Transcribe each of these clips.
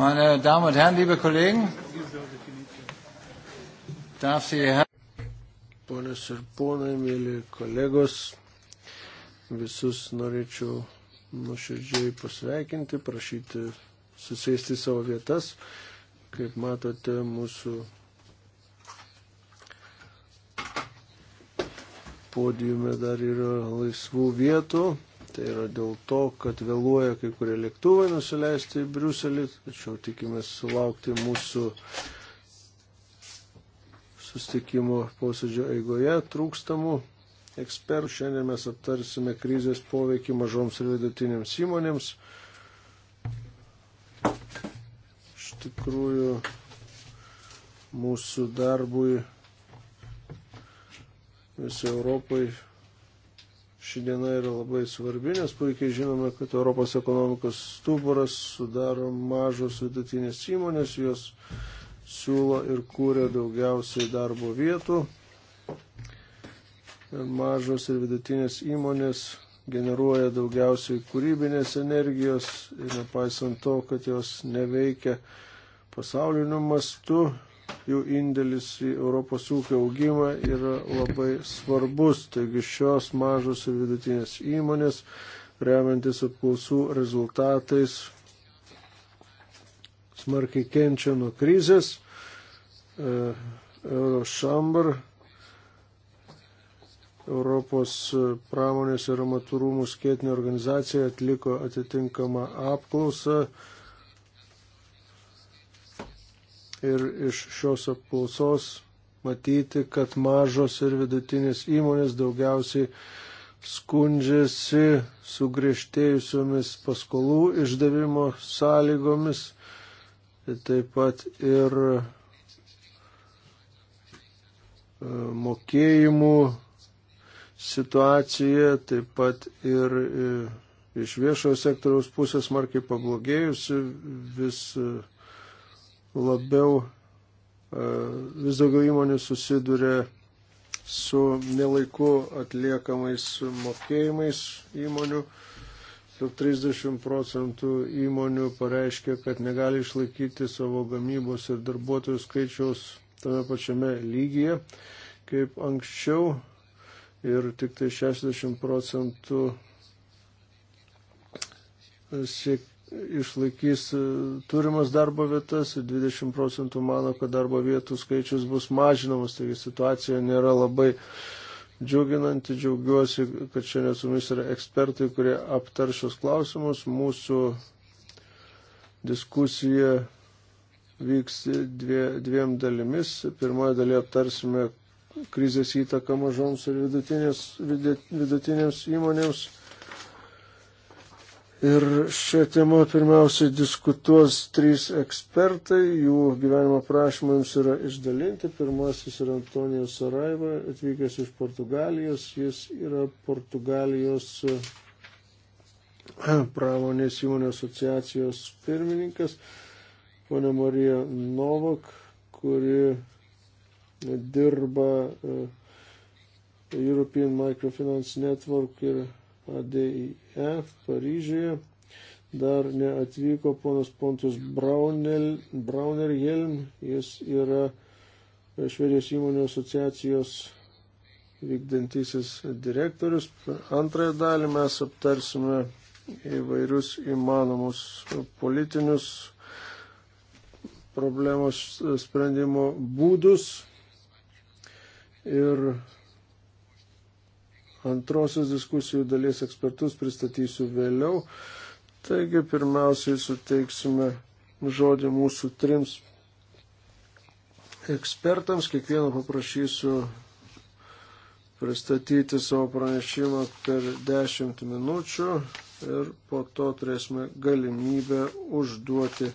Meine Damen und Herren, liebe Kollegen, darf Sie Herr. Ponas ir ponai, mėly kolegos, visus norėčiau nuoširdžiai pasveikinti, prašyti susėsti savo vietas. Kaip matote, mūsų podiume dar yra laisvų vietų. Tai yra dėl to, kad vėluoja kai kurie lėktuvai nusileisti į Briuselį, tačiau tikimės sulaukti mūsų sustikimo posėdžio eigoje trūkstamų ekspertų. Šiandien mes aptarsime krizės poveikį mažoms ir vidutinėms įmonėms. Iš tikrųjų, mūsų darbui visai Europai Ši diena yra labai svarbi, nes puikiai žinome, kad Europos ekonomikos stuburas sudaro mažos vidutinės įmonės, jos siūlo ir kūrė daugiausiai darbo vietų. Ir mažos ir vidutinės įmonės generuoja daugiausiai kūrybinės energijos ir nepaisant to, kad jos neveikia pasauliniu mastu, jų indėlis į Europos ūkio augimą yra labai svarbus. Taigi šios mažos ir vidutinės įmonės, remiantis apklausų rezultatais, smarkiai kenčia nuo krizės. E, Eurošambar, Europos pramonės ir amatūrumų skėtinė organizacija atliko atitinkamą apklausą Ir iš šios apklausos matyti, kad mažos ir vidutinės įmonės daugiausiai skundžiasi sugriežtėjusiomis paskolų išdavimo sąlygomis, taip pat ir e, mokėjimų situacija, taip pat ir e, iš viešojo sektoriaus pusės markiai pablogėjusi, vis labiau e, vis daugiau įmonių susiduria su nelaiku atliekamais mokėjimais įmonių. Tik 30 procentų įmonių pareiškia, kad negali išlaikyti savo gamybos ir darbuotojų skaičiaus tame pačiame lygyje kaip anksčiau ir tik tai 60 procentų siek, išlaikys e, turimas darbo vietas, 20 procentų mano, kad darbo vietų skaičius bus mažinamas, taigi situacija nėra labai džiuginanti. Džiaugiuosi, kad šiandien su mumis yra ekspertai, kurie aptar šios klausimus. Mūsų diskusija vyks dvie, dviem dalimis. Pirmoje dalyje aptarsime krizės įtaką mažoms ir vidutinėms, vidutinėms įmonėms Ir šią temą pirmiausiai diskutuos trys ekspertai, jų gyvenimo prašymai jums yra išdalinti. Pirmasis yra Antonijos Saraiva, atvykęs iš Portugalijos. Jis yra Portugalijos eh, pramonės įmonių asociacijos pirmininkas. Pone Marija Novak, kuri dirba eh, European Microfinance Network ir ADIF Paryžiuje. Dar neatvyko ponas Pontus Brauner, Brauner Helm, jis yra Švedijos įmonių asociacijos vykdantisis direktorius. Antrąją dalį mes aptarsime įvairius įmanomus politinius problemos sprendimo būdus ir Antrosios diskusijų dalies ekspertus pristatysiu vėliau. Taigi pirmiausiai suteiksime žodį mūsų trims ekspertams. Kiekvieną paprašysiu pristatyti savo pranešimą per 10 minučių ir po to turėsime galimybę užduoti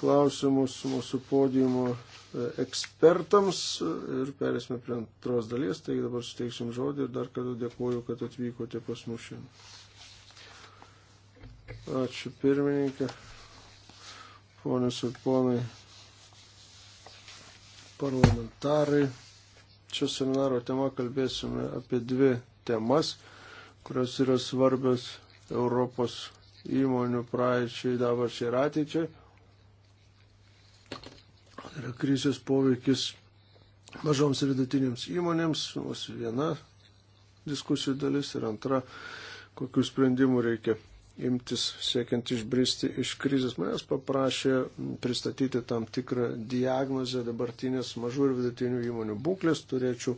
klausimus mūsų podiumo E, ekspertams ir perėsime prie antros dalies, taigi dabar suteiksim žodį ir dar kartą dėkuoju, kad atvykote pas mus šiandien. Ačiū pirmininkė, ponės ir ponai, parlamentarai. Čia seminaro tema kalbėsime apie dvi temas, kurios yra svarbios Europos įmonių praeičiai, dabarčiai ir ateičiai yra krizės poveikis mažoms ir vidutinėms įmonėms, mūsų viena diskusijų dalis ir antra, kokių sprendimų reikia imtis siekiant išbristi iš krizės. Manęs paprašė pristatyti tam tikrą diagnozę dabartinės mažų ir vidutinių įmonių būklės. Turėčiau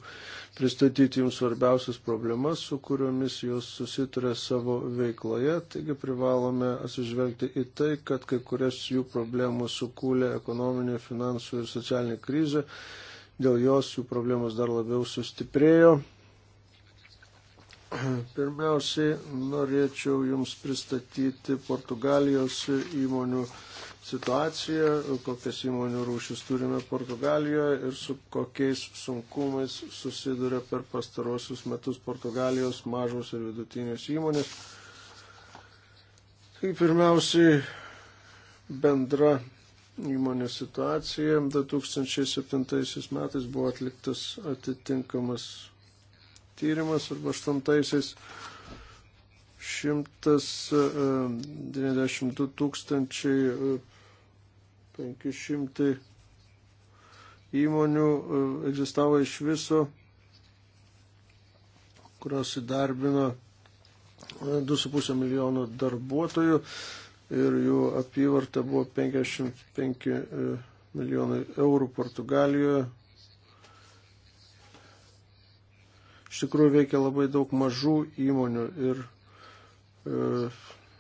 pristatyti jums svarbiausias problemas, su kuriomis jūs susituria savo veikloje. Taigi privalome atsižvelgti į tai, kad kai kurias jų problemų sukūlė ekonominė, finansų ir socialinė krizė. Dėl jos jų problemos dar labiau sustiprėjo Pirmiausiai norėčiau Jums pristatyti Portugalijos įmonių situaciją, kokias įmonių rūšis turime Portugalijoje ir su kokiais sunkumais susiduria per pastarosius metus Portugalijos mažos ir vidutinės įmonės. Tai pirmiausiai bendra įmonė situacija. 2007 metais buvo atliktas atitinkamas tyrimas arba 8-aisiais 192 e, e, tūkstančiai 500 e, įmonių egzistavo iš viso, kurios įdarbino 2,5 milijono darbuotojų ir jų apyvarta buvo 55 milijonai eurų Portugalijoje, Iš tikrųjų veikia labai daug mažų įmonių ir e,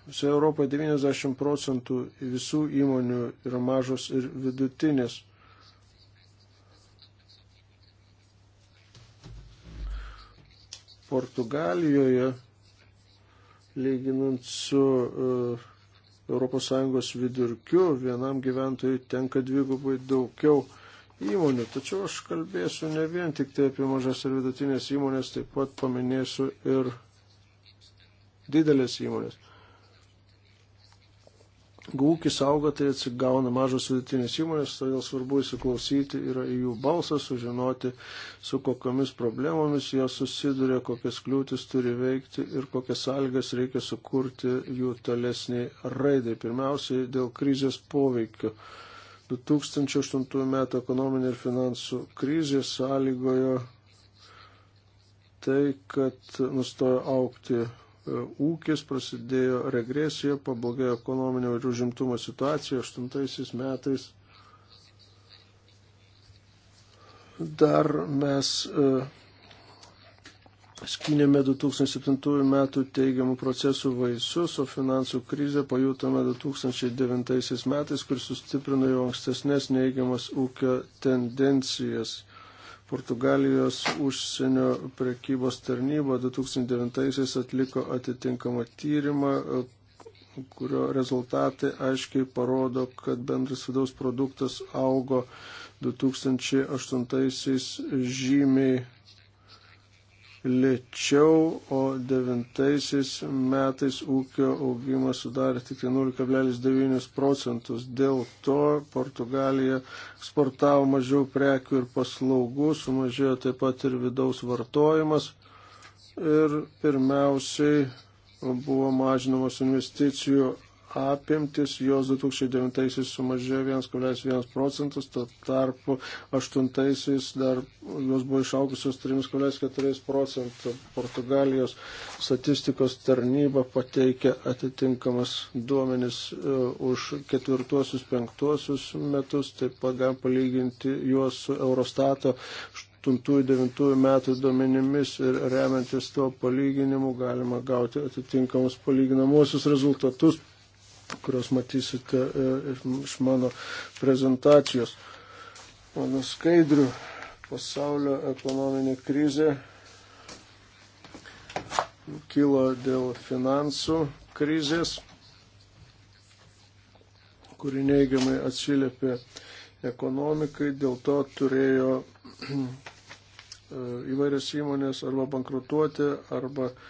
visoje Europoje 90 procentų visų įmonių yra mažos ir vidutinės. Portugalijoje, lyginant su uh, e, ES vidurkiu, vienam gyventojui tenka dvigubai daugiau įmonių. Tačiau aš kalbėsiu ne vien tik tai apie mažas ir vidutinės įmonės, taip pat paminėsiu ir didelės įmonės. Gūkis auga, tai atsigauna mažos vidutinės įmonės, todėl svarbu įsiklausyti yra į jų balsą, sužinoti, su kokiamis problemomis jos susiduria, kokias kliūtis turi veikti ir kokias sąlygas reikia sukurti jų tolesniai raidai. Pirmiausiai dėl krizės poveikio. Uh, 2008 metų ekonominė ir finansų krizė sąlygojo tai, kad nustojo aukti e, ūkis, prasidėjo regresija, pablogėjo ekonominio ir užimtumo situacija 2008 metais. Dar mes uh, skynėme 2007 metų teigiamų procesų vaisius, o finansų krizę pajutome 2009 metais, kuris sustiprino jau ankstesnės neigiamas ūkio tendencijas. Portugalijos užsienio prekybos tarnyba 2009 atliko atitinkamą tyrimą, kurio rezultatai aiškiai parodo, kad bendras vidaus produktas augo 2008 žymiai lėčiau, o devintaisiais metais ūkio augimas sudarė tik 0,9 procentus. Dėl to Portugalija sportavo mažiau prekių ir paslaugų, sumažėjo taip pat ir vidaus vartojimas ir pirmiausiai buvo mažinamos investicijų apimtis, jos 2009 sumažėjo 1,1 procentus, tuo tarpu 2008 dar jos buvo išaugusios 3,4 procentų. Portugalijos statistikos tarnyba pateikia atitinkamas duomenis e, už ketvirtuosius, penktuosius metus, taip pat galim palyginti juos su Eurostato 2008-2009 metų duomenimis ir remiantis tuo palyginimu galima gauti atitinkamus palyginamosius rezultatus kurios matysite e, iš mano prezentacijos. Mano skaidrių pasaulio ekonominė krizė kilo dėl finansų krizės, kuri neigiamai atsiliepė ekonomikai, dėl to turėjo e, įvairias įmonės arba bankrutuoti, arba uh,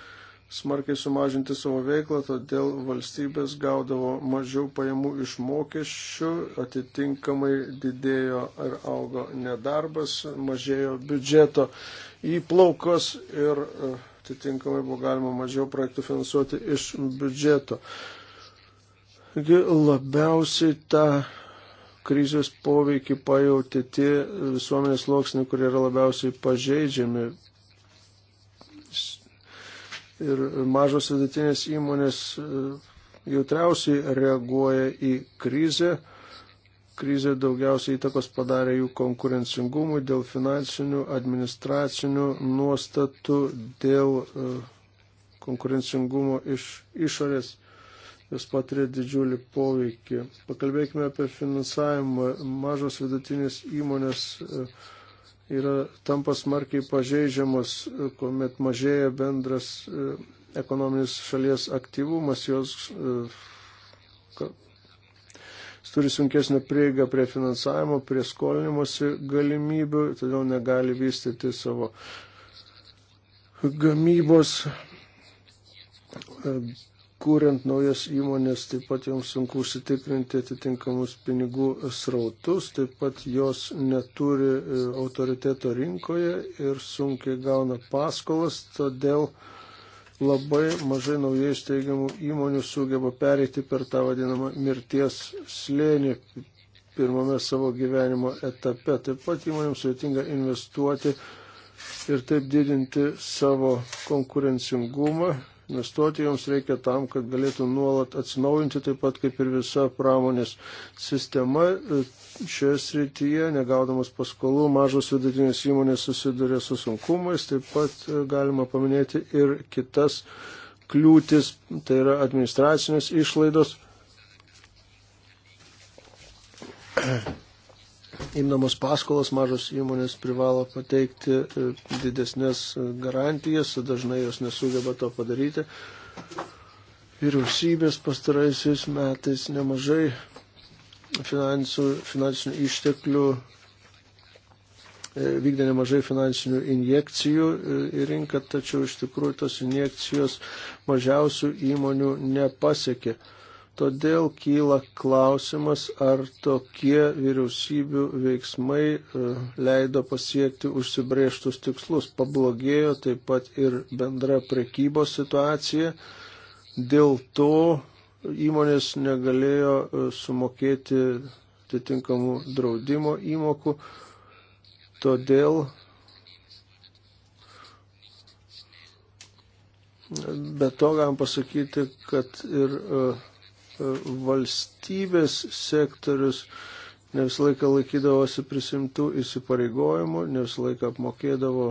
smarkiai sumažinti savo veiklą, todėl valstybės gaudavo mažiau pajamų iš mokesčių, atitinkamai didėjo ar augo nedarbas, mažėjo biudžeto įplaukos ir e, atitinkamai buvo galima mažiau projektų finansuoti iš biudžeto. Taigi labiausiai tą krizės poveikį pajauti tie visuomenės sluoksniai, kurie yra labiausiai pažeidžiami ir mažos vidutinės įmonės e, jautriausiai reaguoja į krizę. Krizė daugiausiai įtakos padarė jų konkurencingumui dėl finansinių, administracinių nuostatų, dėl e, konkurencingumo iš išorės. Jis patiria didžiulį poveikį. Pakalbėkime apie finansavimą. Mažos vidutinės įmonės uh, yra tampa smarkiai pažeidžiamos, kuomet mažėja bendras e, ekonominis šalies aktyvumas, jos e, turi sunkesnę prieigą prie finansavimo, prie skolinimosi galimybių, todėl negali vystyti savo gamybos e, kuriant naujas įmonės, taip pat joms sunku užsitikrinti atitinkamus pinigų srautus, taip pat jos neturi e, autoriteto rinkoje ir sunkiai gauna paskolas, todėl labai mažai naujai steigiamų įmonių sugeba pereiti per tą vadinamą mirties slėnį pirmame savo gyvenimo etape. Taip pat įmonėms sudėtinga investuoti ir taip didinti savo konkurencingumą, Investuoti joms reikia tam, kad galėtų nuolat atsinaujinti, taip pat kaip ir visa pramonės sistema. Šioje srityje, negaudamas paskolų, mažos vidutinės įmonės susiduria su sunkumais. Taip pat e, galima paminėti ir kitas kliūtis, tai yra administracinės išlaidos imdamos paskolas mažos įmonės privalo pateikti e, didesnės e, garantijas, dažnai jos nesugeba to padaryti. Vyriausybės pastaraisiais metais nemažai finansų, finansinių išteklių e, vykdė nemažai finansinių injekcijų į rinką, tačiau iš tikrųjų tos injekcijos mažiausių įmonių nepasiekė. Todėl kyla klausimas, ar tokie vyriausybių veiksmai e, leido pasiekti užsibrėžtus tikslus. Pablogėjo taip pat ir bendra prekybos situacija. Dėl to įmonės negalėjo e, sumokėti atitinkamų draudimo įmokų. Todėl e, be to galim pasakyti, kad ir uh, valstybės sektorius ne visą laiką laikydavosi prisimtų įsipareigojimų, ne visą laiką apmokėdavo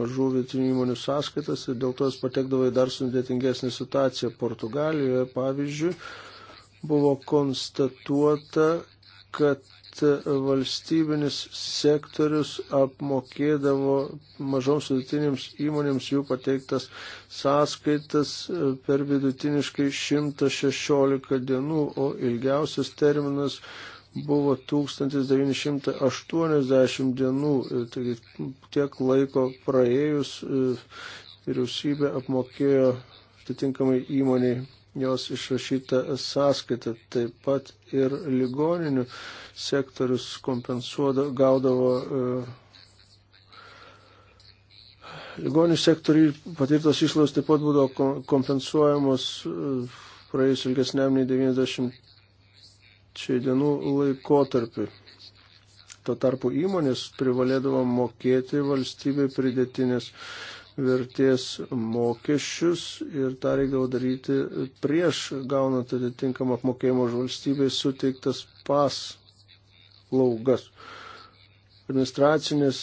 mažų vietinių įmonių sąskaitas ir dėl to jis patekdavo į dar sudėtingesnį situaciją. Portugalijoje, pavyzdžiui, buvo konstatuota, kad kad valstybinis sektorius apmokėdavo mažoms vidutinėms įmonėms jų pateiktas sąskaitas e, per vidutiniškai 116 dienų, o ilgiausias terminas buvo 1980 dienų, e, taigi tiek laiko praėjus e, vyriausybė apmokėjo atitinkamai įmoniai jos išrašyta sąskaita. Taip pat ir ligoninių sektorius kompensuodavo, gaudavo. E, ligonių sektoriui patirtos išlaidos taip pat būdavo kompensuojamos e, praėjus ilgesniam nei 90 dienų laikotarpiu. Tuo tarpu įmonės privalėdavo mokėti valstybė pridėtinės vertės mokesčius ir tą reikėjo daryti prieš gaunant atitinkamą apmokėjimo už valstybės suteiktas paslaugas. Administracinės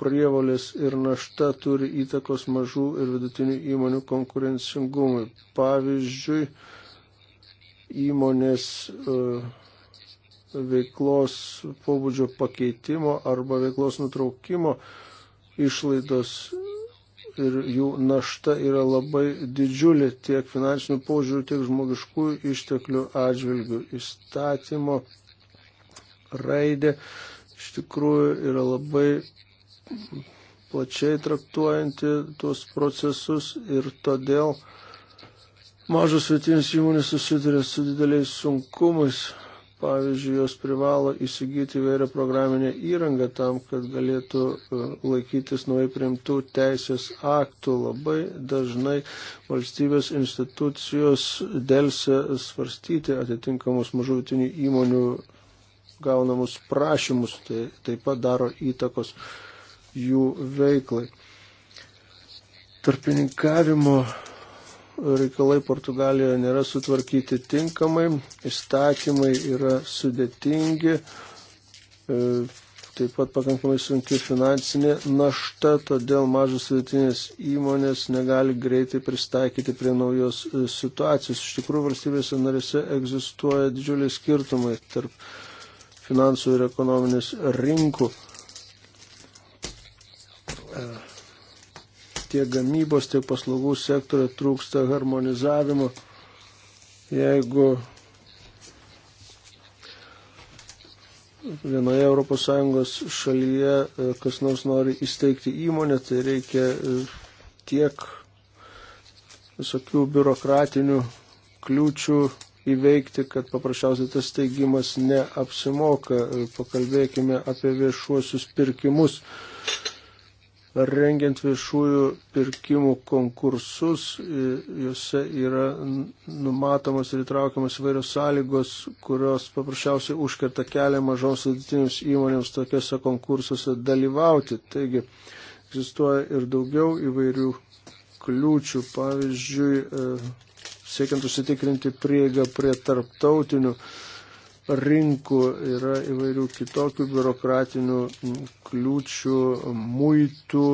prievolės ir našta turi įtakos mažų ir vidutinių įmonių konkurencingumui. Pavyzdžiui, įmonės uh, veiklos pobūdžio pakeitimo arba veiklos nutraukimo išlaidos ir jų našta yra labai didžiulė tiek finansinių požiūrių, tiek žmogiškų išteklių atžvilgių. Įstatymo raidė iš tikrųjų yra labai plačiai traktuojanti tuos procesus ir todėl mažos vietinės įmonės susiduria su dideliais sunkumais Pavyzdžiui, jos privalo įsigyti vėrę programinę įrangą tam, kad galėtų e, laikytis naujai priimtų teisės aktų. Labai dažnai valstybės institucijos dėlse svarstyti atitinkamus mažutinių įmonių gaunamus prašymus, tai taip pat daro įtakos jų veiklai. Tarpininkavimo reikalai Portugalijoje nėra sutvarkyti tinkamai, įstatymai yra sudėtingi, e, taip pat pakankamai sunki finansinė našta, todėl mažos sudėtinės įmonės negali greitai pristaikyti prie naujos e, situacijos. Iš tikrųjų, valstybėse narėse egzistuoja didžiuliai skirtumai tarp finansų ir ekonominės rinkų. Uh tiek gamybos, tiek paslaugų sektorio trūksta harmonizavimo. Jeigu vienoje ES šalyje e, kas nors nori įsteigti įmonę, tai reikia e, tiek visokių biurokratinių kliūčių įveikti, kad paprasčiausiai tas teigimas neapsimoka. E, pakalbėkime apie viešuosius pirkimus rengiant viešųjų pirkimų konkursus, juose yra numatomas ir įtraukiamas vairios sąlygos, kurios paprasčiausiai užkerta kelią mažoms sudėtinėms įmonėms tokiuose konkursuose dalyvauti. Taigi egzistuoja ir daugiau įvairių kliūčių, pavyzdžiui, e, siekiant užsitikrinti prieigą prie tarptautinių rinkų, yra įvairių kitokių biurokratinių kliūčių, muitų,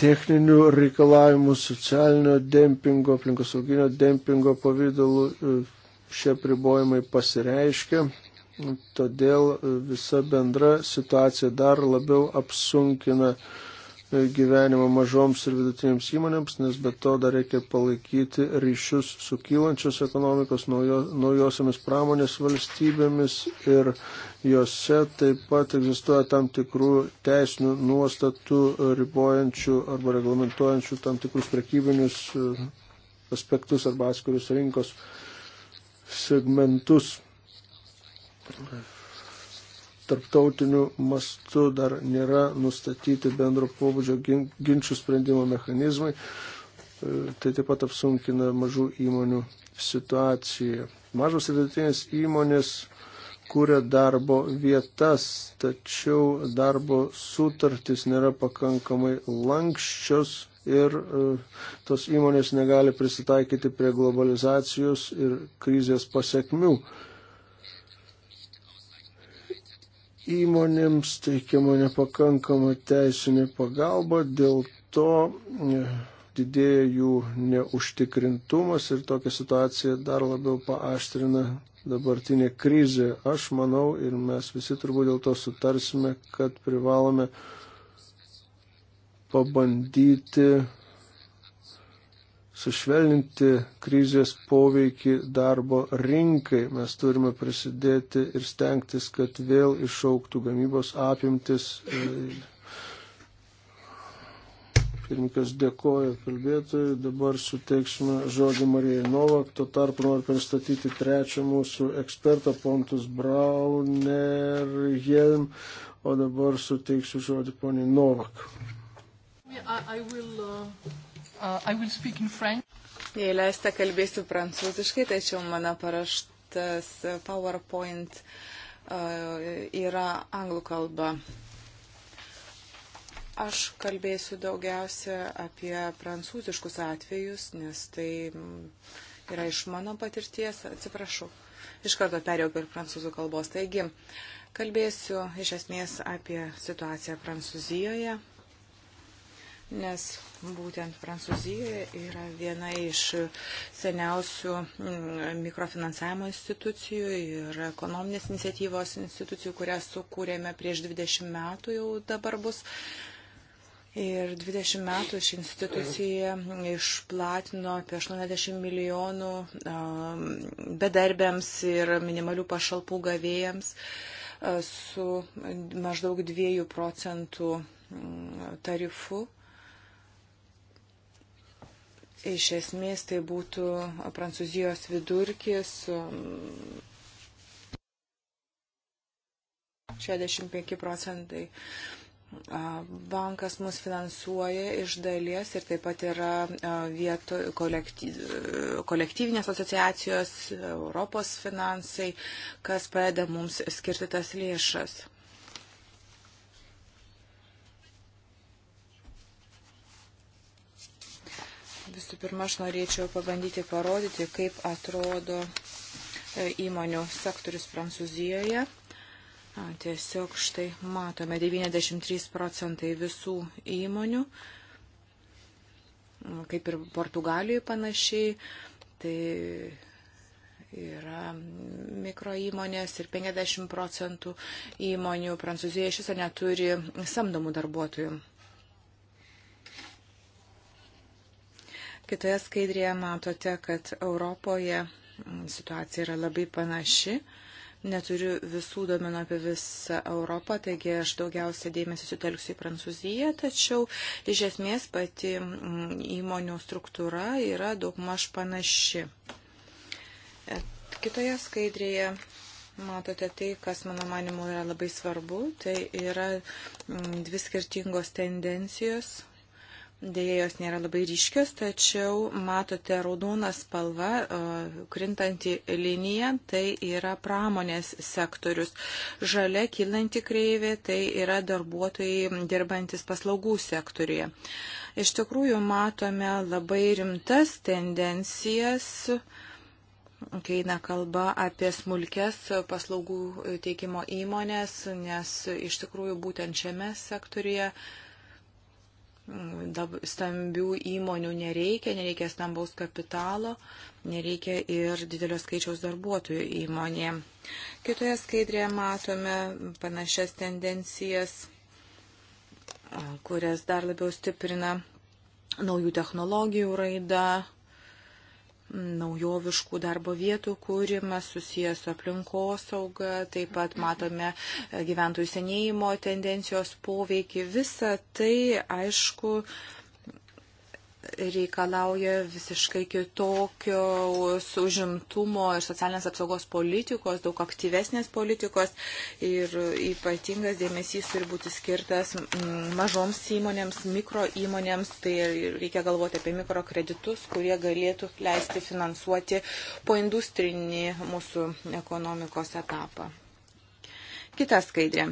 techninių reikalavimų, socialinio dempingo, aplinkosauginio dempingo pavydalų e, šie pribojimai pasireiškia. Todėl visa bendra situacija dar labiau apsunkina uh, gyvenimą mažoms ir vidutinėms įmonėms, nes be to dar reikia palaikyti ryšius su kylančios ekonomikos naujo, naujosiamis pramonės valstybėmis ir juose taip pat egzistuoja tam tikrų teisinių nuostatų ribojančių arba reglamentuojančių tam tikrus prekybinius e, aspektus arba atskirius rinkos segmentus tarptautiniu mastu dar nėra nustatyti bendro pobūdžio ginčių sprendimo mechanizmai. E, tai taip pat apsunkina mažų įmonių situaciją. Mažos ir vidutinės įmonės kūrė darbo vietas, tačiau darbo sutartys nėra pakankamai lankščios ir e, tos įmonės negali prisitaikyti prie globalizacijos ir krizės pasiekmių. įmonėms teikiama nepakankama teisinė pagalba, dėl to e, didėja jų neužtikrintumas ir tokią situaciją dar labiau paaštrina dabartinė krizė. Aš manau ir mes visi turbūt dėl to sutarsime, kad privalome pabandyti sušvelninti krizės poveikį darbo rinkai. Mes turime prisidėti ir stengtis, kad vėl išauktų gamybos apimtis. Pirmininkas dėkoja kalbėtojui, dabar suteiksime žodį Marijai Novak, tuo tarpu noriu pristatyti trečią mūsų ekspertą, Pontus Brauner Jelm, o dabar suteiksiu žodį poniai Novak. I, I will, uh... Uh, Jei leista, kalbėsiu prancūziškai, tačiau mano paraštas PowerPoint uh, yra anglų kalba. Aš kalbėsiu daugiausia apie prancūziškus atvejus, nes tai yra iš mano patirties. Atsiprašau, iš karto perėjau per prancūzų kalbos. Taigi, kalbėsiu iš esmės apie situaciją Prancūzijoje, nes būtent Prancūzijoje yra viena iš seniausių mm, mikrofinansavimo institucijų ir ekonominės iniciatyvos institucijų, kurias sukūrėme prieš 20 metų jau dabar bus. Ir 20 metų ši institucija išplatino apie 80 milijonų bedarbėms ir minimalių pašalpų gavėjams su maždaug 2 procentų mm, tarifu. Iš esmės tai būtų Prancūzijos vidurkis 65 um, procentai. Bankas mus finansuoja iš dalies ir taip pat yra vieto, kolektyv, kolektyvinės asociacijos, Europos finansai, kas padeda mums skirti tas lėšas. Visų pirma, aš norėčiau pabandyti parodyti, kaip atrodo e, įmonių sektorius Prancūzijoje. Tiesiog štai matome 93 procentai visų įmonių, kaip ir Portugalijoje panašiai, tai yra mikro įmonės ir 50 procentų įmonių Prancūzijoje šis neturi samdomų darbuotojų. Kitoje skaidrėje matote, kad Europoje situacija yra labai panaši. Neturiu visų domenų apie visą Europą, taigi aš daugiausia dėmesį sutelksiu į Prancūziją, tačiau iš esmės pati mm, įmonių struktūra yra daugmaž panaši. E, kitoje skaidrėje matote tai, kas mano manimu yra labai svarbu, tai yra mm, dvi skirtingos tendencijos Dėja, jos nėra labai ryškios, tačiau matote raudoną spalvą, krintantį liniją, tai yra pramonės sektorius. Žalia kilanti kreivė, tai yra darbuotojai dirbantis paslaugų sektoriuje. Iš tikrųjų, matome labai rimtas tendencijas kai eina kalba apie smulkes paslaugų teikimo įmonės, nes iš tikrųjų būtent šiame sektorija uh, stambių įmonių nereikia, nereikia stambaus kapitalo, nereikia ir didelio skaičiaus darbuotojų įmonė. Kitoje skaidrėje matome panašias tendencijas, kurias dar labiau stiprina naujų technologijų raida, naujoviškų darbo vietų kūrimas susijęs su aplinkosauga, taip pat matome gyventojų senėjimo tendencijos poveikį. Visa tai, aišku, reikalauja visiškai kitokio užimtumo ir socialinės apsaugos politikos, daug aktyvesnės politikos ir ypatingas dėmesys turi būti skirtas mažoms įmonėms, mikro įmonėms, tai reikia galvoti apie mikrokreditus, kurie galėtų leisti finansuoti po industrinį mūsų ekonomikos etapą. Kita skaidrė.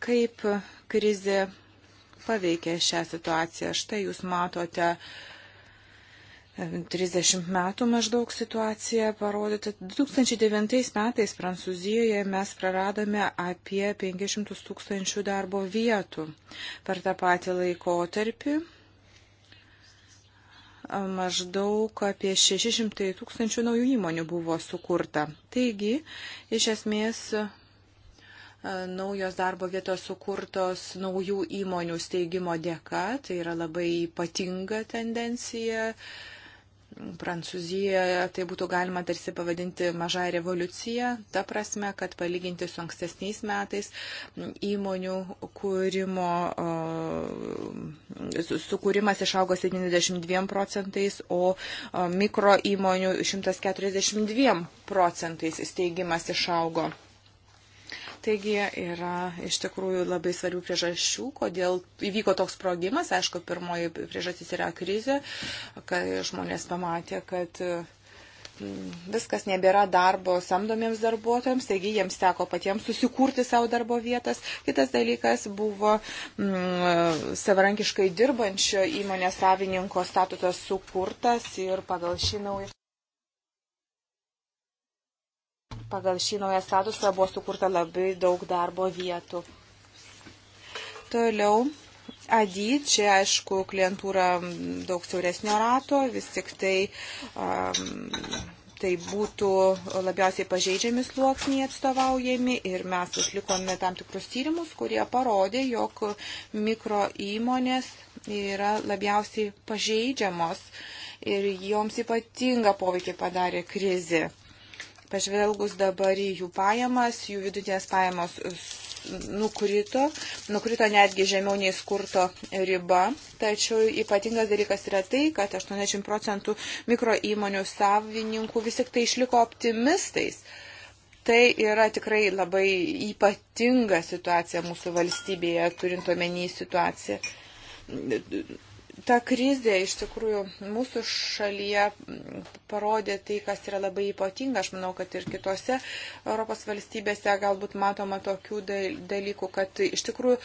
Kaip krizė paveikė šią situaciją. Štai jūs matote 30 e, metų maždaug situaciją parodyti. 2009 metais Prancūzijoje mes praradome apie 500 tūkstančių darbo vietų per tą patį laikotarpį e, maždaug apie 600 tūkstančių naujų įmonių buvo sukurta. Taigi, iš esmės, naujos darbo vietos sukurtos naujų įmonių steigimo dėka. Tai yra labai ypatinga tendencija. Prancūzijoje tai būtų galima tarsi pavadinti mažą revoliuciją, ta prasme, kad palyginti su ankstesniais metais įmonių kūrimo, sukūrimas išaugo 72 procentais, o mikro įmonių 142 procentais steigimas išaugo. Taigi yra iš tikrųjų labai svarbių priežasčių, kodėl įvyko toks sprogimas. Aišku, pirmoji priežastis yra krizė, kai žmonės pamatė, kad mm, viskas nebėra darbo samdomiems darbuotojams, taigi jiems teko patiems susikurti savo darbo vietas. Kitas dalykas buvo mm, savarankiškai dirbančio įmonės savininko statutas sukurtas ir pagal šį naują. Pagal šį naują statusą buvo sukurta labai daug darbo vietų. Toliau. ADI, čia aišku, klientūra daug siauresnio rato, vis tik tai um, tai būtų labiausiai pažeidžiami sluoksniai atstovaujami ir mes atlikome tam tikrus tyrimus, kurie parodė, jog mikro įmonės yra labiausiai pažeidžiamos ir joms ypatinga poveikia padarė krizė. Pažvelgus dabar į jų pajamas, jų vidutinės pajamos nukrito, nukrito netgi žemiau nei skurto riba. Tačiau ypatingas dalykas yra tai, kad 80 procentų mikro įmonių savininkų vis tik tai išliko optimistais. Tai yra tikrai labai ypatinga situacija mūsų valstybėje, turint omeny situaciją ta krizė iš tikrųjų mūsų šalyje parodė tai, kas yra labai ypatinga. Aš manau, kad ir kitose Europos valstybėse galbūt matoma tokių dalykų, kad iš tikrųjų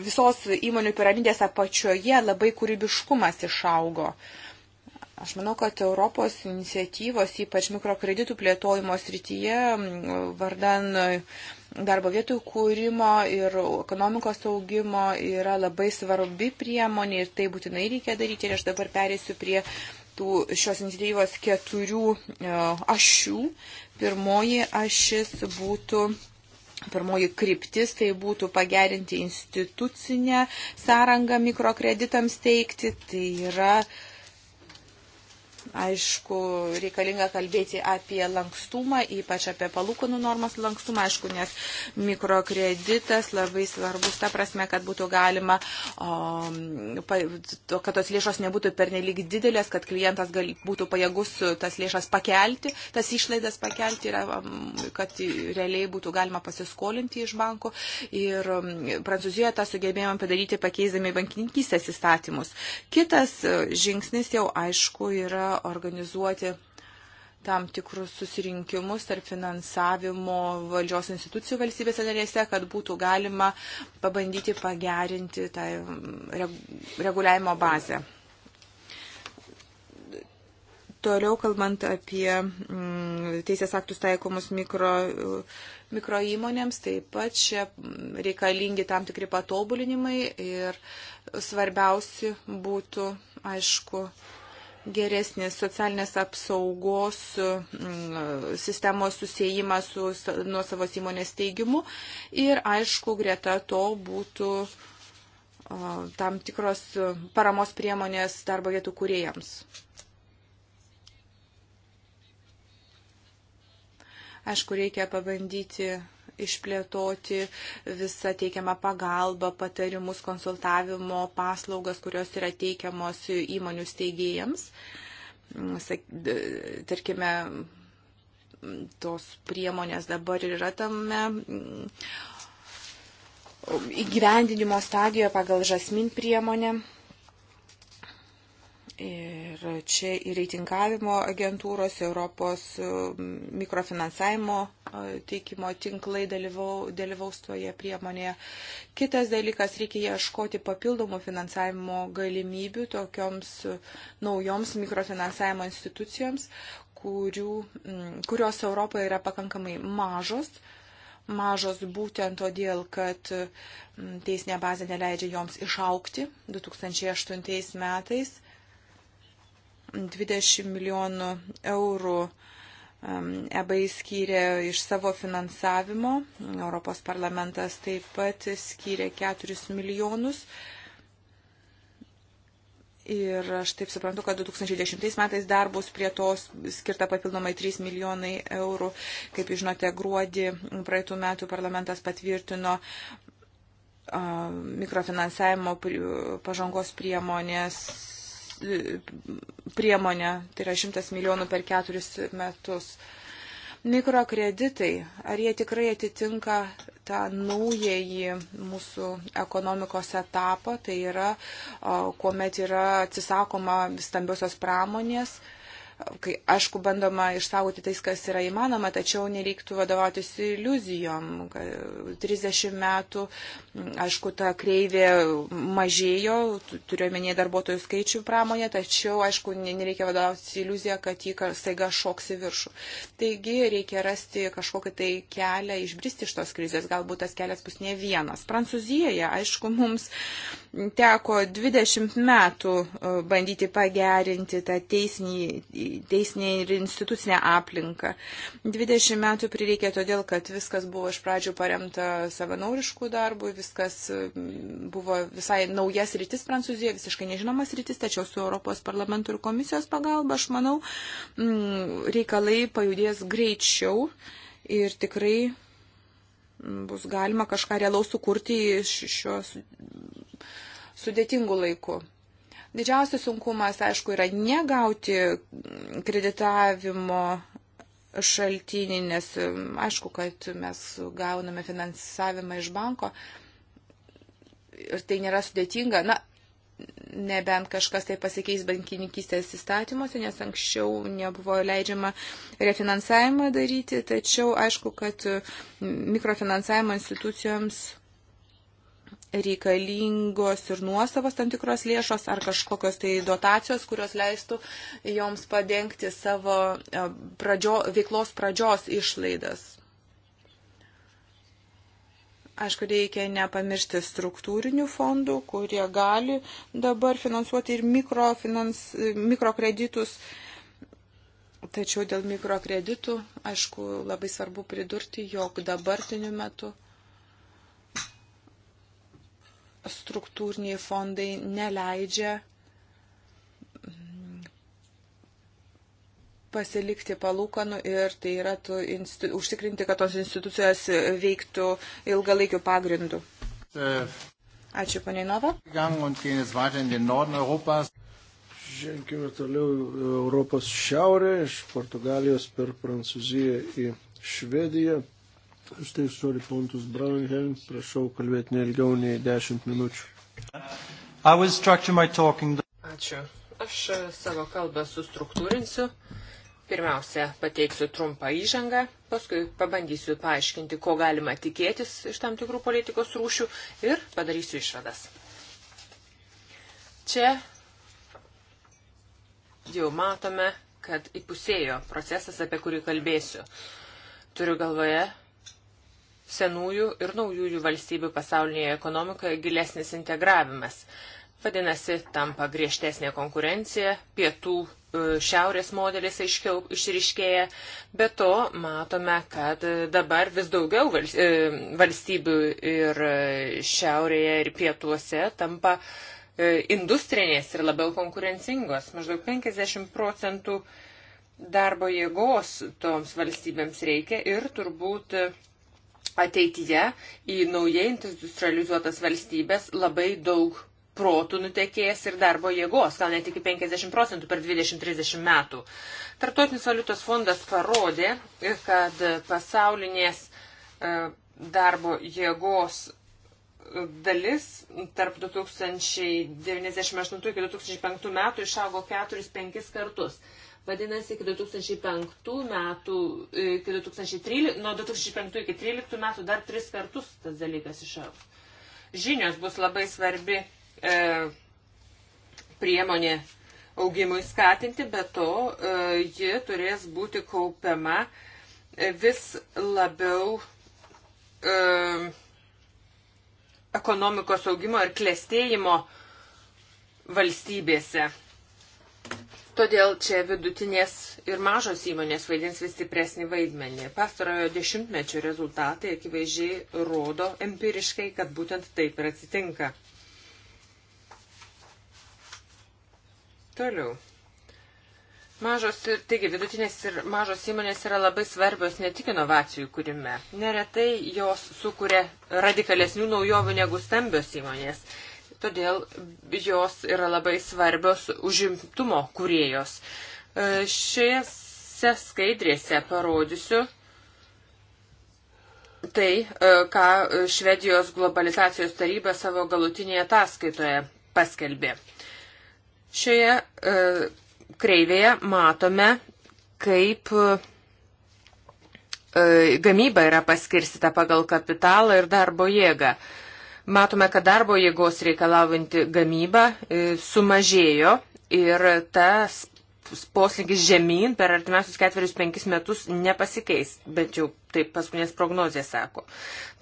visos įmonių piramidės apačioje labai kūrybiškumas išaugo. Aš manau, kad Europos iniciatyvos, ypač mikrokreditų plėtojimo srityje, vardan darbo vietų kūrimo ir ekonomikos augimo yra labai svarbi priemonė ir tai būtinai reikia daryti. Ir aš dabar perėsiu prie tų šios iniciatyvos keturių e, ašių. Pirmoji ašis būtų Pirmoji kryptis tai būtų pagerinti institucinę sąrangą mikrokreditams teikti, tai yra uh, Aišku, reikalinga kalbėti apie lankstumą, ypač apie palūkanų normas lankstumą, aišku, nes mikrokreditas labai svarbus, ta prasme, kad būtų galima, um, o, kad tos lėšos nebūtų pernelyg didelės, kad klientas gal, būtų pajėgus tas lėšas pakelti, tas išlaidas pakelti, um, kad realiai būtų galima pasiskolinti iš banko. Ir um, Prancūzijoje tą sugebėjome padaryti pakeisdami bankininkystės įstatymus. Kitas uh, žingsnis jau aišku yra organizuoti tam tikrus susirinkimus tarp finansavimo valdžios institucijų valstybėse narėse, kad būtų galima pabandyti pagerinti tą mm, reguliavimo bazę. Toliau kalbant apie mm, teisės aktus taikomus mikro, mikro įmonėms, taip pat čia mm, reikalingi tam tikri patobulinimai ir svarbiausi būtų, aišku, mm, geresnis socialinės apsaugos mm, sistemos susijimas su nuosavos įmonės teigimu ir aišku, greta to būtų tam tikros paramos priemonės darbo vietų kuriejams. Aišku, reikia pabandyti išplėtoti visą teikiamą pagalbą, patarimus, konsultavimo paslaugas, kurios yra teikiamos įmonių steigėjams. Mm, tarkime, tos priemonės dabar yra tame mm, įgyvendinimo stadijoje pagal žasmin priemonę. Ir čia į reitingavimo agentūros, Europos um, mikrofinansavimo teikimo tinklai dalyvau, dalyvaus toje priemonėje. Kitas dalykas, reikia ieškoti papildomų finansavimo galimybių tokioms naujoms mikrofinansavimo institucijoms, kurių, kurios Europoje yra pakankamai mažos mažos būtent todėl, kad teisinė bazė neleidžia joms išaukti. 2008 metais 20 milijonų eurų EBA skyrė iš savo finansavimo, Europos parlamentas taip pat skyrė 4 milijonus. Ir aš taip suprantu, kad 2010 metais dar bus prie to skirta papildomai 3 milijonai eurų. Kaip jūs žinote, gruodį praeitų metų parlamentas patvirtino mikrofinansavimo pažangos priemonės priemonę, tai yra 100 milijonų per keturis metus. Mikrokreditai, ar jie tikrai atitinka tą naująjį mūsų ekonomikos etapą, tai yra, kuomet yra atsisakoma stambiosios pramonės, uh, kai aišku bandoma išsaugoti tai, kas yra įmanoma, tačiau nereiktų vadovautis iliuzijom. 30 metų, aišku, ta kreivė mažėjo, turiuomenėje darbuotojų skaičių pramonė, tačiau, aišku, nereikia vadovautis iliuziją, kad jį staiga šoks į viršų. Taigi reikia rasti kažkokį tai kelią išbristi iš tos krizės, galbūt tas kelias bus ne vienas. Prancūzijoje, aišku, mums teko 20 metų e, bandyti pagerinti tą teisinį teisinę ir institucinę aplinką. 20 metų prireikė todėl, kad viskas buvo iš pradžių paremta savanoriškų darbų, viskas mm, buvo visai naujas rytis Prancūzijoje, visiškai nežinomas rytis, tačiau su Europos parlamentų ir komisijos pagalba, aš manau, mm, reikalai pajudės greičiau ir tikrai mm, bus galima kažką realaus sukurti iš šios sudėtingų laikų. Didžiausias sunkumas, aišku, yra negauti kreditavimo šaltinį, nes aišku, kad mes gauname finansavimą iš banko ir tai nėra sudėtinga. Na, nebent kažkas tai pasikeis bankininkystės įstatymuose, nes anksčiau nebuvo leidžiama refinansavimą daryti, tačiau aišku, kad mikrofinansavimo institucijoms reikalingos ir nuosavos tam tikros lėšos ar kažkokios tai dotacijos, kurios leistų joms padengti savo e, pradžio, veiklos pradžios išlaidas. Aišku, reikia nepamiršti struktūrinių fondų, kurie gali dabar finansuoti ir mikrofinans, e, mikrokreditus. Tačiau dėl mikrokreditų, aišku, labai svarbu pridurti, jog dabartiniu metu struktūriniai fondai neleidžia pasilikti palūkanų ir tai yra tu, insti, užtikrinti, kad tos institucijos veiktų ilgalaikių pagrindų. Ačiū, ponė Nova. Ženkime toliau Europos šiaurę, iš Portugalijos per Prancūziją į Švediją. Aš tai suoli pontus Braunhelm, prašau kalbėti neilgiau nei 10 minučių. Talking... Ačiū. Aš e, savo kalbą sustruktūrinsiu. Pirmiausia, pateiksiu trumpą įžangą, paskui pabandysiu paaiškinti, ko galima tikėtis iš tam tikrų politikos rūšių ir padarysiu išvadas. Čia jau matome, kad įpusėjo procesas, apie kurį kalbėsiu. Turiu galvoje senųjų ir naujųjų valstybių pasaulinėje ekonomikoje gilesnis integravimas. Vadinasi, tampa griežtesnė konkurencija, pietų e, šiaurės modelis aiškiau išriškėja, bet to matome, kad dabar vis daugiau e, valstybių ir e, šiaurėje ir pietuose tampa industrinės ir labiau konkurencingos. Maždaug 50 procentų darbo jėgos toms valstybėms reikia ir turbūt ateityje į naujai industrializuotas valstybės labai daug protų nutekėjęs ir darbo jėgos, gal net iki 50 procentų per 20-30 metų. Tartotinis valiutos fondas parodė, kad pasaulinės e, darbo jėgos e, dalis tarp 2098 iki 2005 metų išaugo 4-5 kartus. Vadinasi, iki 2005 metų, iki 2013, nuo 2005 iki 2013 metų dar tris kartus tas dalykas išaugs. Žinios bus labai svarbi e, priemonė augimui skatinti, bet to e, ji turės būti kaupiama e, vis labiau e, ekonomikos augimo ir klėstėjimo valstybėse Todėl čia vidutinės ir mažos įmonės vaidins vis stipresnį vaidmenį. Pastarojo dešimtmečio rezultatai akivaizdžiai rodo empiriškai, kad būtent taip ir atsitinka. Toliau. Mažos ir, taigi, vidutinės ir mažos įmonės yra labai svarbios ne tik inovacijų kūrime. Neretai jos sukuria radikalesnių naujovių negu stambios įmonės todėl jos yra labai svarbios užimtumo kuriejos. E, šiose skaidrėse parodysiu tai, e, ką Švedijos globalizacijos taryba savo galutinėje ataskaitoje paskelbė. Šioje e, kreivėje matome, kaip gamyba yra paskirstita pagal kapitalą ir darbo jėgą. Matome, kad darbo jėgos reikalaujanti gamyba e, sumažėjo ir tas poslinkis žemyn per artimiausius ketverius penkis metus nepasikeis, bet jau taip paskutinės prognozijas sako.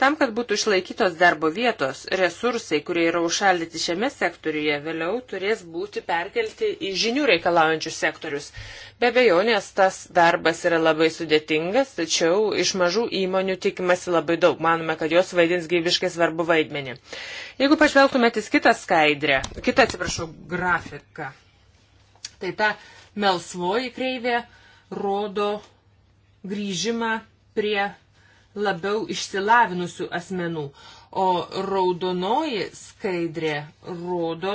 Tam, kad būtų išlaikytos darbo vietos, resursai, kurie yra užšaldyti šiame sektoriuje, vėliau turės būti perkelti į žinių reikalaujančius sektorius. Be bejonės, tas darbas yra labai sudėtingas, tačiau iš mažų įmonių tikimasi labai daug. Manome, kad jos vaidins gyviškai svarbu vaidmenį. Jeigu pažvelgtumėte į kitą skaidrę, kitą, atsiprašau, grafiką, tai ta Melsvoji kreivė rodo grįžimą prie labiau išsilavinusių asmenų, o raudonoji skaidrė rodo,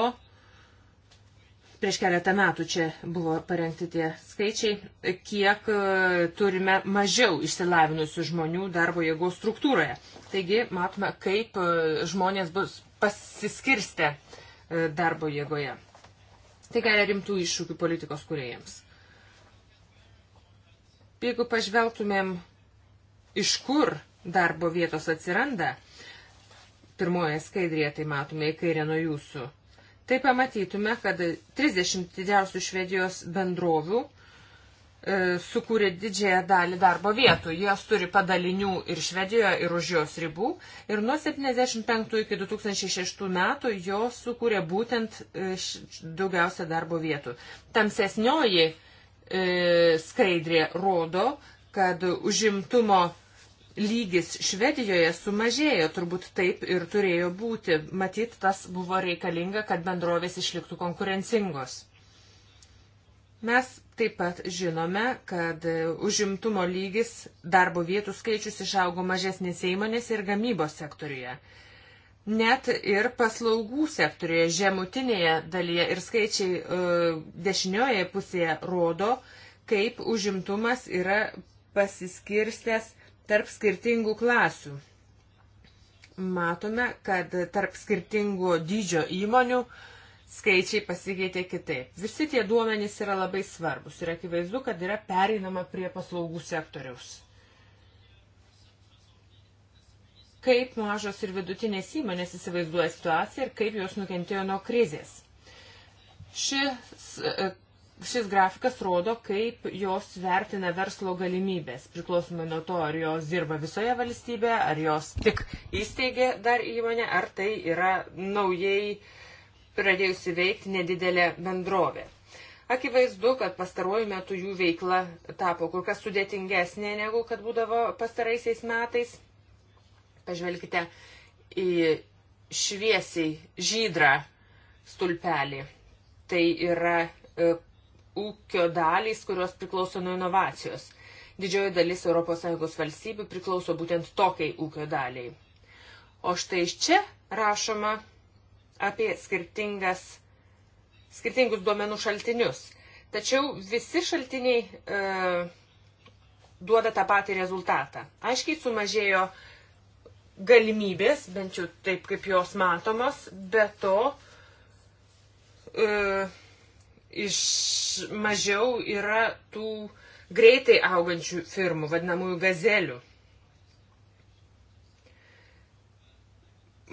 prieš keletą metų čia buvo parengti tie skaičiai, kiek e, turime mažiau išsilavinusių žmonių darbo jėgos struktūroje. Taigi matome, kaip e, žmonės bus pasiskirstę e, darbo jėgoje. Tai kelia rimtų iššūkių politikos kuriejams. Jeigu pažvelgtumėm, iš kur darbo vietos atsiranda, pirmoje skaidrėje tai matome į kairę nuo jūsų. Tai pamatytume, kad 30 didžiausių Švedijos bendrovių E, sukūrė didžiąją dalį darbo vietų. Jos turi padalinių ir Švedijoje, ir už jos ribų. Ir nuo 1975 iki 2006 metų jos sukūrė būtent e, daugiausia darbo vietų. Tamsesnioji e, skaidrė rodo, kad užimtumo lygis Švedijoje sumažėjo, turbūt taip ir turėjo būti. Matyt, tas buvo reikalinga, kad bendrovės išliktų konkurencingos. Mes taip pat žinome, kad užimtumo lygis darbo vietų skaičius išaugo mažesnėse įmonėse ir gamybos sektoriuje. Net ir paslaugų sektoriuje žemutinėje dalyje ir skaičiai e, dešinioje pusėje rodo, kaip užimtumas yra pasiskirstęs tarp skirtingų klasių. Matome, kad tarp skirtingo dydžio įmonių uh, skaičiai pasikeitė kitaip. Visi tie duomenys yra labai svarbus ir akivaizdu, kad yra pereinama prie paslaugų sektoriaus. Kaip mažos ir vidutinės įmonės įsivaizduoja situaciją ir kaip jos nukentėjo nuo krizės. Šis, e, šis grafikas rodo, kaip jos vertina verslo galimybės, priklausomai nuo to, ar jos dirba visoje valstybėje, ar jos tik įsteigė dar įmonę, ar tai yra naujai uh, pradėjusi veikti nedidelė bendrovė. Akivaizdu, kad pastaruoju metu jų veikla tapo kur kas sudėtingesnė negu kad būdavo pastaraisiais metais. Pažvelkite į šviesiai žydrą stulpelį. Tai yra e, ūkio dalys, kurios priklauso nuo inovacijos. Didžioji dalis ES valstybių priklauso būtent tokiai ūkio daliai. O štai iš čia rašoma apie skirtingas, skirtingus duomenų šaltinius. Tačiau visi šaltiniai e, duoda tą patį rezultatą. Aiškiai sumažėjo galimybės, bent jau taip kaip jos matomos, be to e, iš mažiau yra tų greitai augančių firmų, vadinamųjų gazelių.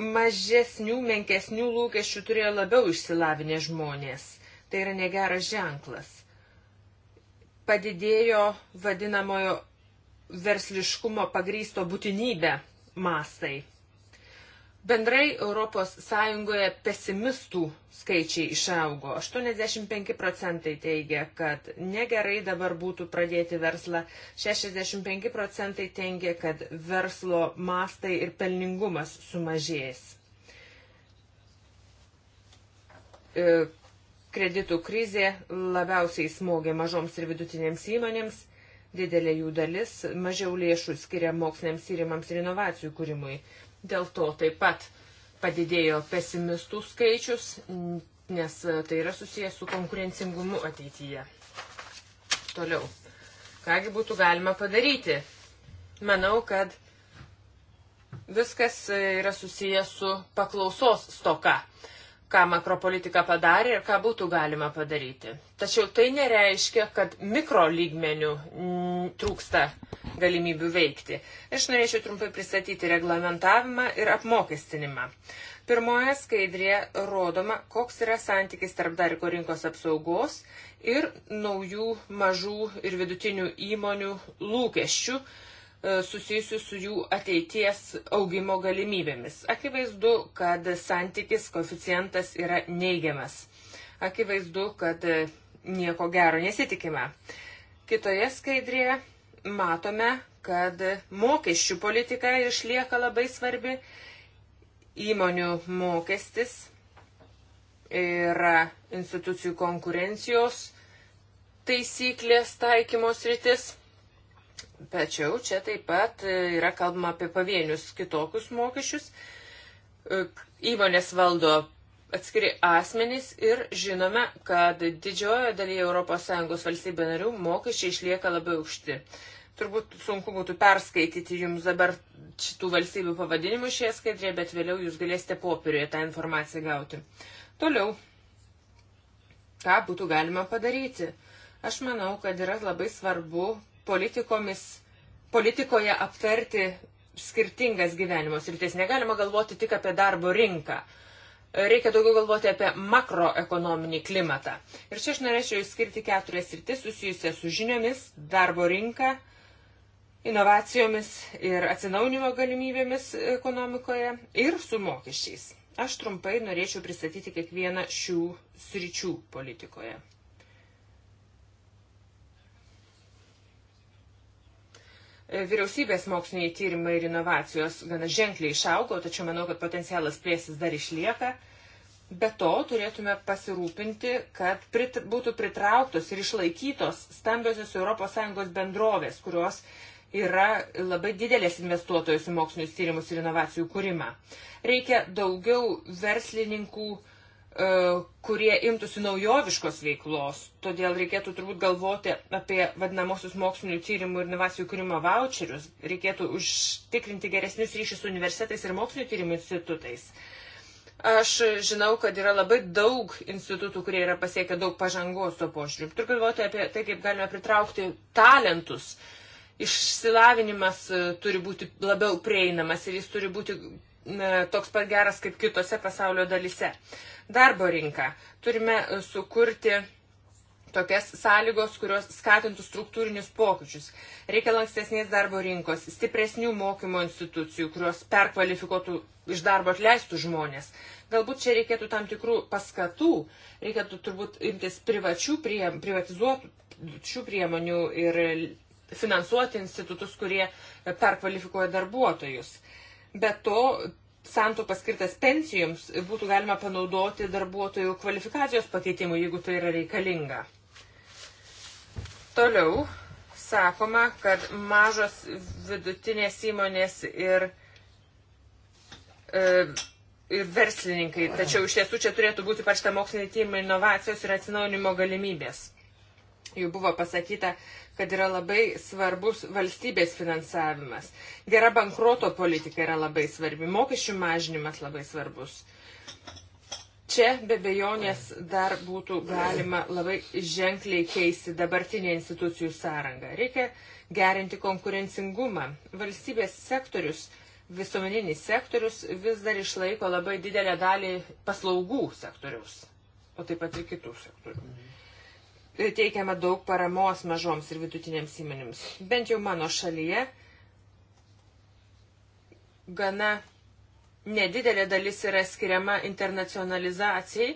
mažesnių, menkesnių lūkesčių turėjo labiau išsilavinę žmonės. Tai yra negeras ženklas. Padidėjo vadinamojo versliškumo pagrysto būtinybę mastai. Bendrai ES pesimistų skaičiai išaugo. 85 procentai teigia, kad negerai dabar būtų pradėti verslą. 65 procentai teigia, kad verslo mastai ir pelningumas sumažės. E, kreditų krizė labiausiai smogė mažoms ir vidutinėms įmonėms. Didelė jų dalis mažiau lėšų skiria moksliniams tyrimams ir inovacijų kūrimui. Dėl to taip pat padidėjo pesimistų skaičius, nes tai yra susijęs su konkurencingumu ateityje. Toliau. Kągi būtų galima padaryti? Manau, kad viskas yra susijęs su paklausos stoka ką makropolitika padarė ir ką būtų galima padaryti. Tačiau tai nereiškia, kad mikro lygmenių trūksta galimybių veikti. Aš norėčiau trumpai pristatyti reglamentavimą ir apmokestinimą. Pirmoje skaidrėje rodoma, koks yra santykis tarp darbo rinkos apsaugos ir naujų mažų ir vidutinių įmonių lūkesčių E, susijusių su jų ateities augimo galimybėmis. Akivaizdu, kad santykis, koficijantas yra neigiamas. Akivaizdu, kad e, nieko gero nesitikime. Kitoje skaidrėje matome, kad mokesčių politika išlieka labai svarbi. Įmonių mokestis yra institucijų konkurencijos taisyklės taikymos rytis Tačiau čia taip pat e, yra kalbama apie pavienius kitokius mokesčius. E, Įmonės valdo atskiri asmenys ir žinome, kad didžiojo dalyje ES valstybė narių mokesčiai išlieka labai aukšti. Turbūt sunku būtų perskaityti jums dabar šitų valstybių pavadinimų šioje skaidrėje, bet vėliau jūs galėsite popieriuje tą informaciją gauti. Toliau, ką būtų galima padaryti? Aš manau, kad yra labai svarbu politikoje aptarti skirtingas gyvenimos rytis. Negalima galvoti tik apie darbo rinką. Reikia daugiau galvoti apie makroekonominį klimatą. Ir čia aš norėčiau išskirti keturias rytis susijusias su žiniomis, darbo rinka, inovacijomis ir atsinaunimo galimybėmis ekonomikoje ir su mokesčiais. Aš trumpai norėčiau pristatyti kiekvieną šių sričių politikoje. E, vyriausybės moksliniai tyrimai ir inovacijos gana ženkliai išaugo, tačiau manau, kad potencialas plėsis dar išlieka. Be to turėtume pasirūpinti, kad prit, būtų pritrauktos ir išlaikytos stambiosios ES bendrovės, kurios yra labai didelės investuotojos į mokslinius tyrimus ir inovacijų kūrimą. Reikia daugiau verslininkų uh, E, kurie imtųsi naujoviškos veiklos. Todėl reikėtų turbūt galvoti apie vadinamosius mokslinių tyrimų ir inovacijų kūrimo voucherius. Reikėtų užtikrinti geresnius ryšius su universitetais ir mokslinių tyrimų institutais. Aš žinau, kad yra labai daug institutų, kurie yra pasiekę daug pažangos to požiūriu. Turiu galvoti apie tai, kaip galime pritraukti talentus. Išsilavinimas e, turi būti labiau prieinamas ir jis turi būti E, toks pat geras kaip kitose pasaulio dalise. Darbo rinka. Turime e, sukurti tokias sąlygos, kurios skatintų struktūrinius pokyčius. Reikia lankstesnės darbo rinkos, stipresnių mokymo institucijų, kurios perkvalifikuotų iš darbo atleistų žmonės. Galbūt čia reikėtų tam tikrų paskatų, reikėtų turbūt imtis privačių, prie, privatizuotų priemonių ir finansuoti institutus, kurie perkvalifikuoja darbuotojus. Be to, santaupas skirtas pensijoms būtų galima panaudoti darbuotojų kvalifikacijos pakeitimui, jeigu tai yra reikalinga. Toliau sakoma, kad mažos vidutinės įmonės ir, e, ir verslininkai, tačiau iš tiesų čia turėtų būti pašta moksliniai tyrimai, inovacijos ir atsinaujinimo galimybės. Jau buvo pasakyta, kad yra labai svarbus valstybės finansavimas. Gera bankroto politika yra labai svarbi, mokesčių mažinimas labai svarbus. Čia be bejonės dar būtų galima labai ženkliai keisti dabartinę institucijų sąrangą. Reikia gerinti konkurencingumą. Valstybės sektorius, visuomeninis sektorius vis dar išlaiko labai didelę dalį paslaugų sektoriaus, o taip pat ir kitų sektorių teikiama daug paramos mažoms ir vidutinėms įmonėms. Bent jau mano šalyje gana nedidelė dalis yra skiriama internacionalizacijai,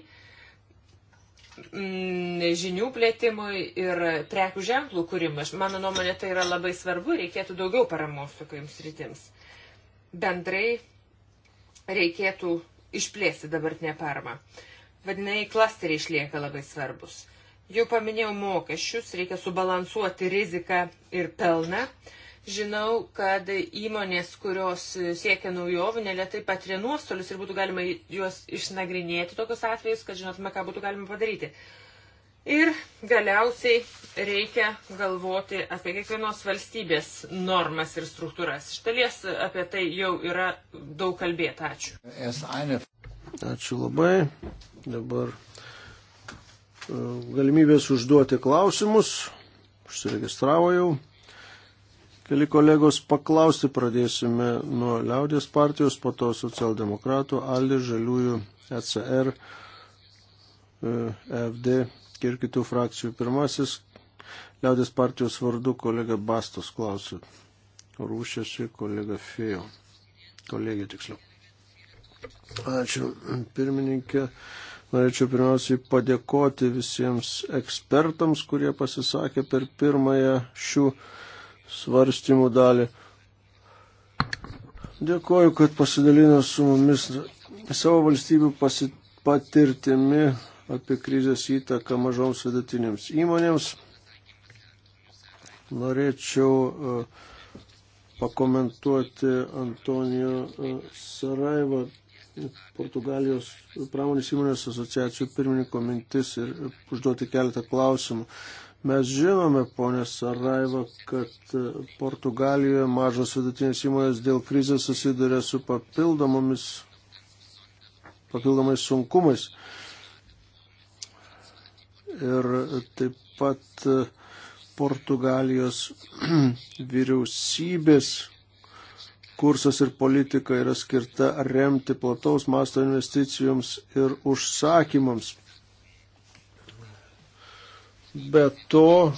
mm, žinių plėtimui ir prekių ženklų kūrimui. Mano nuomonė tai yra labai svarbu, reikėtų daugiau paramos tokioms rytims. Bendrai reikėtų išplėsti dabartinę paramą. Vadinai, klasteriai išlieka labai svarbus. Jau paminėjau mokesčius, reikia subalansuoti riziką ir pelną. Žinau, kad įmonės, kurios siekia naujovių, neretai patiria nuostolius ir būtų galima juos išnagrinėti tokius atvejus, kad žinotume, ką būtų galima padaryti. Ir galiausiai reikia galvoti apie kiekvienos valstybės normas ir struktūras. Štalies apie tai jau yra daug kalbėta. Ačiū. Ačiū labai. Dabar galimybės užduoti klausimus. Užsiregistravo jau. Keli kolegos paklausti pradėsime nuo liaudės partijos, po to socialdemokratų, Aldė, Žaliųjų, ECR, e, FD ir kitų frakcijų. Pirmasis liaudės partijos vardu kolega Bastos klausiu. Rūšėsi kolega Fejo. Kolegė tiksliau. Ačiū, pirmininkė. Norėčiau pirmiausiai padėkoti visiems ekspertams, kurie pasisakė per pirmąją šių svarstymų dalį. Dėkoju, kad pasidalino su mumis savo valstybių patirtimi apie krizės įtaką mažoms vidutinėms įmonėms. Norėčiau e, pakomentuoti Antonijo e, Saraivą Portugalijos pramonės įmonės asociacijų pirmininko mintis ir užduoti keletą klausimų. Mes žinome, ponė Saraiva, kad Portugalijoje mažos vidutinės įmonės dėl krizės susiduria su papildomomis, papildomais sunkumais. Ir taip pat Portugalijos vyriausybės kursas ir politika yra skirta remti plataus masto investicijoms ir užsakymams. Be to,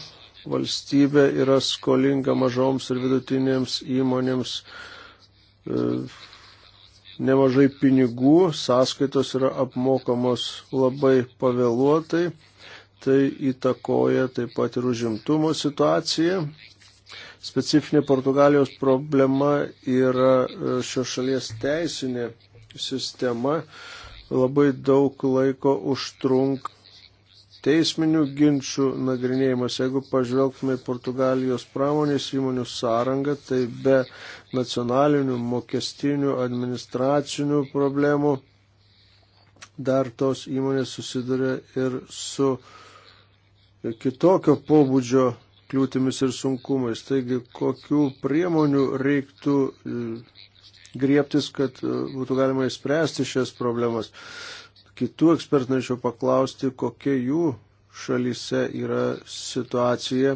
valstybė yra skolinga mažoms ir vidutinėms įmonėms e, nemažai pinigų, sąskaitos yra apmokamos labai pavėluotai, tai įtakoja taip pat ir užimtumo situaciją. Specifinė Portugalijos problema yra e, šios šalies teisinė sistema. Labai daug laiko užtrunk teisminių ginčių nagrinėjimas. Jeigu pažvelgtume į Portugalijos pramonės įmonių sąrangą, tai be nacionalinių, mokestinių, administracinių problemų dar tos įmonės susiduria ir su kitokio pobūdžio kliūtimis ir sunkumais. Taigi, kokių priemonių reiktų e, griebtis, kad e, būtų galima įspręsti šias problemas. Kitų ekspertų norėčiau paklausti, kokia jų šalyse yra situacija,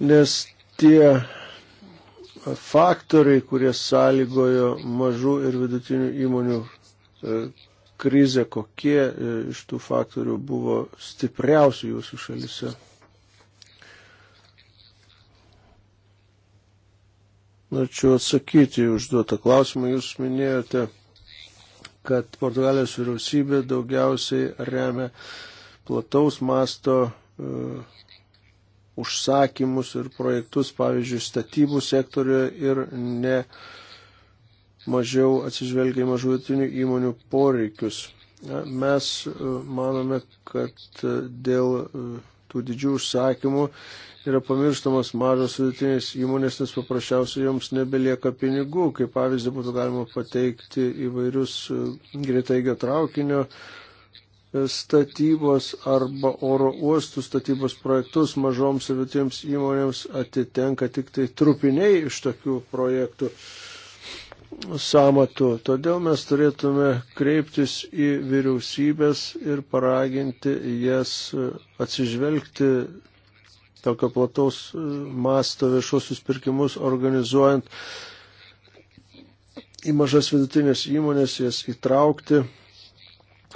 nes tie faktoriai, kurie sąlygojo mažų ir vidutinių įmonių e, krizę, kokie e, iš tų faktorių buvo stipriausi jūsų šalise? Norėčiau atsakyti užduotą klausimą. Jūs minėjote, kad Portugalijos vyriausybė daugiausiai remia plataus masto uh, užsakymus ir projektus, pavyzdžiui, statybų sektorioje ir ne uh, mažiau atsižvelgia į mažutinių įmonių poreikius. Mes e, manome, kad e, dėl e, tų didžių užsakymų yra pamirštamos mažos vidutinės įmonės, nes paprasčiausiai joms nebelieka pinigų. Kaip pavyzdį būtų galima pateikti įvairius greitaigio traukinio statybos arba oro uostų statybos projektus mažoms ir vidutinėms įmonėms atitenka tik tai trupiniai iš tokių projektų samatu. Todėl mes turėtume kreiptis į vyriausybės ir paraginti jas atsižvelgti tokio plataus masto viešuosius pirkimus organizuojant į mažas vidutinės įmonės, jas įtraukti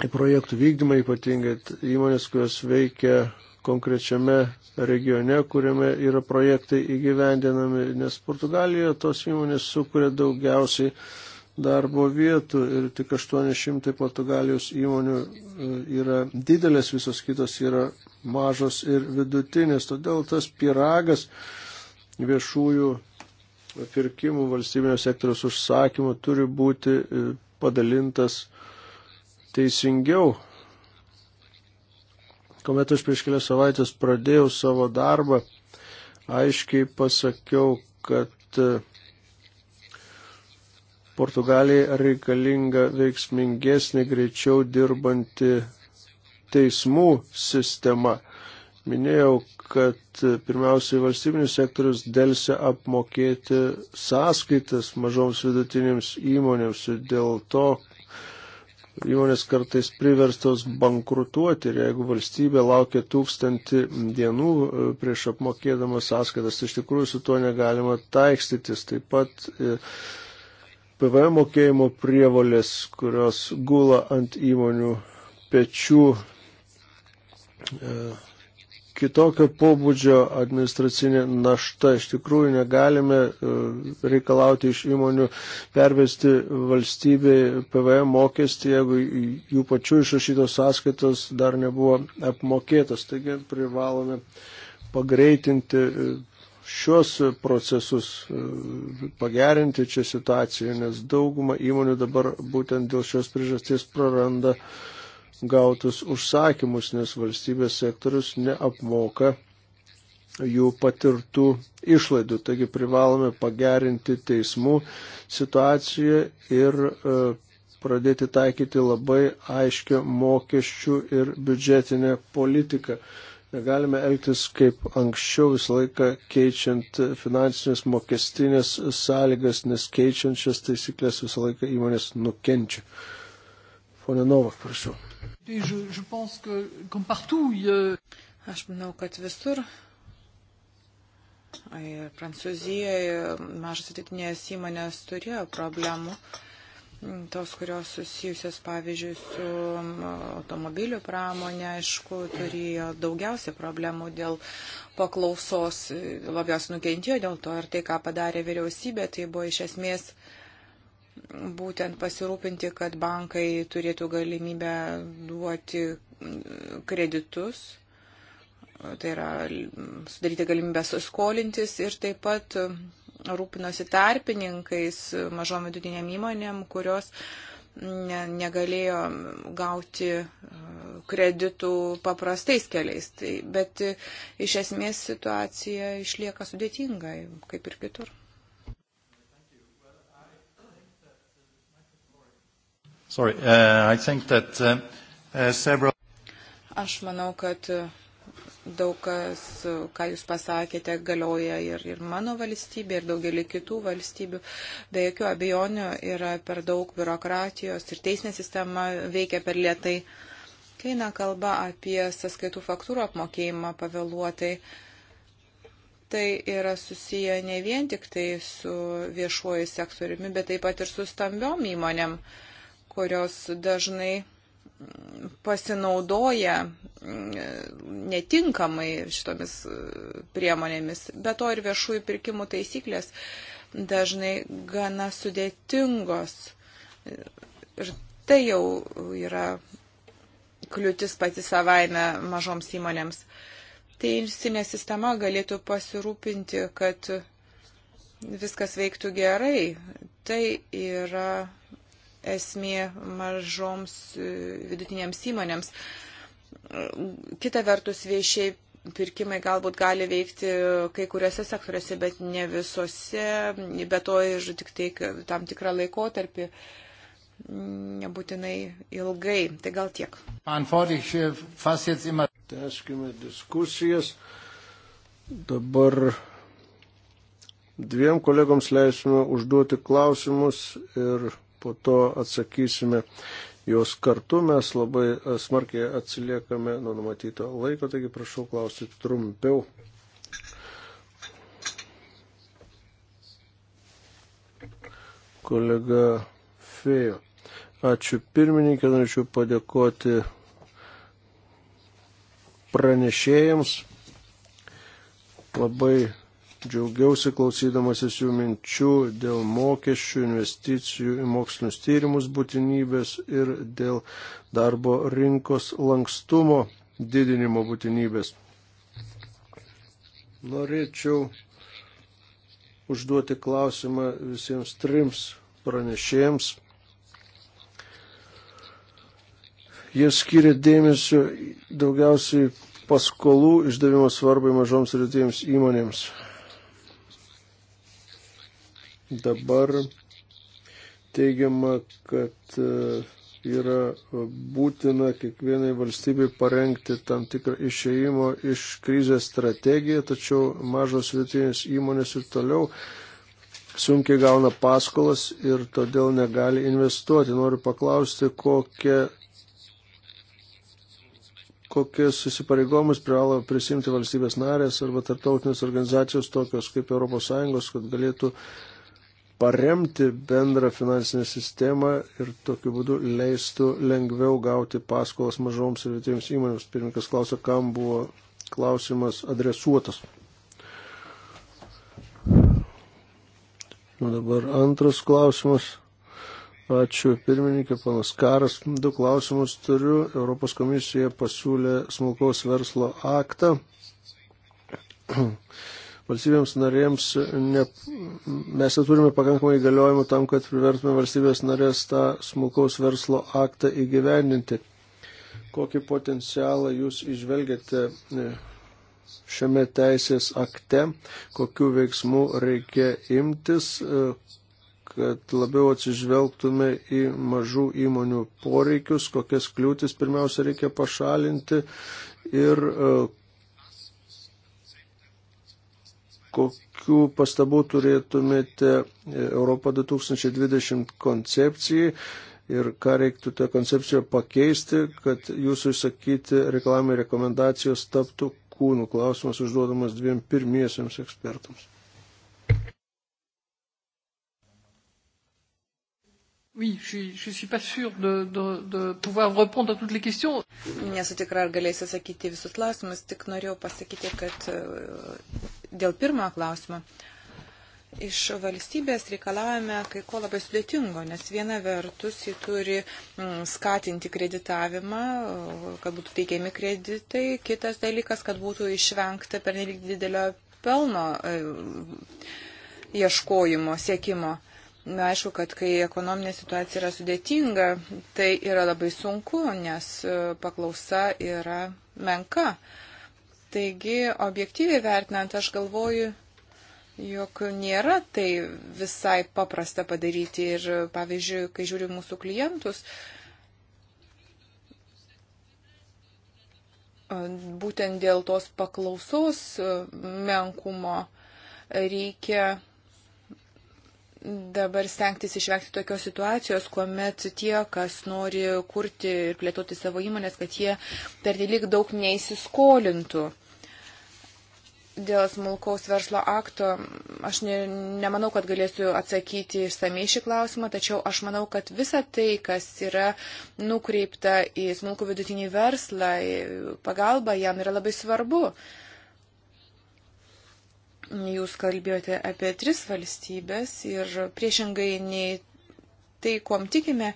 į projektų vykdymą, ypatingai įmonės, kurios veikia konkrečiame regione, kuriame yra projektai įgyvendinami, nes Portugalijoje tos įmonės sukuria daugiausiai darbo vietų ir tik 800 Portugalijos įmonių e, yra didelės, visos kitos yra mažos ir vidutinės. Todėl tas piragas viešųjų pirkimų valstybinio sektoriaus užsakymų turi būti e, padalintas teisingiau kuomet aš prieš kelias savaitės pradėjau savo darbą, aiškiai pasakiau, kad e, Portugalijai reikalinga veiksmingesnė, greičiau dirbanti teismų sistema. Minėjau, kad e, pirmiausiai valstybinis sektorius dėlse apmokėti sąskaitas mažoms vidutinėms įmonėms ir dėl to įmonės kartais priverstos bankrutuoti ir jeigu valstybė laukia tūkstantį dienų e, prieš apmokėdama sąskaitas, tai iš tikrųjų su tuo negalima taikstytis. Taip pat e, PVM mokėjimo prievolės, kurios gula ant įmonių pečių, e, kitokio pobūdžio administracinė našta. Iš tikrųjų negalime e, reikalauti iš įmonių pervesti valstybei PVM mokestį, jeigu jų pačių išrašytos sąskaitos dar nebuvo apmokėtos. Taigi privalome pagreitinti e, šios procesus e, pagerinti čia situaciją, nes dauguma įmonių dabar būtent dėl šios priežasties praranda uh, gautus užsakymus, nes valstybės sektorius neapmoka jų patirtų išlaidų. Taigi privalome pagerinti teismų situaciją ir e, pradėti taikyti labai aiškę mokesčių ir biudžetinę politiką. Negalime elgtis kaip anksčiau visą laiką keičiant finansinės mokestinės sąlygas, nes keičiant šias taisyklės visą laiką įmonės nukenčia. Pone Novak, prašau. Aš manau, kad visur ir Prancūzijoje mažas atitinės įmonės turėjo problemų, tos, kurios susijusios, pavyzdžiui, su automobilių pramonė, aišku, turėjo daugiausia problemų dėl paklausos, labiausiai nukentėjo dėl to ir tai, ką padarė vyriausybė, tai buvo iš esmės uh, būtent pasirūpinti, kad bankai turėtų galimybę duoti kreditus, tai yra sudaryti galimybę skolintis ir taip pat rūpinosi tarpininkais mažom vidutiniam įmonėm, kurios ne, negalėjo gauti e, kreditų paprastais keliais. Tai, bet e, iš esmės situacija išlieka sudėtinga, kaip ir kitur. Sorry, uh, I think that uh, uh, several... Aš manau, kad uh, daug kas, uh, ką jūs pasakėte, galioja ir, ir mano valstybė, ir daugelį kitų valstybių. Be jokių abejonių yra per daug biurokratijos ir teisinė sistema veikia per lietai. Kai eina kalba apie sąskaitų faktūrų apmokėjimą pavėluotai, tai yra susiję ne vien tik tai su viešuoju sektoriumi, bet taip pat ir su stambiom įmonėm. Uh, kurios dažnai pasinaudoja mm, netinkamai šitomis mm, priemonėmis. Be to ir viešųjų pirkimų taisyklės dažnai gana sudėtingos. Ir tai jau yra kliūtis pati savaime mažoms įmonėms. Teisinė tai sistema galėtų pasirūpinti, kad viskas veiktų gerai. Tai yra esmė mažoms e, vidutinėms įmonėms. Kita vertus, viešiai pirkimai galbūt gali veikti kai kuriuose sektoriuose, bet ne visose, bet to ir tik tai tam tikrą laikotarpį, mm, nebūtinai ilgai. Tai gal tiek. Teškime diskusijas. Dabar dviem kolegoms leisime užduoti klausimus ir po to atsakysime jos kartu. Mes labai smarkiai atsiliekame nuo numatyto laiko, taigi prašau klausyti trumpiau. Kolega Fejo. Ačiū pirmininkė, norėčiau padėkoti pranešėjams. Labai Džiaugiausi klausydamasis jų minčių dėl mokesčių, investicijų į mokslinius tyrimus būtinybės ir dėl darbo rinkos lankstumo didinimo būtinybės. Norėčiau užduoti klausimą visiems trims pranešėjams. Jie skiria dėmesio daugiausiai paskolų išdavimo svarbai mažoms ir didėjams įmonėms. Dabar teigiama, kad e, yra būtina kiekvienai valstybei parengti tam tikrą išeimo iš krizės strategiją, tačiau mažos vietinės įmonės ir toliau sunkiai gauna paskolas ir todėl negali investuoti. Noriu paklausti, kokie, kokie susipareigomus privalo prisimti valstybės narės arba tarptautinės organizacijos tokios kaip ES, kad galėtų uh, paremti bendrą finansinę sistemą ir tokiu būdu leistų lengviau gauti paskolas mažoms ir vidutinėms įmonėms. Pirmininkas klausė, kam buvo klausimas adresuotas. O dabar antras klausimas. Ačiū pirmininkė, panas Karas. Du klausimus turiu. Europos komisija pasiūlė smulkaus verslo aktą valstybėms narėms, ne, mes neturime pakankamai įgaliojimų tam, kad privertume valstybės narės tą smulkaus verslo aktą įgyvendinti. Kokį potencialą jūs išvelgiate e, šiame teisės akte, kokiu veiksmu reikia imtis, e, kad labiau atsižvelgtume į mažų įmonių poreikius, kokias kliūtis pirmiausia reikia pašalinti ir e, kokių pastabų turėtumėte e, Europą 2020 koncepcijai ir ką reiktų tą koncepciją pakeisti, kad jūsų išsakyti reklamai rekomendacijos taptų kūnų klausimas užduodamas dviem pirmiesiams ekspertams. Oui, je, je suis pas sûre de, de, de pouvoir répondre à toutes les questions. Nesu tikra, ar galėsiu atsakyti visus klausimus, tik norėjau pasakyti, kad e, dėl pirmojo klausimo iš valstybės reikalavome kai ko labai sudėtingo, nes viena vertus jį turi skatinti kreditavimą, e, kad būtų teikiami kreditai, kitas dalykas, kad būtų išvengta per nelik didelio pelno e, ieškojimo, siekimo. Na, aišku, kad kai ekonominė situacija yra sudėtinga, tai yra labai sunku, nes e, paklausa yra menka. Taigi, objektyviai vertinant, aš galvoju, jog nėra tai visai paprasta padaryti. Ir, pavyzdžiui, kai žiūriu mūsų klientus, e, būtent dėl tos paklausos e, menkumo reikia dabar stengtis išvengti tokios situacijos, kuomet tie, kas nori kurti ir plėtoti savo įmonės, kad jie per nelik daug neįsiskolintų. Dėl smulkaus verslo akto aš ne, nemanau, kad galėsiu atsakyti išsamei šį klausimą, tačiau aš manau, kad visa tai, kas yra nukreipta į smulkų vidutinį verslą, pagalba jam yra labai svarbu. Uh, Jūs kalbėjote apie tris valstybės ir priešingai nei tai, kuom tikime,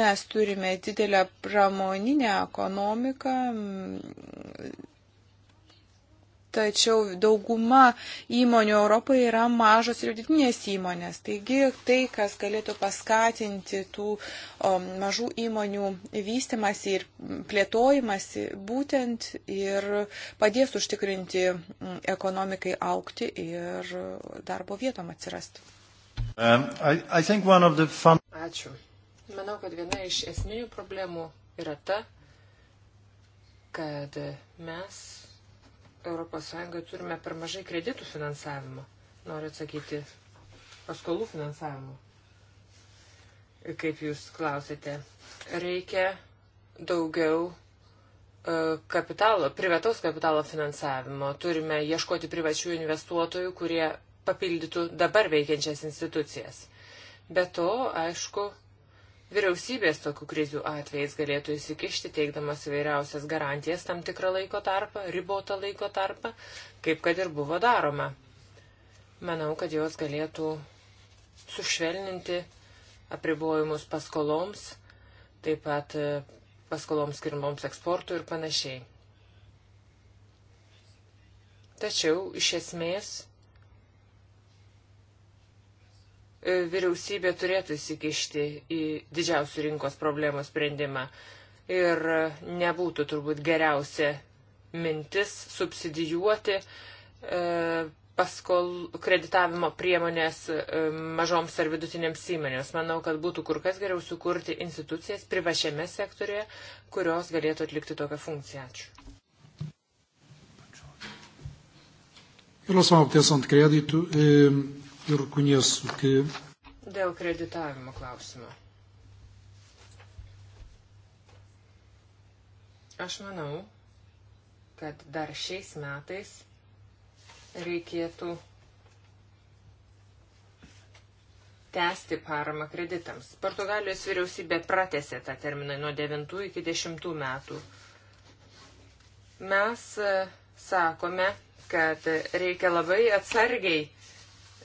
mes turime didelę pramoninę ekonomiką, Tačiau dauguma įmonių Europoje yra mažos ir vidutinės įmonės. Taigi tai, kas galėtų paskatinti tų o, um, mažų įmonių vystimasi ir plėtojimasi, būtent ir padės užtikrinti mm, ekonomikai aukti ir darbo vietom atsirasti. Um, I, I fun... Ačiū. Manau, kad viena iš esminių problemų yra ta, kad mes ES turime per mažai kreditų finansavimo, noriu atsakyti, paskolų finansavimo. Kaip jūs klausėte, reikia daugiau e, kapitalo, privataus kapitalo finansavimo. Turime ieškoti privačių investuotojų, kurie papildytų dabar veikiančias institucijas. Be to, aišku, Vyriausybės tokių krizių atvejais galėtų įsikišti, teikdamas įvairiausias garantijas tam tikrą laiko tarpą, ribotą laiko tarpą, kaip kad ir buvo daroma. Manau, kad jos galėtų sušvelninti apribojimus paskoloms, taip pat e, paskoloms skirmoms eksportui ir panašiai. Tačiau, iš esmės, E, vyriausybė turėtų įsikišti į didžiausių rinkos problemų sprendimą. Ir nebūtų turbūt geriausia mintis subsidijuoti e, paskol kreditavimo priemonės e, mažoms ar vidutinėms įmonėms. Manau, kad būtų kur kas geriau sukurti institucijas privačiame sektorėje, kurios galėtų atlikti tokią funkciją. Ačiū. Em relação ao obtenção de crédito, eh, ir kunies. Kai... Dėl kreditavimo klausimo. Aš manau, kad dar šiais metais reikėtų tęsti paramą kreditams. Portugalijos vyriausybė pratėsi tą terminą nuo 9 iki 10 metų. Mes e, sakome, kad reikia labai atsargiai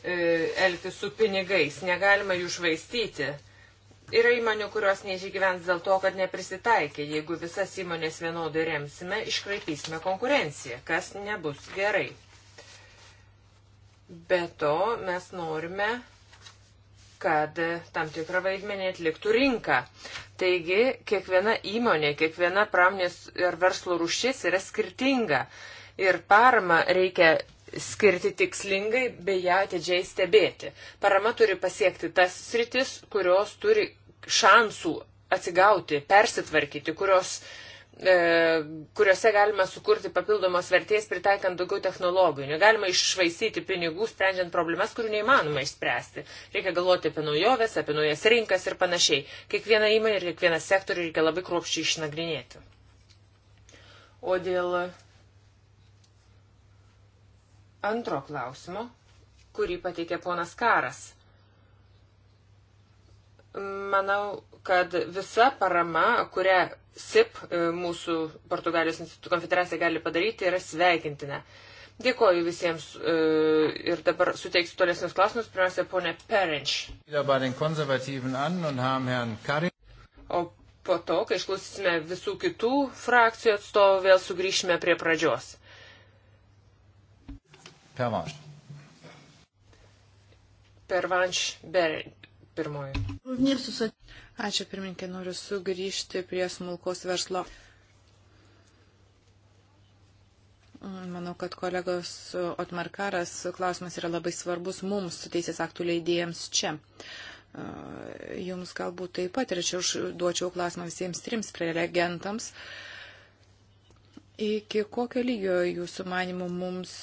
E, elgtis su pinigais, negalima jų švaistyti. Yra įmonių, kurios neišgyvens dėl to, kad neprisitaikė. Jeigu visas įmonės vienodai remsime, iškraipysime konkurenciją, kas nebus gerai. Be to, mes norime, kad tam tikrą vaidmenį atliktų rinka. Taigi, kiekviena įmonė, kiekviena pramonės ir verslo rušis yra skirtinga ir paramą reikia skirti tikslingai, beje, atidžiai stebėti. Parama turi pasiekti tas sritis, kurios turi šansų atsigauti, persitvarkyti, kurios, e, kuriuose galima sukurti papildomos vertės pritaikant daugiau technologijų. Negalima iššvaistyti pinigų, sprendžiant problemas, kurių neįmanoma išspręsti. Reikia galvoti apie naujoves, apie naujas rinkas ir panašiai. Kiekvieną įmonę ir kiekvieną sektorių reikia labai kruopščiai išnagrinėti. O dėl antro klausimo, kurį pateikė ponas Karas. Manau, kad visa parama, kurią SIP e, mūsų Portugalijos konfederacija gali padaryti, yra sveikintina. Dėkoju visiems e, ir dabar suteiksiu tolesnius klausimus. Pirmiausia, ponė Perenč. O po to, kai išklausysime visų kitų frakcijų atstovų, vėl sugrįšime prie pradžios. Pervanš. Pervanš Berė. Pirmoji. Ačiū pirmininkė, noriu sugrįžti prie smulkos verslo. Manau, kad kolegos Otmarkaras klausimas yra labai svarbus mums, teisės aktų leidėjams čia. Jums galbūt taip pat ir čia užduočiau klausimą visiems trims prelegentams. Iki kokio lygio jūsų manimų mums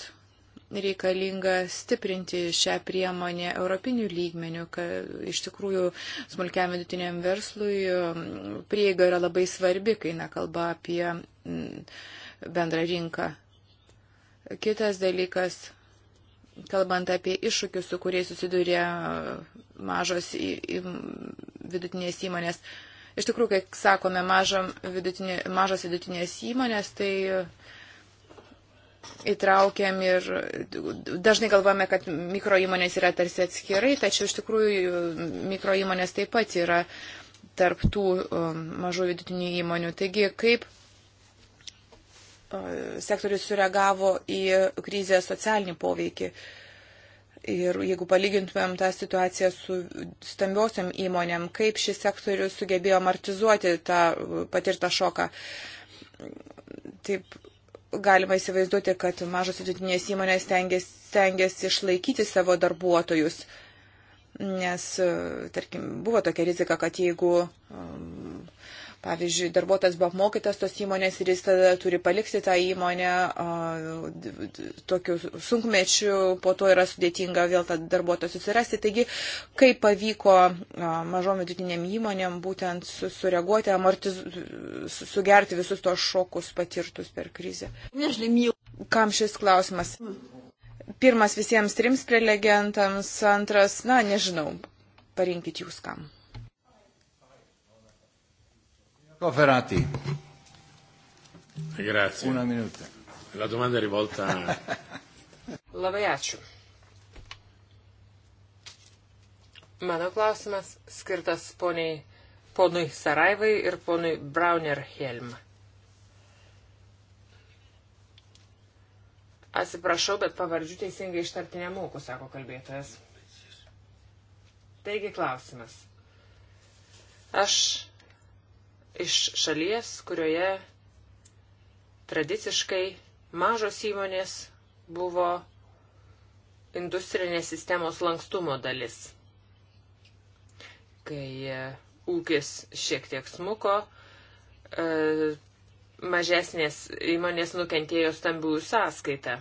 reikalinga stiprinti šią priemonę europinių lygmenių, kad iš tikrųjų smulkiam vidutiniam verslui um, prieiga yra labai svarbi, kai nekalba apie mm, bendrą rinką. Kitas dalykas, kalbant apie iššūkius, su kuriais susiduria uh, mažos į, į vidutinės įmonės. Iš tikrųjų, kai sakome mažam, vidutinė, mažos vidutinės įmonės, tai uh, įtraukiam ir dažnai galvojame, kad mikro įmonės yra tarsi atskirai, tačiau iš tikrųjų e, mikro įmonės taip pat yra tarptų e, mažų vidutinių įmonių. Taigi, kaip e, sektorius sureagavo į krizę socialinį poveikį? Ir jeigu palygintumėm tą situaciją su stambiosiam įmonėm, kaip šis sektorius sugebėjo amortizuoti tą patirtą šoką. Taip, galima įsivaizduoti, kad mažos vidutinės įmonės stengiasi, stengiasi išlaikyti savo darbuotojus, nes, tarkim, buvo tokia rizika, kad jeigu um, Pavyzdžiui, darbuotojas buvo apmokytas tos įmonės ir jis tada turi palikti tą įmonę tokiu sunkmečiu, po to yra sudėtinga vėl tą darbuotoją susirasti. Taigi, kaip pavyko mažom vidutiniam įmonėm būtent sureaguoti, amortiz... sugerti visus tos šokus patirtus per krizę. Kam šis klausimas? Pirmas visiems trims prelegentams, antras, na, nežinau, parinkit jūs kam. Coferati. Grazie. Una minuta. La domanda è rivolta... Labai ačiū. Mano klausimas skirtas poniai, ponui Saraivai ir ponui Brauner Helm. Atsiprašau, bet pavardžių teisingai ištarti nemoku, sako kalbėtojas. Taigi klausimas. Aš iš šalies, kurioje tradiciškai mažos įmonės buvo industrinės sistemos lankstumo dalis. Kai e, ūkis šiek tiek smuko, e, mažesnės įmonės nukentėjo stambiųjų sąskaitą.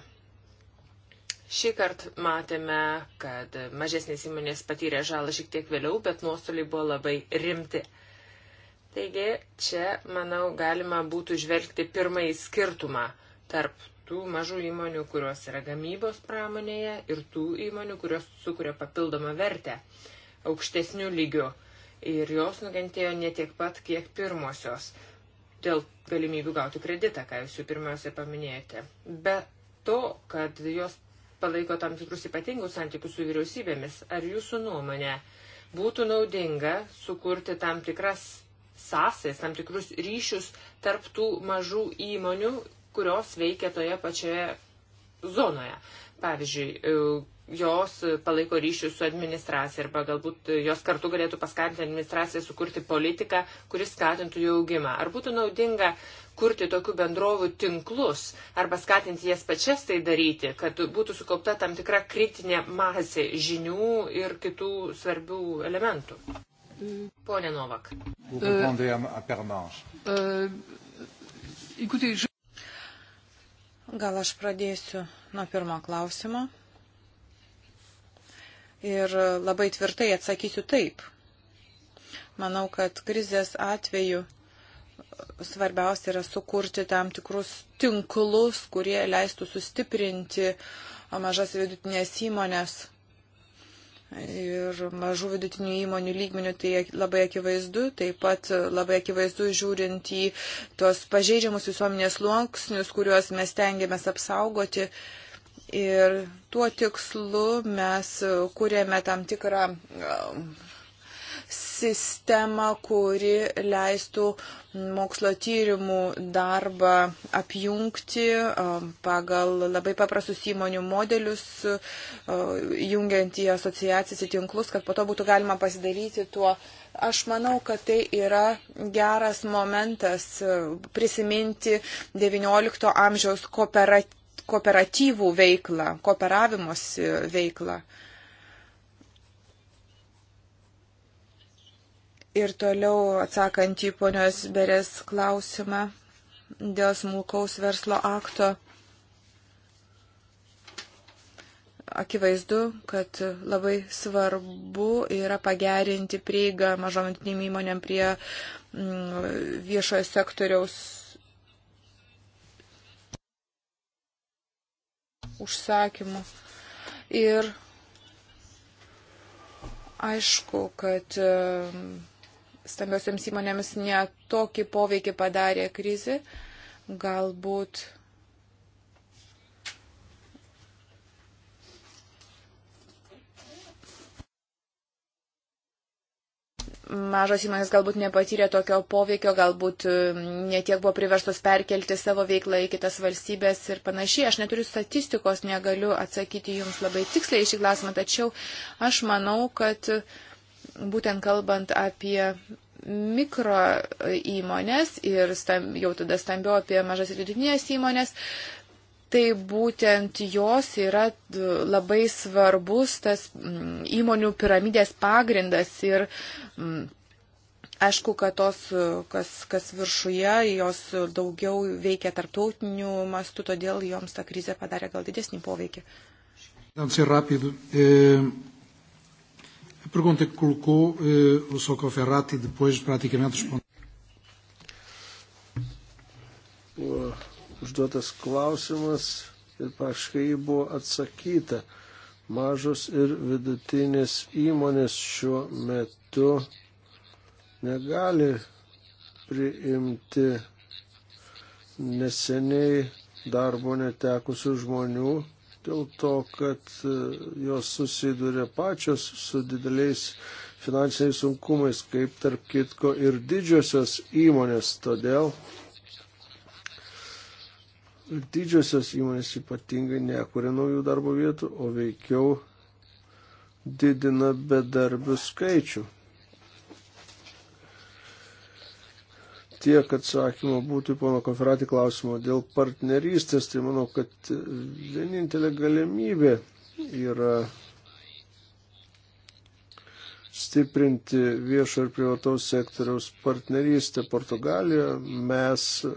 Šį kartą matėme, kad mažesnės įmonės patyrė žalą šiek tiek vėliau, bet nuostoliai buvo labai rimti. Taigi čia, manau, galima būtų žvelgti pirmąjį skirtumą tarp tų mažų įmonių, kurios yra gamybos pramonėje ir tų įmonių, kurios sukuria papildomą vertę aukštesnių lygių. Ir jos nukentėjo ne tiek pat, kiek pirmosios dėl galimybių gauti kreditą, ką jūs jau pirmiausia paminėjote. Be to, kad jos palaiko tam tikrus ypatingus santykius su vyriausybėmis, ar jūsų nuomonė būtų naudinga sukurti tam tikras sąsajas, tam tikrus ryšius tarptų mažų įmonių, kurios veikia toje pačioje zonoje. Pavyzdžiui, e, jos palaiko ryšius su administracija arba galbūt jos kartu galėtų paskatinti administraciją sukurti politiką, kuris skatintų jų augimą. Ar būtų naudinga kurti tokių bendrovų tinklus arba skatinti jas pačias tai daryti, kad būtų sukaupta tam tikra kritinė masė žinių ir kitų svarbių elementų? Pone Novak. Euh, Gal aš pradėsiu nuo pirmo klausimo ir e, labai tvirtai atsakysiu taip. Manau, kad krizės atveju e, svarbiausia yra sukurti tam tikrus tinklus, kurie leistų sustiprinti mažas vidutinės įmonės ir mažų vidutinių įmonių lygmenių tai labai akivaizdu, taip pat labai akivaizdu žiūrint į tuos pažeidžiamus visuomenės sluoksnius, kuriuos mes tengiamės apsaugoti. Ir tuo tikslu mes kūrėme tam tikrą sistemą, kuri leistų mokslo tyrimų darbą apjungti pagal labai paprastus įmonių modelius, jungiant į asociacijas, į tinklus, kad po to būtų galima pasidaryti tuo. Aš manau, kad tai yra geras momentas prisiminti XIX amžiaus kooperatyvų veiklą, kooperavimosi veiklą. Ir toliau atsakant į ponios Berės klausimą dėl smulkaus verslo akto. akivaizdu, kad labai svarbu yra pagerinti prieigą mažomintinėm įmonėm prie mm, viešojo sektoriaus užsakymų. Ir aišku, kad mm, stambiosioms įmonėms netokį poveikį padarė krizi, galbūt mažos įmonės galbūt nepatyrė tokio poveikio, galbūt um, netiek buvo priverstos perkelti savo veiklą į kitas valstybės ir panašiai. Aš neturiu statistikos, negaliu atsakyti jums labai tiksliai iš įklausimą, tačiau aš manau, kad uh, būtent kalbant apie mikro įmonės ir stamb, jau tada stambiau apie mažas ir vidutinės įmonės, tai būtent jos yra labai svarbus tas mm, įmonių piramidės pagrindas ir mm, aišku, kad tos, kas, kas viršuje, jos daugiau veikia tarptautinių mastų, todėl joms ta krizė padarė gal didesnį poveikį. Rapid, eh pergunta que colocou eh, o Sr. Cofferati depois praticamente respondeu. Buvo užduotas klausimas ir praktiškai jį buvo atsakyta. Mažos ir er, vidutinės įmonės e šiuo metu negali priimti neseniai darbo netekusių žmonių dėl to, kad e, jos susiduria pačios su dideliais finansiniais sunkumais, kaip tarp kitko ir didžiosios įmonės. Todėl didžiosios įmonės ypatingai nekuria naujų darbo vietų, o veikiau didina bedarbių skaičių. tiek atsakymų būtų pono konferatį klausimo dėl partnerystės, tai manau, kad vienintelė galimybė yra stiprinti viešo ir privataus sektoriaus partnerystę Portugalijoje. Mes e,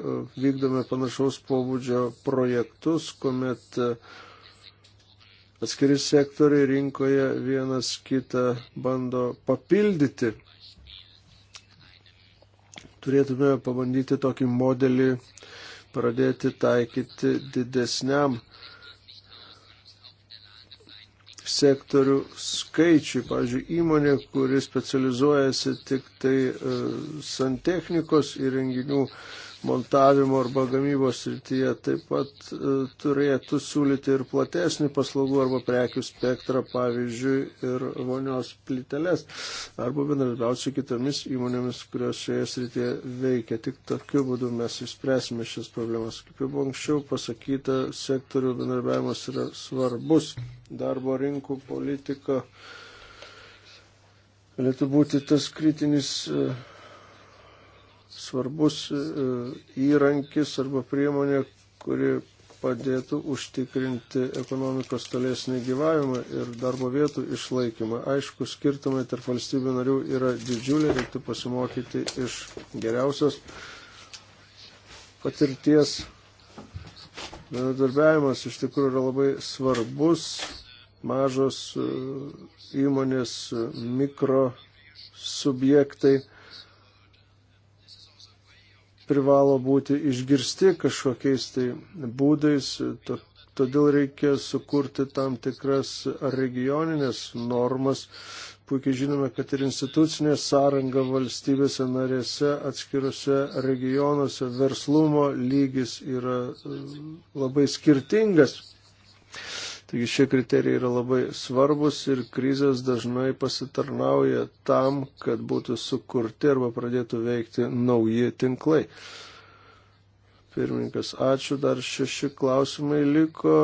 vykdome panašaus pobūdžio projektus, kuomet e, atskiri sektoriai rinkoje vienas kitą bando papildyti turėtume pabandyti tokį modelį pradėti taikyti didesniam sektorių skaičiui. Pavyzdžiui, įmonė, kuri specializuojasi tik tai e, santechnikos įrenginių uh, montavimo arba gamybos srityje taip pat e, turėtų siūlyti ir platesnį paslaugų arba prekių spektrą, pavyzdžiui, ir vonios plyteles, arba bendradarbiauti su kitomis įmonėmis, kurios šioje srityje veikia. Tik tokiu būdu mes išspręsime šias problemas. Kaip jau buvo anksčiau pasakyta, sektorių bendradarbiavimas yra svarbus. Darbo rinkų politika galėtų būti tas kritinis. Uh, svarbus e, įrankis arba priemonė, kuri padėtų užtikrinti ekonomikos tolesnį gyvavimą ir darbo vietų išlaikymą. Aišku, skirtumai tarp valstybių narių yra didžiuliai, reiktų pasimokyti iš geriausios patirties. Bendradarbiavimas iš tikrųjų yra labai svarbus. Mažos e, įmonės, mikro subjektai privalo būti išgirsti kažkokiais tai būdais, to, todėl reikia sukurti tam tikras regioninės normas. Puikiai žinome, kad ir institucinė sąranga valstybėse narėse, atskiruose regionuose verslumo lygis yra e, labai skirtingas. Taigi šie kriterijai yra labai svarbus ir krizės dažnai pasitarnauja tam, kad būtų sukurti arba pradėtų veikti nauji tinklai. Pirmininkas, ačiū, dar šeši klausimai liko.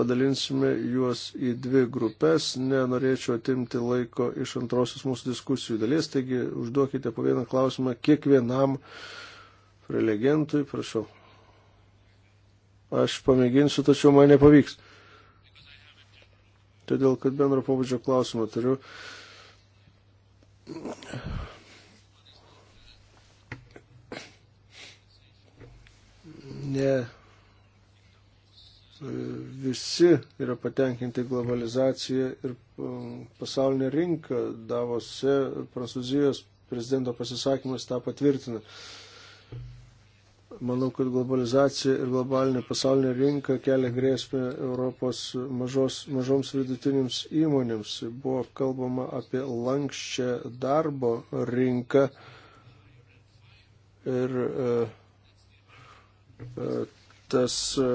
Padalinsime juos į dvi grupės, nenorėčiau atimti laiko iš antrosios mūsų diskusijų dalies, taigi užduokite po vieną klausimą kiekvienam prelegentui, prašau. Aš pamėginsiu, tačiau man nepavyks. Todėl, kad bendro pobūdžio klausimą turiu. Ne visi yra patenkinti globalizacija ir um, pasaulinė rinka davose Prancūzijos prezidento pasisakymas tą patvirtina. Manau, kad globalizacija ir globalinė pasaulinė rinka kelia grėsmę Europos mažos, mažoms vidutinėms įmonėms. Buvo kalbama apie lankščią darbo rinką ir e, e, tas e,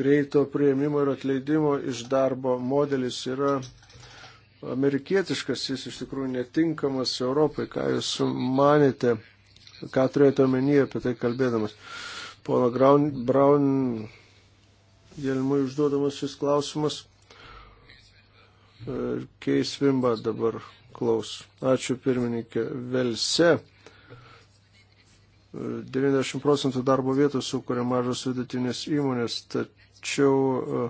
greito prieimimo ir atleidimo iš darbo modelis yra amerikietiškas, jis iš tikrųjų netinkamas Europai. Ką Jūs manėte? ką turėjote omenyje apie tai kalbėdamas. Pono Graun, Braun Jelmui užduodamas šis klausimas. Ir e, Keis Vimba dabar klaus. Ačiū pirmininkė. Velse 90 e, procentų darbo vietų sukuria mažos vidutinės įmonės, tačiau e,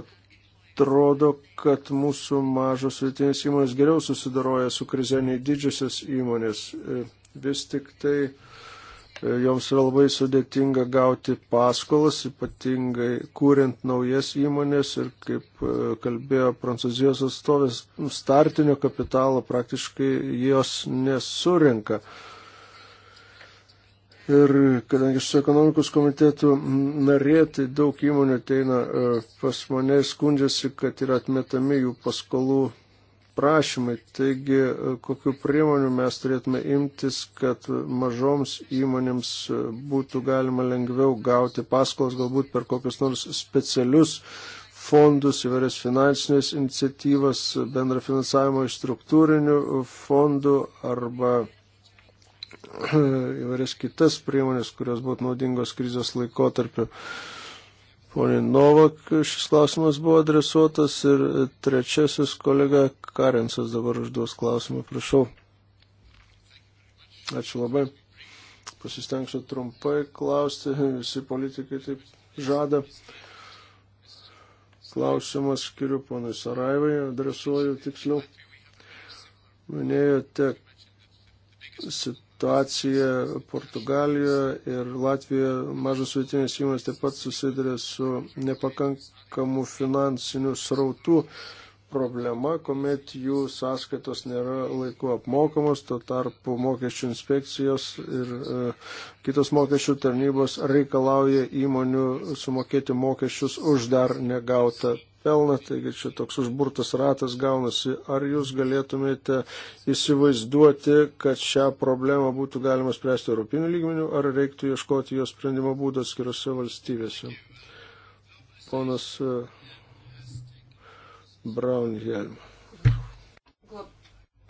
atrodo, kad mūsų mažos vidutinės įmonės geriau susidaroja su krize nei didžiosios įmonės. Ir vis tik tai e, joms yra labai sudėtinga gauti paskolas, ypatingai kūrint naujas įmonės ir kaip e, kalbėjo prancūzijos atstovės, startinio kapitalo praktiškai jos nesurinka. Ir kadangi aš su ekonomikos komitetu narė, tai daug įmonių ateina e, pas mane ir skundžiasi, kad yra atmetami jų paskolų prašymai. Taigi, e, kokiu priemoniu mes turėtume imtis, kad mažoms įmonėms e, būtų galima lengviau gauti paskolas, galbūt per kokius nors specialius fondus, įvairias finansinės iniciatyvas, bendra finansavimo iš struktūrinių fondų arba e, įvairias kitas priemonės, kurios būtų naudingos krizės laikotarpiu. Pone Novak, šis klausimas buvo adresuotas ir trečiasis kolega Karensas dabar užduos klausimą, prašau. Ačiū labai. Pasistengsiu trumpai klausti, visi politikai taip žada. Klausimas skiriu ponai Saraivai, adresuoju tiksliau. Minėjote situaciją situacija Portugalijoje ir Latvijoje mažos vietinės įmonės taip pat susiduria su nepakankamu finansiniu srautu problema, kuomet jų sąskaitos nėra laiku apmokamos, tuo tarpu mokesčių inspekcijos ir e, kitos mokesčių tarnybos reikalauja įmonių sumokėti mokesčius už dar negautą pelną, taigi čia toks užburtas ratas gaunasi. Ar jūs galėtumėte įsivaizduoti, kad šią problemą būtų galima spręsti europinių lygmenių, ar reiktų ieškoti jos sprendimo būdą skiriose valstybėse? Ponas e, Braunhelm.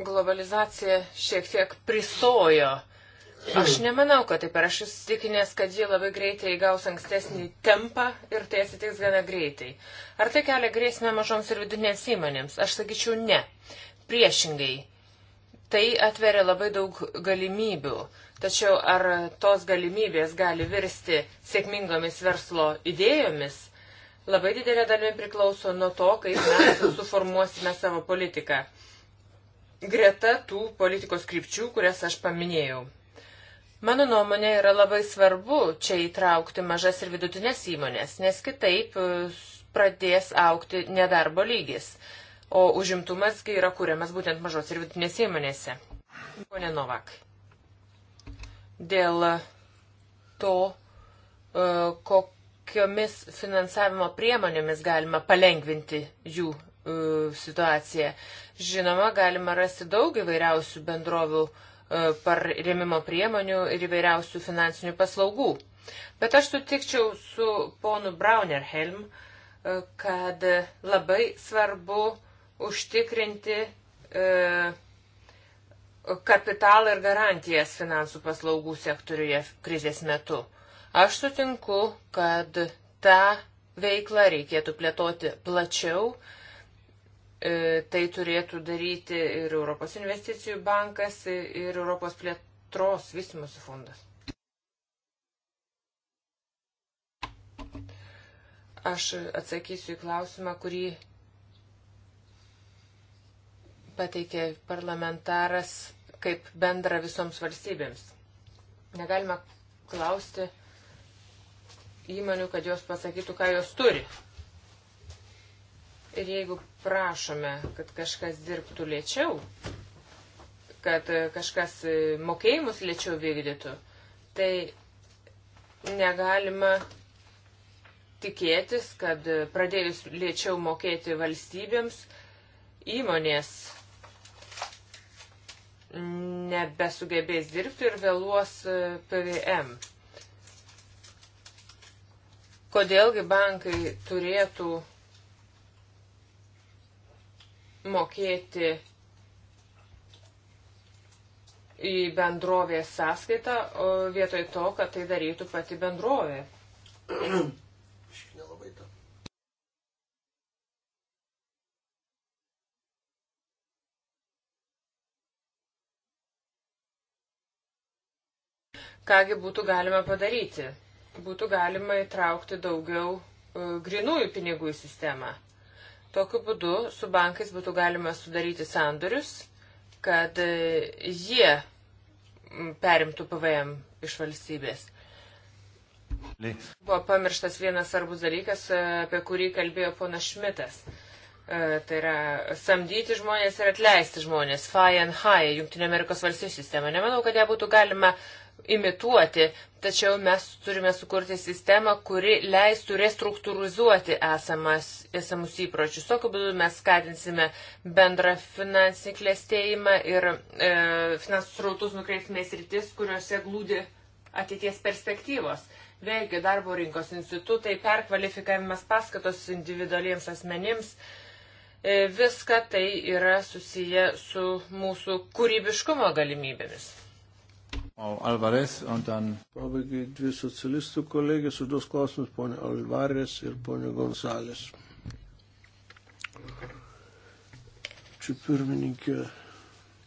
Globalizacija šiek tiek prisojo Aš nemanau, kad taip ir aš įsitikinęs, kad ji labai greitai įgaus ankstesnį tempą ir tai atsitiks gana greitai. Ar tai kelia grėsmę mažoms ir vidinėms įmonėms? Aš sakyčiau ne. Priešingai, tai atveria labai daug galimybių. Tačiau ar tos galimybės gali virsti sėkmingomis verslo idėjomis, labai didelė dalimi priklauso nuo to, kaip mes suformuosime savo politiką. Greta tų politikos krypčių, kurias aš paminėjau. Mano nuomonė yra labai svarbu čia įtraukti mažas ir vidutinės įmonės, nes kitaip e, pradės aukti nedarbo lygis, o užimtumasgi yra kūriamas būtent mažos ir vidutinės įmonėse. Pone Novak, dėl to, e, kokiomis finansavimo priemonėmis galima palengvinti jų e, situaciją. Žinoma, galima rasti daug įvairiausių bendrovių uh, E, paremimo priemonių ir įvairiausių finansinių paslaugų. Bet aš sutikčiau su ponu Braunerhelm, e, kad labai svarbu užtikrinti e, kapitalą ir garantijas finansų paslaugų sektoriuje krizės metu. Aš sutinku, kad tą veiklą reikėtų plėtoti plačiau E, tai turėtų daryti ir Europos investicijų bankas, ir Europos plėtros vystimosi fondas. Aš atsakysiu į klausimą, kurį pateikė parlamentaras kaip bendra visoms valstybėms. Negalima klausti įmonių, kad jos pasakytų, ką jos turi. Ir jeigu prašome, kad kažkas dirbtų lėčiau, kad e, kažkas e, mokėjimus lėčiau vykdytų, tai negalima tikėtis, kad e, pradėjus lėčiau mokėti valstybėms, įmonės nebesugebės dirbti ir vėluos PVM. Kodėlgi bankai turėtų mokėti į bendrovės sąskaitą, vietoj to, kad tai darytų pati bendrovė. Kągi būtų galima padaryti? Būtų galima įtraukti daugiau e, grinųjų pinigų į sistemą. Tokiu būdu su bankais būtų galima sudaryti sandorius, kad e, jie perimtų PVM iš valstybės. Buvo pamirštas vienas svarbus dalykas, e, apie kurį kalbėjo ponas Šmitas. E, tai yra samdyti žmonės ir atleisti žmonės. FI and HI, Junktinė Amerikos valstybių sistema. Nemanau, kad ją būtų galima uh, imituoti, tačiau mes turime sukurti sistemą, kuri leistų restruktūrizuoti esamas, esamus įpročius. Tokiu būdu mes skatinsime bendrą finansinį klėstėjimą ir e, finansų srautus nukreipsime į sritis, kuriuose glūdi ateities perspektyvos. Vėlgi darbo rinkos institutai, perkvalifikavimas paskatos individualiems asmenims, e, viską tai yra susiję su mūsų kūrybiškumo galimybėmis. Alvarez, und dann. Pabaigai dvi socialistų kolegės užduos klausimus, ponė Alvarez ir ponė Gonzalės. Čia pirmininkė,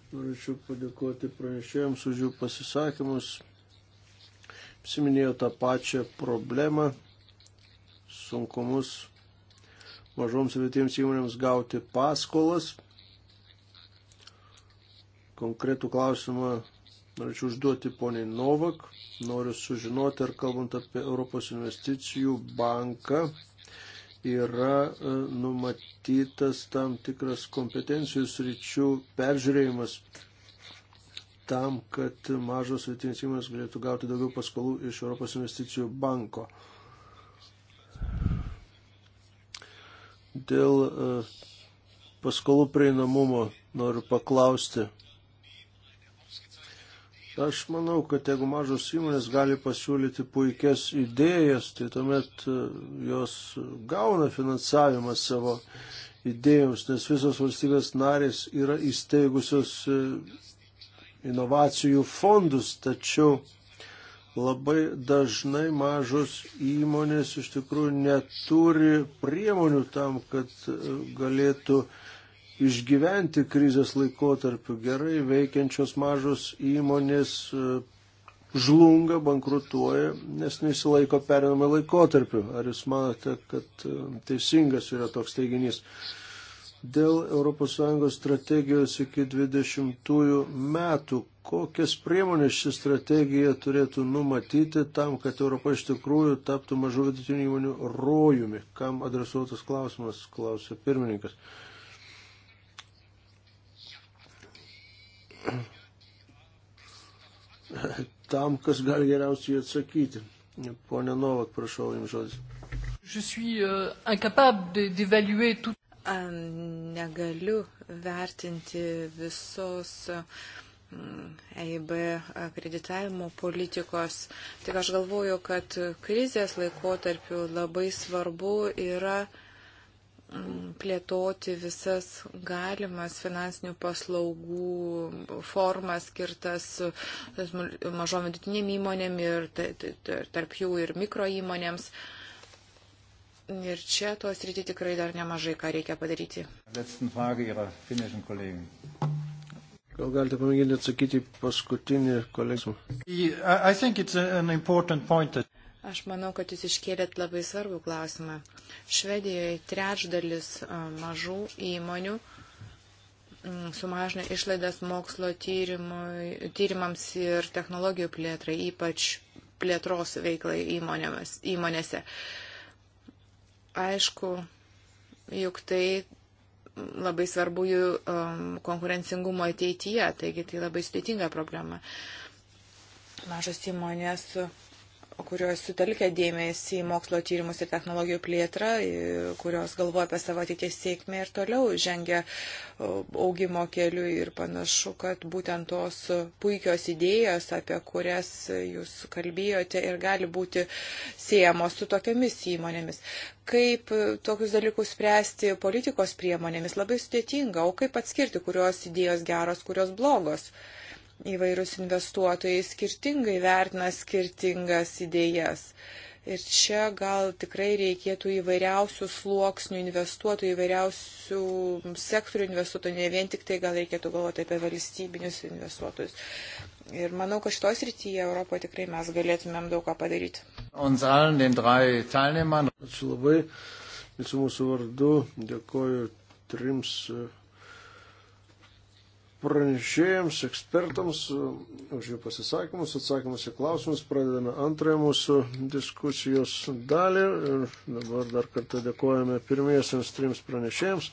norėčiau padėkoti pranešėjams už jų pasisakymus. Siminėjo tą pačią problemą, sunkumus mažoms ir vietiems įmonėms gauti paskolas. Konkretų klausimą norėčiau užduoti poniai Novak. Noriu sužinoti, ar kalbant apie Europos investicijų banką yra e, numatytas tam tikras kompetencijų sričių peržiūrėjimas tam, kad mažos vietinės įmonės galėtų gauti daugiau paskolų iš Europos investicijų banko. Dėl e, paskolų prieinamumo noriu paklausti, Aš manau, kad jeigu mažos įmonės gali pasiūlyti puikias idėjas, tai tuomet e, jos gauna finansavimą savo idėjoms, nes visos valstybės narės yra įsteigusios e, inovacijų fondus, tačiau labai dažnai mažos įmonės iš tikrųjų neturi priemonių tam, kad e, galėtų uh, išgyventi krizės laikotarpiu. Gerai veikiančios mažos įmonės e, žlunga, bankrutuoja, nes nesilaiko perinamą laikotarpiu. Ar jūs manote, kad e, teisingas yra toks teiginys? Dėl ES strategijos iki 20 metų, kokias priemonės ši strategija turėtų numatyti tam, kad Europa iš tikrųjų taptų mažų vidutinių įmonių rojumi? Kam adresuotas klausimas, klausė pirmininkas. Uh, tam, kas gali geriausiai atsakyti. Pone Novak, prašau jums žodis. Euh, tout... Negaliu vertinti visos mm, EIB akreditavimo politikos. Tik aš galvoju, kad krizės laikotarpiu labai svarbu yra plėtoti visas galimas finansinių paslaugų formas skirtas mažom vidutinėm įmonėm ir tarp jų ir mikro įmonėms. Ir čia tos rytį tikrai dar nemažai ką reikia padaryti. Gal galite pamėginti atsakyti paskutinį kolegą? That... Aš manau, kad jūs iškėlėt labai svarbų klausimą. Švedijoje trečdalis mažų įmonių sumažina išlaidas mokslo tyrimui, tyrimams ir technologijų plėtrai, ypač plėtros veiklai įmonėmis, įmonėse. Aišku, juk tai labai svarbu jų um, konkurencingumo ateityje, taigi tai labai sudėtinga problema. Mažos įmonės. Uh, kurios sutelkia dėmesį į mokslo tyrimus ir technologijų plėtrą, kurios galvoja apie savo ateities sėkmę ir toliau žengia augimo keliu ir panašu, kad būtent tos puikios idėjos, apie kurias jūs kalbėjote, ir gali būti siejamos su tokiamis įmonėmis. Kaip tokius dalykus spręsti politikos priemonėmis labai sudėtinga, o kaip atskirti, kurios idėjos geros, kurios blogos įvairūs investuotojai skirtingai vertina skirtingas idėjas. Ir čia gal tikrai reikėtų įvairiausių sluoksnių investuotojų, įvairiausių sektorių investuotojų, ne vien tik tai gal reikėtų galvoti apie valstybinius investuotojus. Ir manau, kad šitos rytyje Europoje tikrai mes galėtumėm daug ką padaryti. Ačiū labai. Visų mūsų vardu dėkoju trims pranešėjams, ekspertams e, už jų pasisakymus, atsakymus į klausimus. Pradedame antrąją mūsų diskusijos dalį ir dabar dar kartą dėkojame pirmiesiams trims pranešėjams.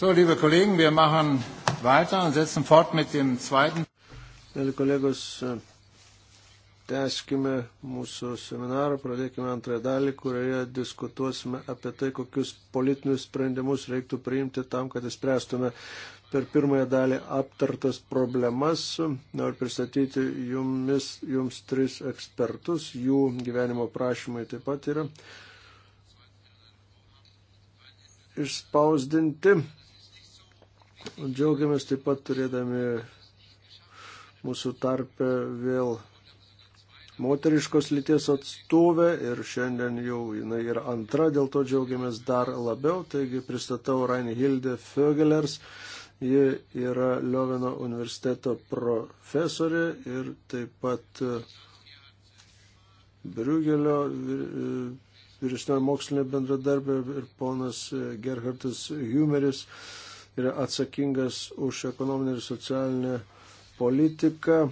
So, liebe Kollegen, wir machen weiter und setzen fort mit dem zweiten. Mėly kolegos, tęskime mūsų seminarą, pradėkime antrąją dalį, kurioje diskutuosime apie tai, kokius politinius sprendimus reiktų priimti tam, kad įspręstume per pirmąją dalį aptartas problemas. Noriu pristatyti jumis, jums tris ekspertus, jų gyvenimo prašymai taip pat yra išspausdinti. Džiaugiamės taip pat turėdami mūsų tarpe vėl moteriškos lyties atstovę ir šiandien jau jinai yra antra, dėl to džiaugiamės dar labiau. Taigi pristatau Reinhilde Fögelers, ji yra Liovino universiteto profesorė ir taip pat e, Briugelio e, vyresnioji mokslinė bendradarbė ir ponas Gerhardas Humeris yra atsakingas už ekonominę ir socialinę politiką.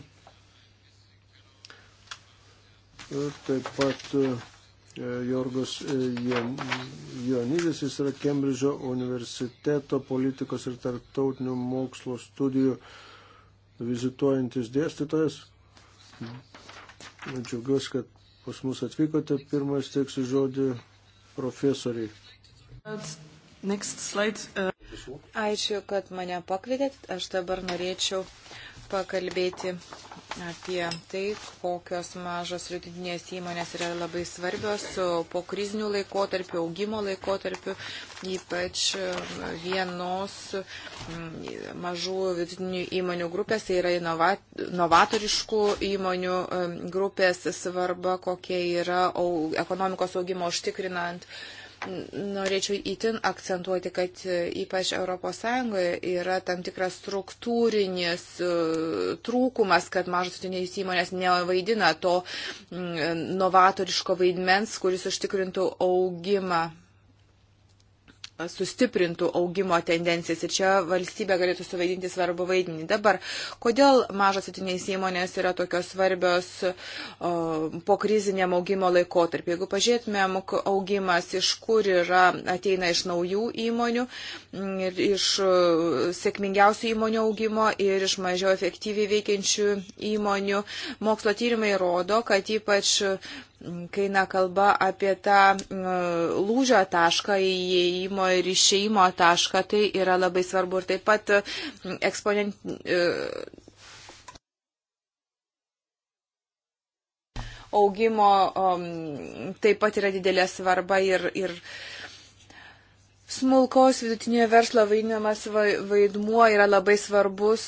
Ir taip pat e, Jorgos e, Jonidis, jis yra Kembridžo universiteto politikos ir tarptautinių mokslo studijų vizituojantis dėstytojas. Džiaugiuosi, kad pas mus atvykote. Pirmas teiksiu žodį profesoriai. Next slide. Uh... Ačiū, kad mane pakvietėt. Aš dabar norėčiau pakalbėti apie tai, kokios mažos rytinės įmonės yra labai svarbios po krizinių laikotarpių, augimo laikotarpių, ypač e, vienos mm, mažų vidutinių įmonių grupės, tai yra inova, novatoriškų įmonių e, grupės svarba, kokia yra ekonomikos augimo užtikrinant norėčiau įtin akcentuoti, kad e, ypač ES yra tam tikras struktūrinis e, trūkumas, kad mažos vidinės įmonės nevaidina to mm, e, novatoriško vaidmens, kuris užtikrintų augimą sustiprintų augimo tendencijas ir čia valstybė galėtų suvaidinti svarbu vaidmenį. Dabar, kodėl mažos atinės įmonės yra tokios svarbios o, po krizinėm augimo laikotarpį? Jeigu pažiūrėtumėm augimas, iš kur yra, ateina iš naujų įmonių, iš sėkmingiausių įmonių augimo ir iš mažiau efektyviai veikiančių įmonių, mokslo tyrimai rodo, kad ypač kai na kalba apie tą lūžio tašką, įėjimo ir išėjimo tašką, tai yra labai svarbu ir taip pat eksponent. E, augimo taip pat yra didelė svarba ir, ir smulkaus vidutinio verslo vaidinamas vaidmuo yra labai svarbus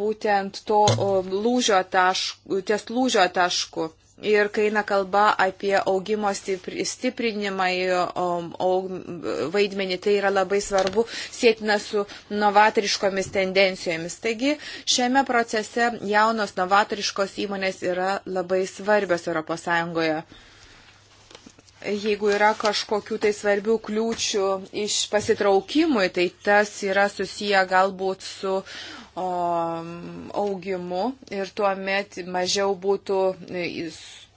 būtent to lūžio taškų, ties lūžio taškų. Ir kai eina kalba apie augimo stiprinimą į vaidmenį, tai yra labai svarbu sėtina su novatoriškomis tendencijomis. Taigi šiame procese jaunos novatoriškos įmonės yra labai svarbios ES. Jeigu yra kažkokių tai svarbių kliūčių iš pasitraukimui, tai tas yra susiję galbūt su uh, Um, augimu ir tuo met mažiau būtų e,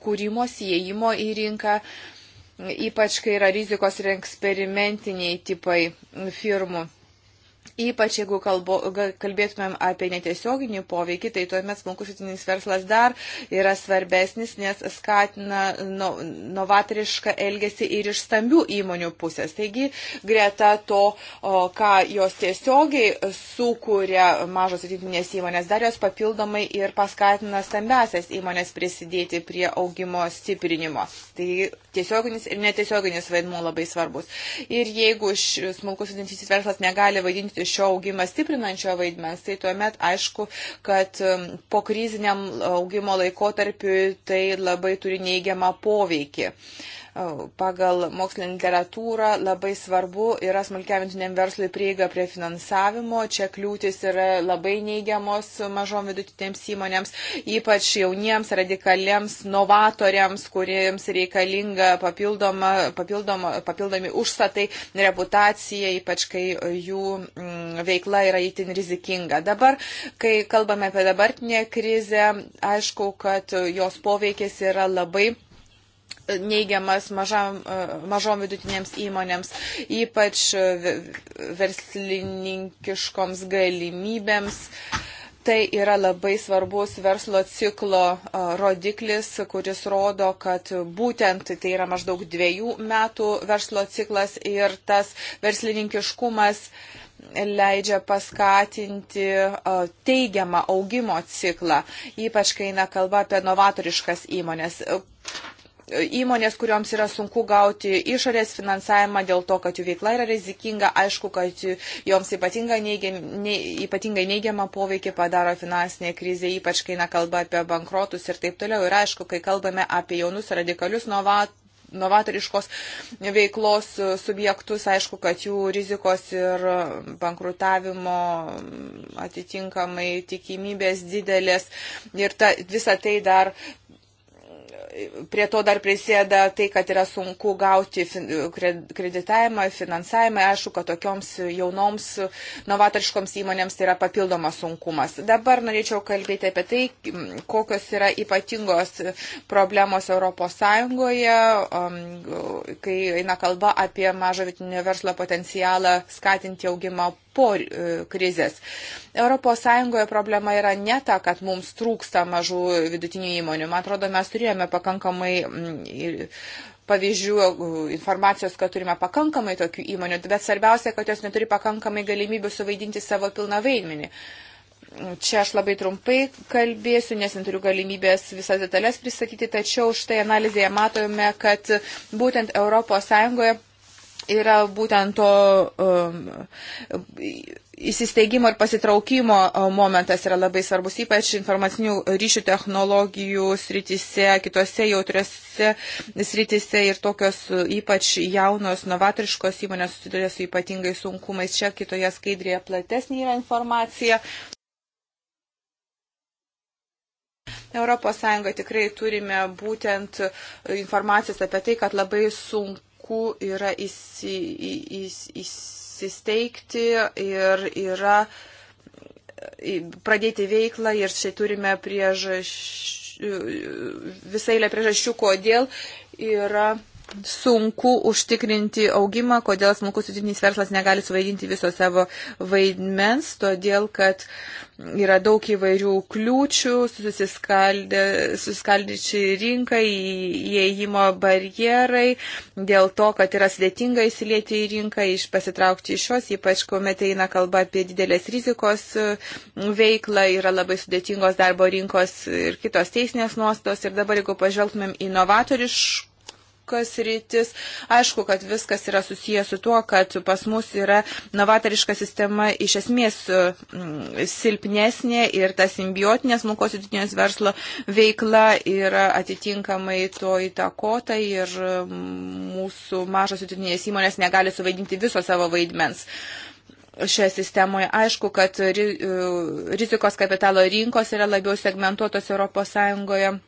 kūrimo, siejimo į rinką, ypač kai yra rizikos ir eksperimentiniai tipai firmų. Ypač jeigu kalbo, kalbėtumėm apie netiesioginį poveikį, tai tuomet smulkus vidutinis verslas dar yra svarbesnis, nes skatina no, novatorišką elgesį ir iš stambių įmonių pusės. Taigi, greta to, o, ką jos tiesiogiai sukuria mažos vidutinės įmonės, dar jos papildomai ir paskatina stambiasias įmonės prisidėti prie augimo stiprinimo. Tai tiesioginis ir netiesioginis vaidmuo labai svarbus. Ir jeigu smulkus vidutinis verslas negali vaidinti šio augimą stiprinančio vaidmens, tai tuomet aišku, kad um, po kriziniam augimo laikotarpiu tai labai turi neigiamą poveikį. Uh, pagal mokslinę literatūrą labai svarbu yra smulkiam vidutiniam verslui prieiga prie finansavimo. Čia kliūtis yra labai neigiamos mažom vidutinėms įmonėms, ypač jauniems, radikaliems, novatoriams, kuriems reikalinga papildoma, papildoma, papildomi užsatai, reputacija, ypač kai jų m, mm, veikla yra įtin rizikinga. Dabar, kai kalbame apie dabartinę krizę, aišku, kad jos poveikis yra labai neigiamas mažam, e, mažom vidutinėms įmonėms, ypač e, verslininkiškoms galimybėms. Tai yra labai svarbus verslo ciklo e, rodiklis, kuris rodo, kad būtent tai yra maždaug dviejų metų verslo ciklas ir tas verslininkiškumas leidžia paskatinti teigiamą augimo ciklą, ypač kai eina kalba apie novatoriškas įmonės įmonės, kuriuoms yra sunku gauti išorės finansavimą dėl to, kad jų veikla yra rizikinga, aišku, kad joms ypatingai, neigiam, ne, ypatingai neigiamą poveikį padaro finansinė krizė, ypač kai na, kalba apie bankrotus ir taip toliau. Ir aišku, kai kalbame apie jaunus radikalius novatus novatoriškos veiklos subjektus, aišku, kad jų rizikos ir bankrutavimo atitinkamai tikimybės didelės ir ta, visa tai dar prie to dar prisėda tai, kad yra sunku gauti kreditavimą, finansavimą. Aišku, kad tokioms jaunoms novatoriškoms įmonėms tai yra papildomas sunkumas. Dabar norėčiau kalbėti apie tai, kokios yra ypatingos problemos ES, kai eina kalba apie mažo vietinio verslo potencialą skatinti augimą po e, krizės. ES problema yra ne ta, kad mums trūksta mažų vidutinių įmonių. Man atrodo, mes turėjome pakankamai mm, pavyzdžių, e, informacijos, kad turime pakankamai tokių įmonių, bet svarbiausia, kad jos neturi pakankamai galimybių suvaidinti savo pilną vaidmenį. Čia aš labai trumpai kalbėsiu, nes neturiu galimybės visas detalės pristatyti, tačiau štai analizėje matome, kad būtent ES yra būtent to um, įsisteigimo ir pasitraukimo uh, momentas yra labai svarbus, ypač informacinių ryšių technologijų sritise, kitose jautriose sritise ir tokios uh, ypač jaunos, novatoriškos įmonės susiduria su ypatingai sunkumais. Čia kitoje skaidrėje platesnė yra informacija. Europos Sąjunga tikrai turime būtent uh, informacijos apie tai, kad labai sunku vaikų yra įsi, į, įs, įsisteigti ir yra pradėti veiklą ir štai turime priežasčių, visai lė priežasčių, kodėl yra sunku užtikrinti augimą, kodėl smulkus vidutinis verslas negali suvaidinti viso savo vaidmens, todėl kad yra daug įvairių kliūčių, susiskaldyčiai rinkai, įėjimo barjerai, dėl to, kad yra sudėtinga įsilieti į rinką, iš pasitraukti iš šios, ypač kuomet eina kalba apie didelės rizikos e, veiklą, yra labai sudėtingos darbo rinkos ir kitos teisinės nuostos. Ir dabar, jeigu pažvelgtumėm inovatoriškų, kas rytis. Aišku, kad viskas yra susijęs su tuo, kad pas mus yra novatariška sistema iš esmės mm, silpnesnė ir ta simbiotinė smulkos vidutinės verslo veikla yra atitinkamai to įtakota ir mm, mūsų mažos vidutinės įmonės negali suvaidinti viso savo vaidmens šioje sistemoje. Aišku, kad e, rizikos kapitalo rinkos yra labiau segmentuotos ES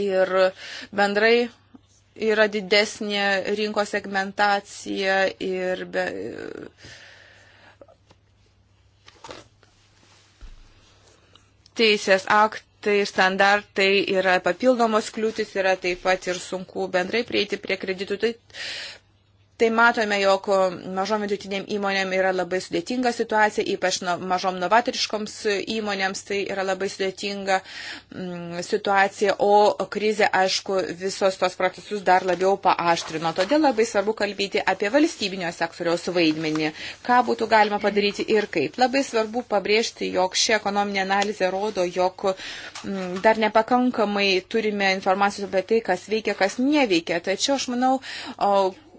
ir bendrai yra didesnė rinkos segmentacija ir be, teisės aktai, standartai yra papildomos kliūtis, yra taip pat ir sunku bendrai prieiti prie kreditų. Tai Tai matome, jog mažom vidutiniam įmonėm yra labai sudėtinga situacija, ypač mažom novatoriškoms įmonėms tai yra labai sudėtinga mm, situacija, o krizė, aišku, visos tos procesus dar labiau paaštrino. Todėl labai svarbu kalbėti apie valstybinio sektoriaus vaidmenį, ką būtų galima padaryti ir kaip. Labai svarbu pabrėžti, jog ši ekonominė analizė rodo, jog mm, dar nepakankamai turime informacijos apie tai, kas veikia, kas neveikia. Tačiau aš manau,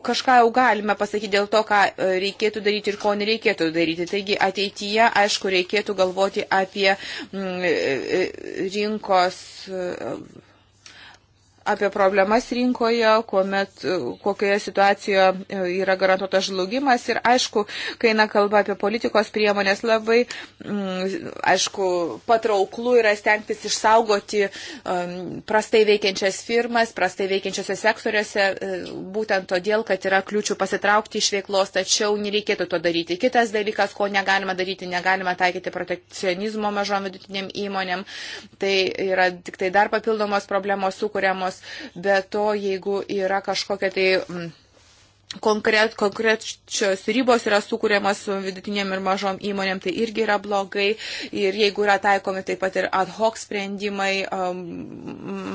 kažką jau galime pasakyti dėl to, ką e, reikėtų daryti ir ko nereikėtų daryti. Taigi ateityje, aišku, reikėtų galvoti apie mm, e, e, rinkos apie problemas rinkoje, kuomet, kokioje situacijoje e, yra garantuotas žlugimas. Ir aišku, kai eina kalba apie politikos priemonės, labai, m, mm, aišku, patrauklu yra stengtis išsaugoti m, prastai veikiančias firmas, prastai veikiančiose sektoriuose, e, būtent todėl, kad yra kliūčių pasitraukti iš veiklos, tačiau nereikėtų to daryti. Kitas dalykas, ko negalima daryti, negalima taikyti protekcionizmo mažom vidutiniam įmonėm. Tai yra tik tai dar papildomos problemos sukūriamos problemos, bet to, jeigu yra kažkokia tai. Mm, konkret, konkrečios ribos yra sukūriamas su vidutinėm ir mažom įmonėm, tai irgi yra blogai. Ir jeigu yra taikomi taip pat ir ad hoc sprendimai um,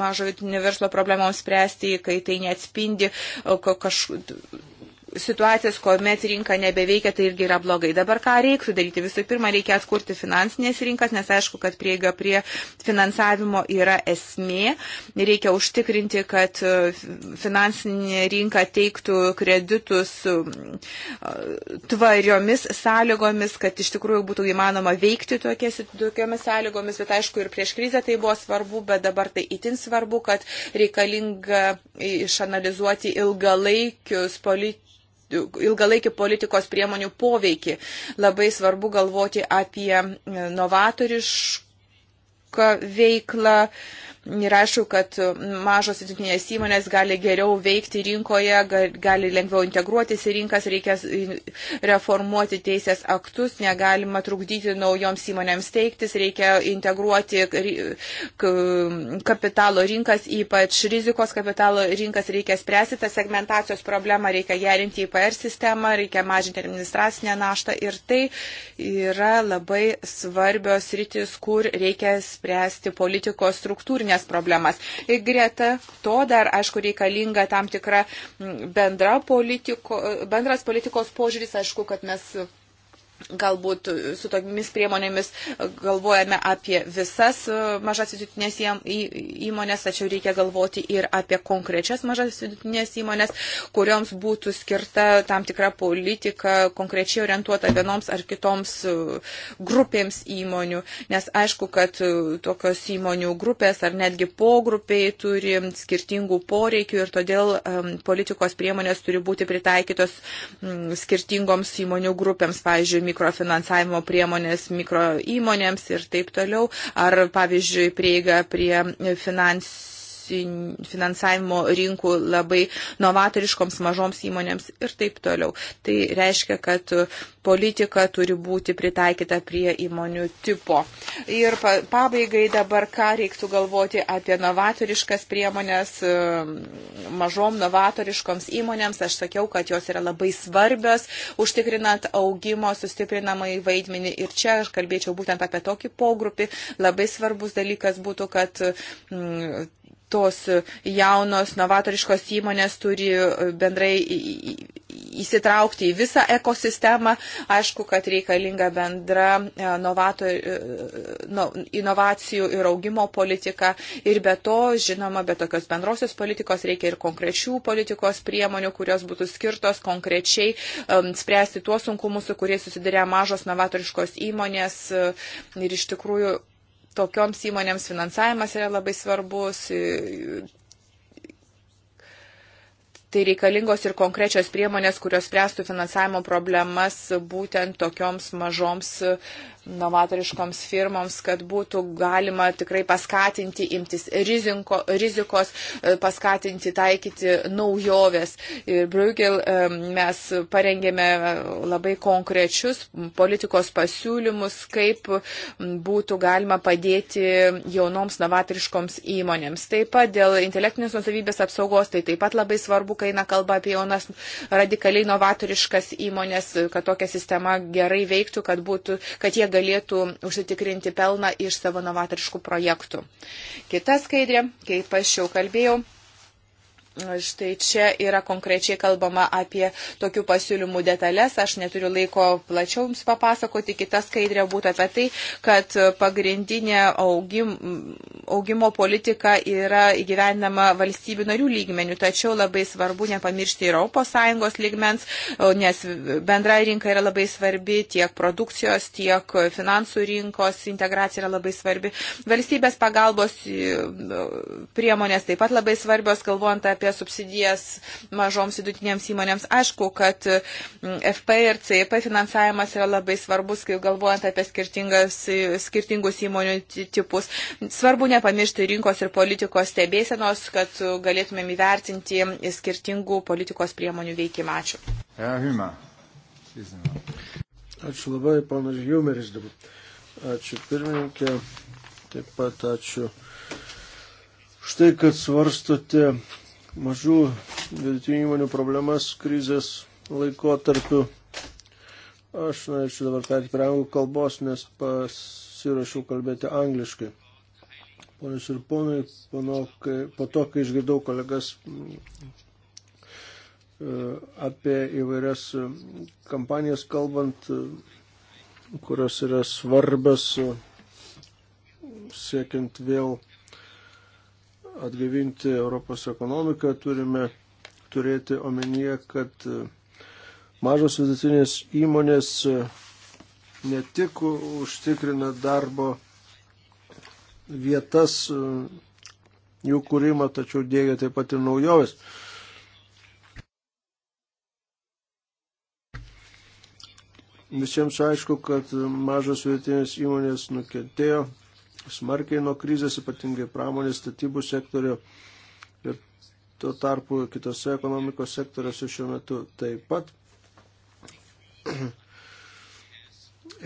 mažo vidutinio verslo problemoms spręsti, kai tai neatspindi kaž, situacijas, kuomet rinka nebeveikia, tai irgi yra blogai. Dabar ką reiktų daryti? Visų pirma, reikia atkurti finansinės rinkas, nes aišku, kad prieiga prie finansavimo yra esmė. Reikia užtikrinti, kad e, finansinė rinka teiktų kreditus e, tvariomis sąlygomis, kad iš tikrųjų būtų įmanoma veikti tokiamis sąlygomis, bet aišku, ir prieš krizę tai buvo svarbu, bet dabar tai itin svarbu, kad reikalinga išanalizuoti ilgalaikius politinius ilgalaikį politikos priemonių poveikį. Labai svarbu galvoti apie e, novatorišką veiklą. Uh, Ir aišku, kad mažos vidutinės įmonės gali geriau veikti rinkoje, gali lengviau integruotis į rinkas, reikia reformuoti teisės aktus, negalima trukdyti naujoms įmonėms teiktis, reikia integruoti kapitalo rinkas, ypač rizikos kapitalo rinkas, reikia spręsti tą segmentacijos problemą, reikia gerinti IPR sistemą, reikia mažinti administracinę naštą ir tai yra labai svarbios rytis, kur reikia spręsti politikos struktūrinę struktūrinės problemas. Ir greta to dar, aišku, reikalinga tam tikra bendra politiko, bendras politikos požiūris, aišku, kad mes galbūt su tokiamis priemonėmis galvojame apie visas e, mažas vidutinės įmonės, tačiau reikia galvoti ir apie konkrečias mažas vidutinės įmonės, kurioms būtų skirta tam tikra politika, konkrečiai orientuota vienoms ar kitoms e, grupėms įmonių. Nes aišku, kad e, tokios įmonių grupės ar netgi pogrupiai turi skirtingų poreikių ir todėl politikos priemonės turi būti pritaikytos skirtingoms įmonių grupėms. Pavyzdžiui, mikrofinansavimo priemonės mikro įmonėms ir taip toliau, ar pavyzdžiui prieiga prie finansų finansavimo rinkų labai novatoriškoms mažoms įmonėms ir taip toliau. Tai reiškia, kad politika turi būti pritaikyta prie įmonių tipo. Ir pabaigai dabar, ką reiktų galvoti apie novatoriškas priemonės um, mažom novatoriškoms įmonėms. Aš sakiau, kad jos yra labai svarbios, užtikrinant augimo sustiprinamą į vaidmenį. Ir čia aš kalbėčiau būtent apie tokį pogrupį. Labai svarbus dalykas būtų, kad mm, tos jaunos novatoriškos įmonės turi e, bendrai įsitraukti į visą ekosistemą. Aišku, kad reikalinga bendra e, novato, e, no, inovacijų ir augimo politika. Ir be to, žinoma, be tokios bendrosios politikos reikia ir konkrečių politikos priemonių, kurios būtų skirtos konkrečiai um, spręsti tuos sunkumus, su kuriais susiduria mažos novatoriškos įmonės. Ir iš tikrųjų tokioms įmonėms finansavimas yra labai svarbus. E, tai reikalingos ir konkrečios priemonės, kurios spręstų finansavimo problemas būtent tokioms mažoms novatoriškoms firmoms, kad būtų galima tikrai paskatinti imtis rizinko, rizikos, e, paskatinti taikyti naujoves. Ir Bruegel e, mes parengėme e, labai konkrečius politikos pasiūlymus, kaip būtų galima padėti jaunoms novatoriškoms įmonėms. Taip pat dėl intelektinės nusavybės apsaugos, tai taip pat labai svarbu, kai eina kalba apie jaunas radikaliai novatoriškas įmonės, kad tokia sistema gerai veiktų, kad, būtų, kad jie galėtų galėtų užsitikrinti pelną iš savo novatoriškų projektų. Kita skaidrė, kaip aš jau kalbėjau, Štai čia yra konkrečiai kalbama apie tokių pasiūlymų detalės. Aš neturiu laiko plačiau jums papasakoti. Kita skaidrė būtų apie tai, kad pagrindinė augim, augimo politika yra įgyvendama valstybių narių lygmenių. Tačiau labai svarbu nepamiršti ir ES lygmens, nes bendra rinka yra labai svarbi tiek produkcijos, tiek finansų rinkos integracija yra labai svarbi. Valstybės pagalbos priemonės taip pat labai svarbios, galvojant apie apie subsidijas mažoms vidutinėms įmonėms. Aišku, kad mm, FP ir CIP finansavimas yra labai svarbus, kai galvojant apie skirtingus įmonių tipus. Svarbu nepamiršti rinkos ir politikos stebėsenos, kad galėtumėm įvertinti skirtingų politikos priemonių veikimą. Ačiū. Ja, Hüma. Ačiū labai, panas Jumeris dabar. Ačiū pirmininkė, taip pat ačiū štai, kad svarstote mažų vidutinių įmonių problemas krizės laikotarpiu. Aš norėčiau dabar perėti prie anglų kalbos, nes pasirašiau kalbėti angliškai. Ponas ir ponai, pano, kai, po to, kai išgirdau kolegas mm, apie įvairias mm, kampanijas kalbant, mm, kurios yra svarbios siekiant vėl atgaivinti Europos ekonomiką, turime turėti omenyje, kad e, mažos vidutinės įmonės e, ne tik užtikrina darbo vietas, e, jų kūrimą, tačiau dėgia taip pat ir naujoves. Visiems aišku, kad mažos vietinės įmonės nukentėjo smarkiai nuo krizės, ypatingai pramonės statybų sektorio ir tuo tarpu kitose ekonomikos sektoriuose šiuo metu taip pat.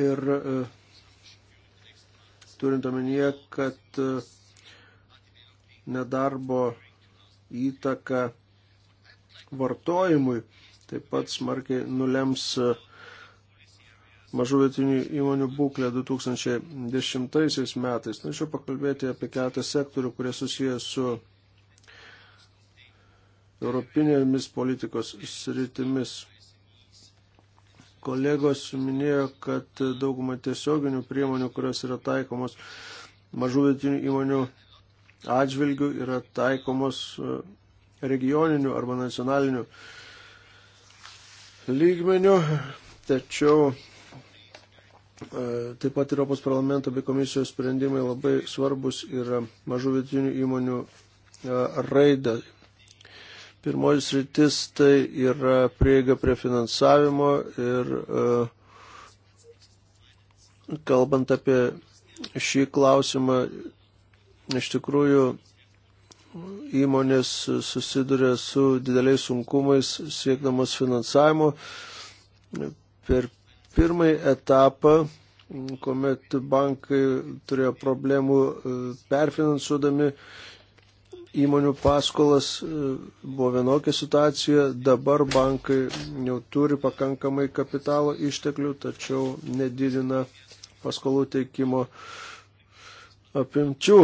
Ir e, turint omenyje, kad e, nedarbo įtaka vartojimui taip pat smarkiai nulems uh, mažų vietinių įmonių būklę 2010 metais. Norėčiau pakalbėti apie keletą sektorių, kurie susijęs su europinėmis politikos sritimis. Kolegos minėjo, kad dauguma tiesioginių priemonių, kurios yra taikomos mažų vietinių įmonių atžvilgių, yra taikomos e, regioninių arba nacionalinių lygmenių, tačiau E, taip pat Europos parlamento bei komisijos sprendimai labai svarbus yra mažų vidutinių įmonių e, raidai. Pirmoji sritis tai yra prieiga prie finansavimo ir e, kalbant apie šį klausimą, iš tikrųjų įmonės susiduria su dideliais sunkumais siekdamas finansavimo. Per pirmąjį etapą, kuomet bankai turėjo problemų e, perfinansuodami įmonių paskolas, e, buvo vienokia situacija, dabar bankai jau turi pakankamai kapitalo išteklių, tačiau nedidina paskolų teikimo apimčių.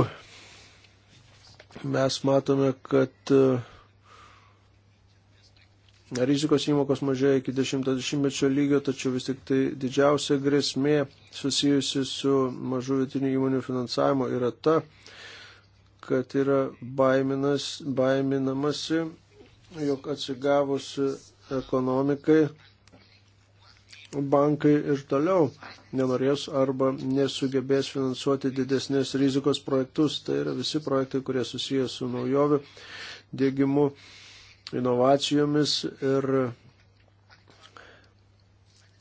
Mes matome, kad uh, rizikos įmokos mažėja iki 10-mečio lygio, tačiau vis tik tai didžiausia grėsmė susijusi su mažų vietinių įmonių finansavimu yra ta, kad yra baiminas, baiminamasi, jog atsigavus ekonomikai bankai ir toliau nenorės arba nesugebės finansuoti didesnės rizikos projektus. Tai yra visi projektai, kurie susijęs su naujovių dėgymu inovacijomis ir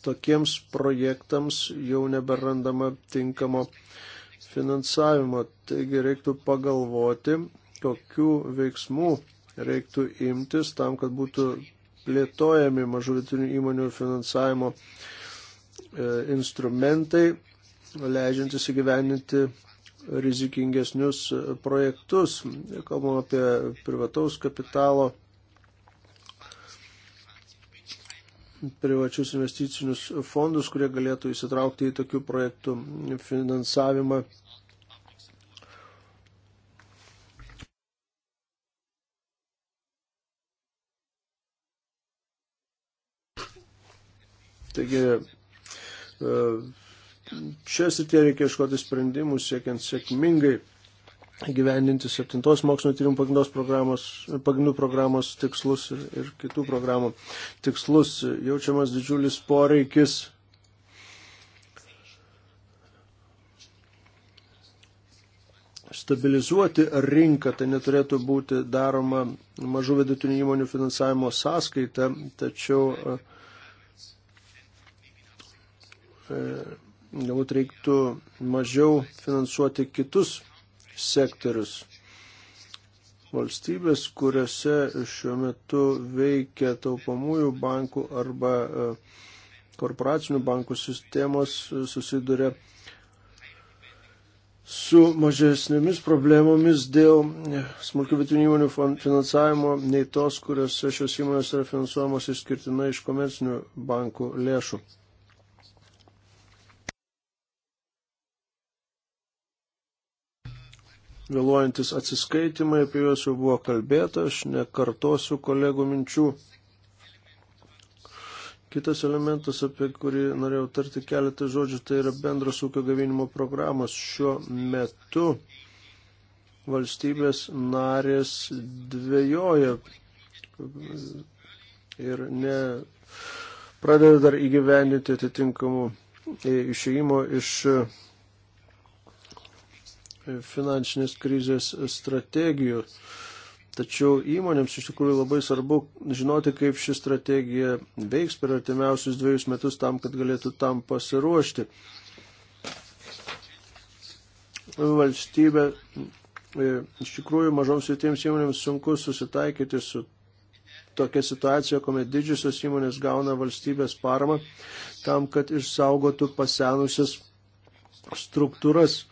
tokiems projektams jau neberandama tinkamo finansavimo. Taigi reiktų pagalvoti, kokių veiksmų reiktų imtis tam, kad būtų plėtojami mažų vidutinių įmonių finansavimo e, instrumentai, leidžiantis įgyveninti rizikingesnius projektus. Kalbam apie privataus kapitalo privačius investicinius fondus, kurie galėtų įsitraukti į tokių projektų finansavimą. Taigi, čia e, sitie reikia iškoti sprendimus, siekiant sėkmingai gyvendinti septintos mokslinio tyrimų pagrindos programos, pagrindų programos tikslus ir, ir kitų programų tikslus. Jaučiamas didžiulis poreikis stabilizuoti rinką, tai neturėtų būti daroma mažų vidutinių įmonių finansavimo sąskaita, tačiau e, e, galbūt reiktų mažiau finansuoti kitus sektorius. Valstybės, kuriuose šiuo metu veikia taupamųjų bankų arba e, korporacinių bankų sistemos, e, susiduria su mažesnėmis problemomis dėl e, smulkių vietinių įmonių finansavimo nei tos, kuriuose šios įmonės yra finansuojamos išskirtinai iš komercinių bankų lėšų. vėluojantis atsiskaitimai, apie juos jau buvo kalbėta, aš nekartosiu kolegų minčių. Kitas elementas, apie kurį norėjau tarti keletą žodžių, tai yra bendras ūkio gavinimo programos. Šiuo metu valstybės narės dvėjoja ir ne pradeda dar įgyvendinti atitinkamų išėjimo iš finansinės krizės strategijų. Tačiau įmonėms iš tikrųjų labai svarbu žinoti, kaip ši strategija veiks per artimiausius dviejus metus tam, kad galėtų tam pasiruošti. Valstybė e, iš tikrųjų mažoms ir tiems įmonėms sunku susitaikyti su tokia situacija, kuomet didžiosios įmonės gauna valstybės paramą tam, kad išsaugotų pasenusias struktūras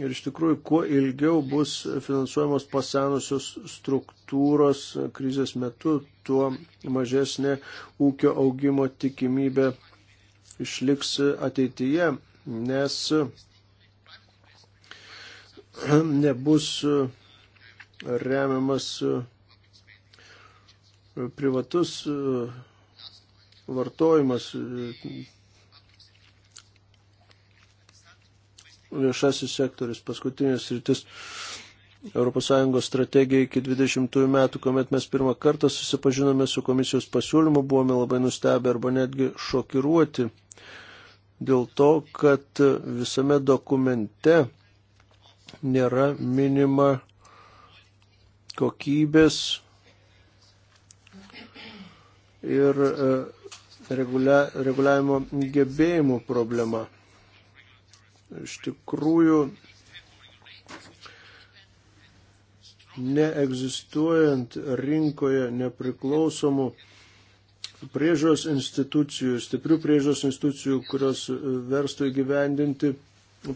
Ir iš tikrųjų, kuo ilgiau bus finansuojamos pasenusios struktūros krizės metu, tuo mažesnė ūkio augimo tikimybė išliks ateityje, nes nebus remiamas privatus vartojimas viešasis sektorius, paskutinės rytis. ES strategija iki 20 metų, kuomet mes pirmą kartą susipažinome su komisijos pasiūlymu, buvome labai nustebę arba netgi šokiruoti dėl to, kad visame dokumente nėra minima kokybės ir e, regulia, reguliavimo gebėjimų problema. Iš tikrųjų, neegzistuojant rinkoje nepriklausomų priežos institucijų, stiprių priežos institucijų, kurios verstų įgyvendinti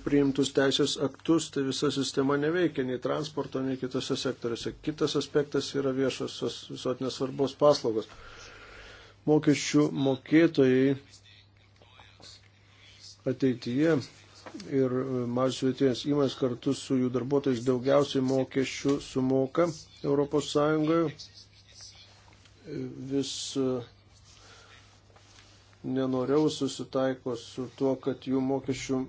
priimtus teisės aktus, tai visa sistema neveikia nei transporto, nei kitose sektoriuose. Kitas aspektas yra viešosios visuotinės svarbos paslaugos. Mokesčių mokėtojai ateityje ir e, mažos vietinės įmonės kartu su jų darbuotojais daugiausiai mokesčių sumoka Europos Sąjungoje. E, vis e, nenoriau susitaiko su tuo, kad, mokesčių,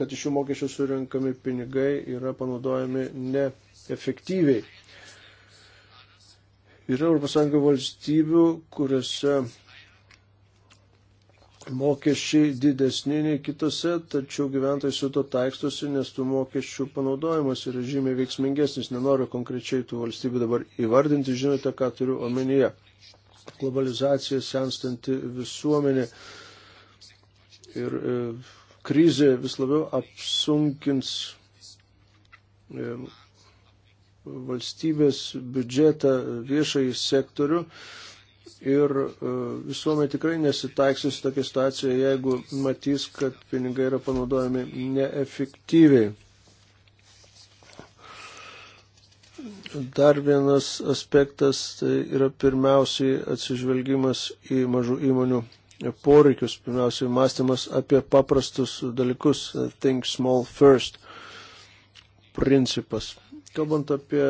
kad iš jų mokesčių surinkami pinigai yra panaudojami neefektyviai. Yra ES valstybių, kuriuose mokesčiai didesni nei kitose, tačiau gyventojai su to taikstosi, nes tų mokesčių panaudojimas yra žymiai veiksmingesnis. Nenoriu konkrečiai tų valstybių dabar įvardinti, žinote, ką turiu omenyje. Globalizacija, senstanti visuomenė ir e, krizė vis labiau apsunkins e, valstybės biudžetą, viešai sektorių. E, Ir e, visuomenė tikrai nesitaiksys tokia situacija, jeigu matys, kad pinigai yra panaudojami neefektyviai. Dar vienas aspektas tai yra pirmiausiai atsižvelgimas į mažų įmonių poreikius, pirmiausiai mąstymas apie paprastus dalykus, think small first principas. Kalbant apie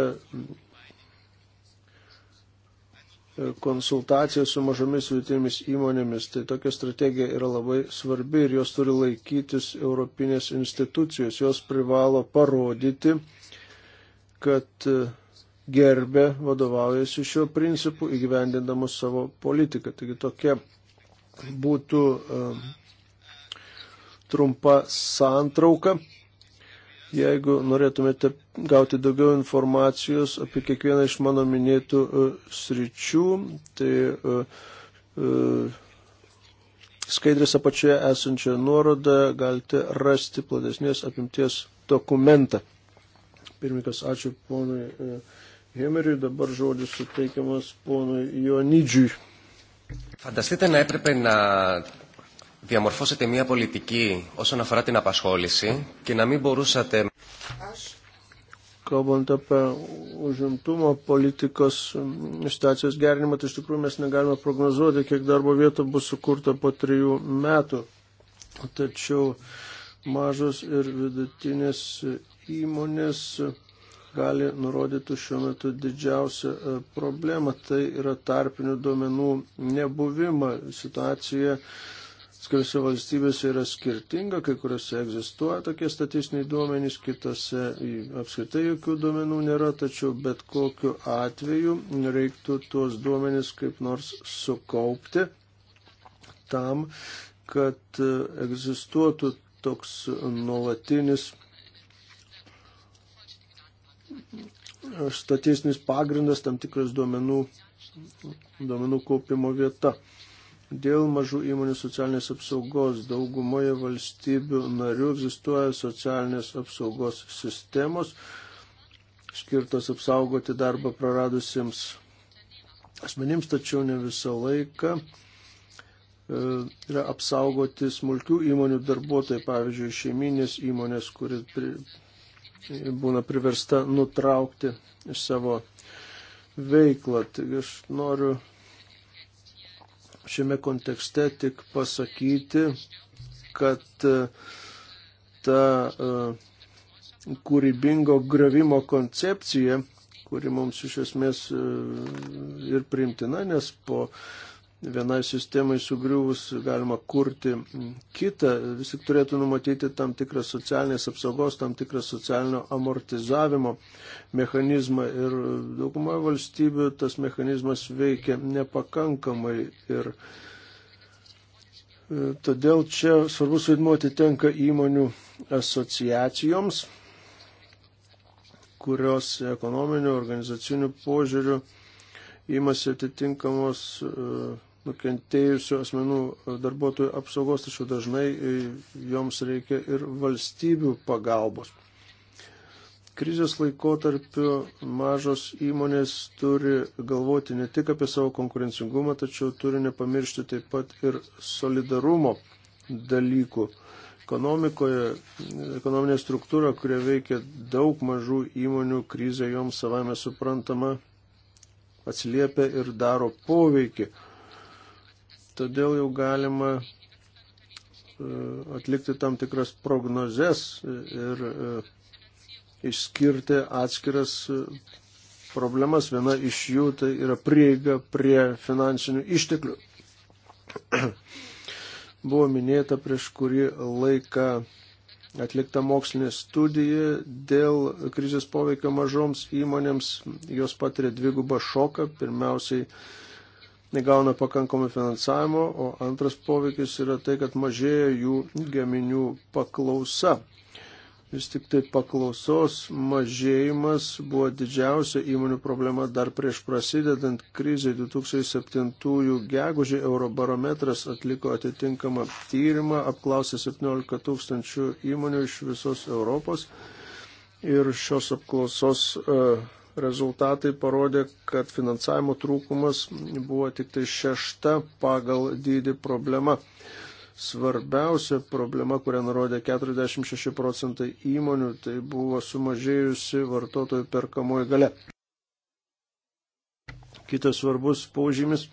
konsultacija su mažomis vidutinėmis įmonėmis. Tai tokia strategija yra labai svarbi ir jos turi laikytis Europinės institucijos. Jos privalo parodyti, kad e, gerbė vadovaujasi šiuo principu įgyvendindamus savo politiką. Taigi tokia būtų e, trumpa santrauka. Jeigu norėtumėte gauti daugiau informacijos apie kiekvieną iš mano minėtų e, sričių, tai e, e, skaidrės apačioje esančią nuorodą galite rasti platesnės apimties dokumentą. Pirmikas, ačiū ponui Hemeriui, dabar žodis suteikiamas ponui Jonidžiui. Φανταστείτε να έπρεπε να διαμορφώσετε μια πολιτική όσον αφορά την απασχόληση και να μην μπορούσατε... Aš, kalbant apie užimtumo politikos situacijos gerinimą, tai iš tikrųjų mes negalime prognozuoti, kiek darbo vietų bus sukurta po trijų metų. Tačiau mažos ir vidutinės įmonės gali nurodyti šiuo metu didžiausią e, problemą, tai yra tarpinių duomenų nebuvimą. Situacija skiriuose valstybėse yra skirtinga, kai kuriuose egzistuoja tokie statistiniai duomenys, kitose apskritai jokių duomenų nėra, tačiau bet kokiu atveju reiktų tuos duomenys kaip nors sukaupti tam, kad e, egzistuotų toks nuolatinis e, statistinis pagrindas, tam tikras duomenų, duomenų kaupimo vieta. Dėl mažų įmonių socialinės apsaugos daugumoje valstybių narių egzistuoja socialinės apsaugos sistemos, skirtos apsaugoti darbą praradusiems asmenims, tačiau ne visą laiką e, yra apsaugoti smulkių įmonių darbuotojai, pavyzdžiui, šeiminės įmonės, kuri pri, būna priversta nutraukti savo veiklą. Taigi aš noriu šiame kontekste tik pasakyti, kad e, ta e, kūrybingo gravimo koncepcija, kuri mums iš esmės e, ir primtina, nes po vienai sistemai sugriuvus galima kurti kitą, vis tik turėtų numatyti tam tikrą socialinės apsaugos, tam tikrą socialinio amortizavimo mechanizmą ir dauguma valstybių tas mechanizmas veikia nepakankamai ir e, todėl čia svarbus vaidmuo atitenka įmonių asociacijoms kurios ekonominių, organizacinių požiūrių imasi atitinkamos uh, nukentėjusių asmenų darbuotojų apsaugos, tačiau dažnai joms reikia ir valstybių pagalbos. Krizės laikotarpiu mažos įmonės turi galvoti ne tik apie savo konkurencingumą, tačiau turi nepamiršti taip pat ir solidarumo dalykų. Ekonomikoje, ekonominė struktūra, kurie veikia daug mažų įmonių, krizė joms savame suprantama atsiliepia ir daro poveikį todėl jau galima e, atlikti tam tikras prognozes ir e, išskirti atskiras e, problemas. Viena iš jų tai yra prieiga prie finansinių išteklių. Buvo minėta prieš kurį laiką atlikta mokslinė studija dėl krizės poveikio mažoms įmonėms. Jos patiria dvigubą šoką. Pirmiausiai negauna pakankamai finansavimo, o antras poveikis yra tai, kad mažėja jų gaminių paklausa. Vis tik tai paklausos mažėjimas buvo didžiausia įmonių problema dar prieš prasidedant krizai 2007 gegužį Eurobarometras atliko atitinkamą tyrimą, apklausė 17 tūkstančių įmonių iš visos Europos ir šios apklausos uh, rezultatai parodė, kad finansavimo trūkumas buvo tik tai šešta pagal dydį problema. Svarbiausia problema, kurią nurodė 46 procentai įmonių, tai buvo sumažėjusi vartotojų perkamoji gale. Kitas svarbus paužymis,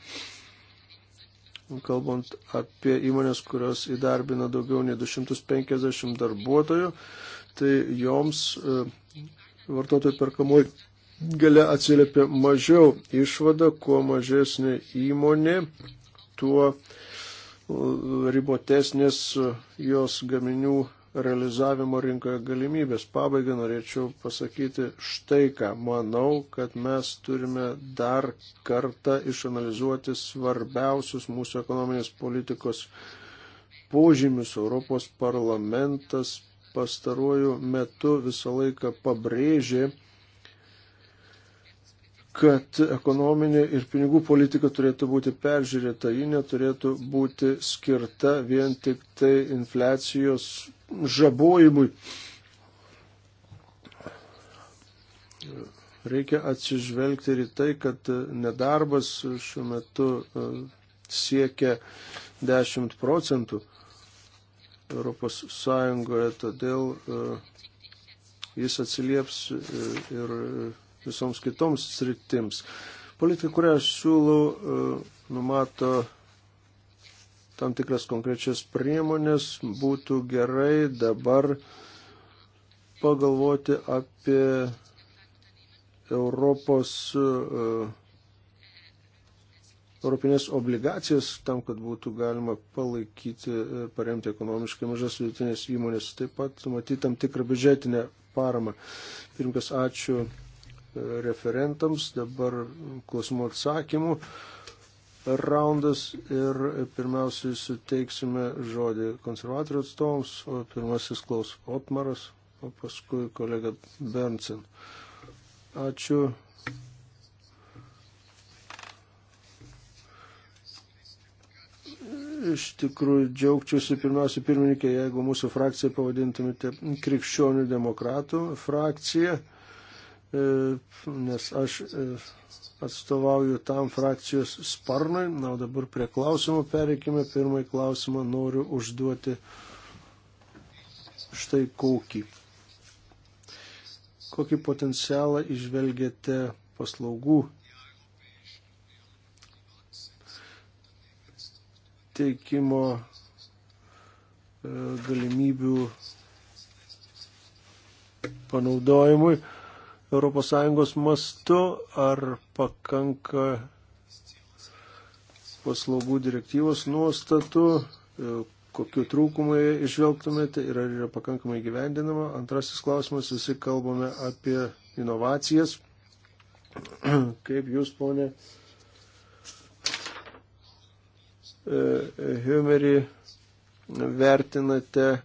kalbant apie įmonės, kurios įdarbina daugiau nei 250 darbuotojų, tai joms e, vartotojų perkamoji gale atsiliepia mažiau išvada, kuo mažesnė įmonė, tuo ribotesnės jos gaminių realizavimo rinkoje galimybės. Pabaigai norėčiau pasakyti štai ką. Manau, kad mes turime dar kartą išanalizuoti svarbiausius mūsų ekonominės politikos požymius. Europos parlamentas pastaruoju metu visą laiką pabrėžė, kad ekonominė ir pinigų politika turėtų būti peržiūrėta, ji neturėtų būti skirta vien tik tai infliacijos žabojimui. Reikia atsižvelgti ir į tai, kad nedarbas šiuo metu e, siekia 10 procentų Europos Sąjungoje, todėl e, jis atsilieps e, ir visoms kitoms sritims. Politika, kurią aš siūlau, e, numato tam tikras konkrečias priemonės. Būtų gerai dabar pagalvoti apie Europos, e, europinės obligacijas tam, kad būtų galima palaikyti, e, paremti ekonomiškai mažas vidutinės įmonės. Taip pat matyti tam tikrą biudžetinę paramą. Pirmkas, ačiū referentams. Dabar klausimų atsakymų raundas ir pirmiausiai suteiksime žodį konservatorių atstovams, o pirmasis klaus Opmaras, o paskui kolega Berncen. Ačiū. Iš tikrųjų, džiaugčiausi pirmiausia pirmininkė, jeigu mūsų frakciją pavadintumėte krikščionių demokratų frakciją. E, nes aš e, atstovauju tam frakcijos sparnui. Na, o dabar prie klausimų pereikime. Pirmąjį klausimą noriu užduoti štai kokį. Kokį potencialą išvelgėte paslaugų teikimo e, galimybių panaudojimui? ES mastu, ar pakanka paslaugų direktyvos nuostatų, e, kokiu trūkumu išvelgtumėte ir ar yra pakankamai gyvendinama. Antrasis klausimas, visi kalbame apie inovacijas. Kaip jūs, ponė e, Humeri, vertinate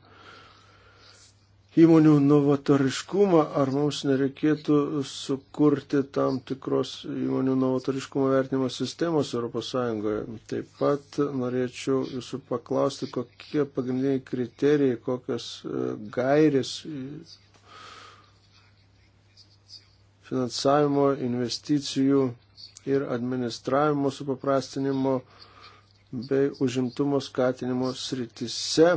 įmonių novatoriškumą, ar mums nereikėtų sukurti tam tikros įmonių novatoriškumo vertinimo sistemos ES. Taip pat norėčiau jūsų paklausti, kokie pagrindiniai kriterijai, kokios e, gairės finansavimo, investicijų ir administravimo supaprastinimo bei užimtumo skatinimo sritise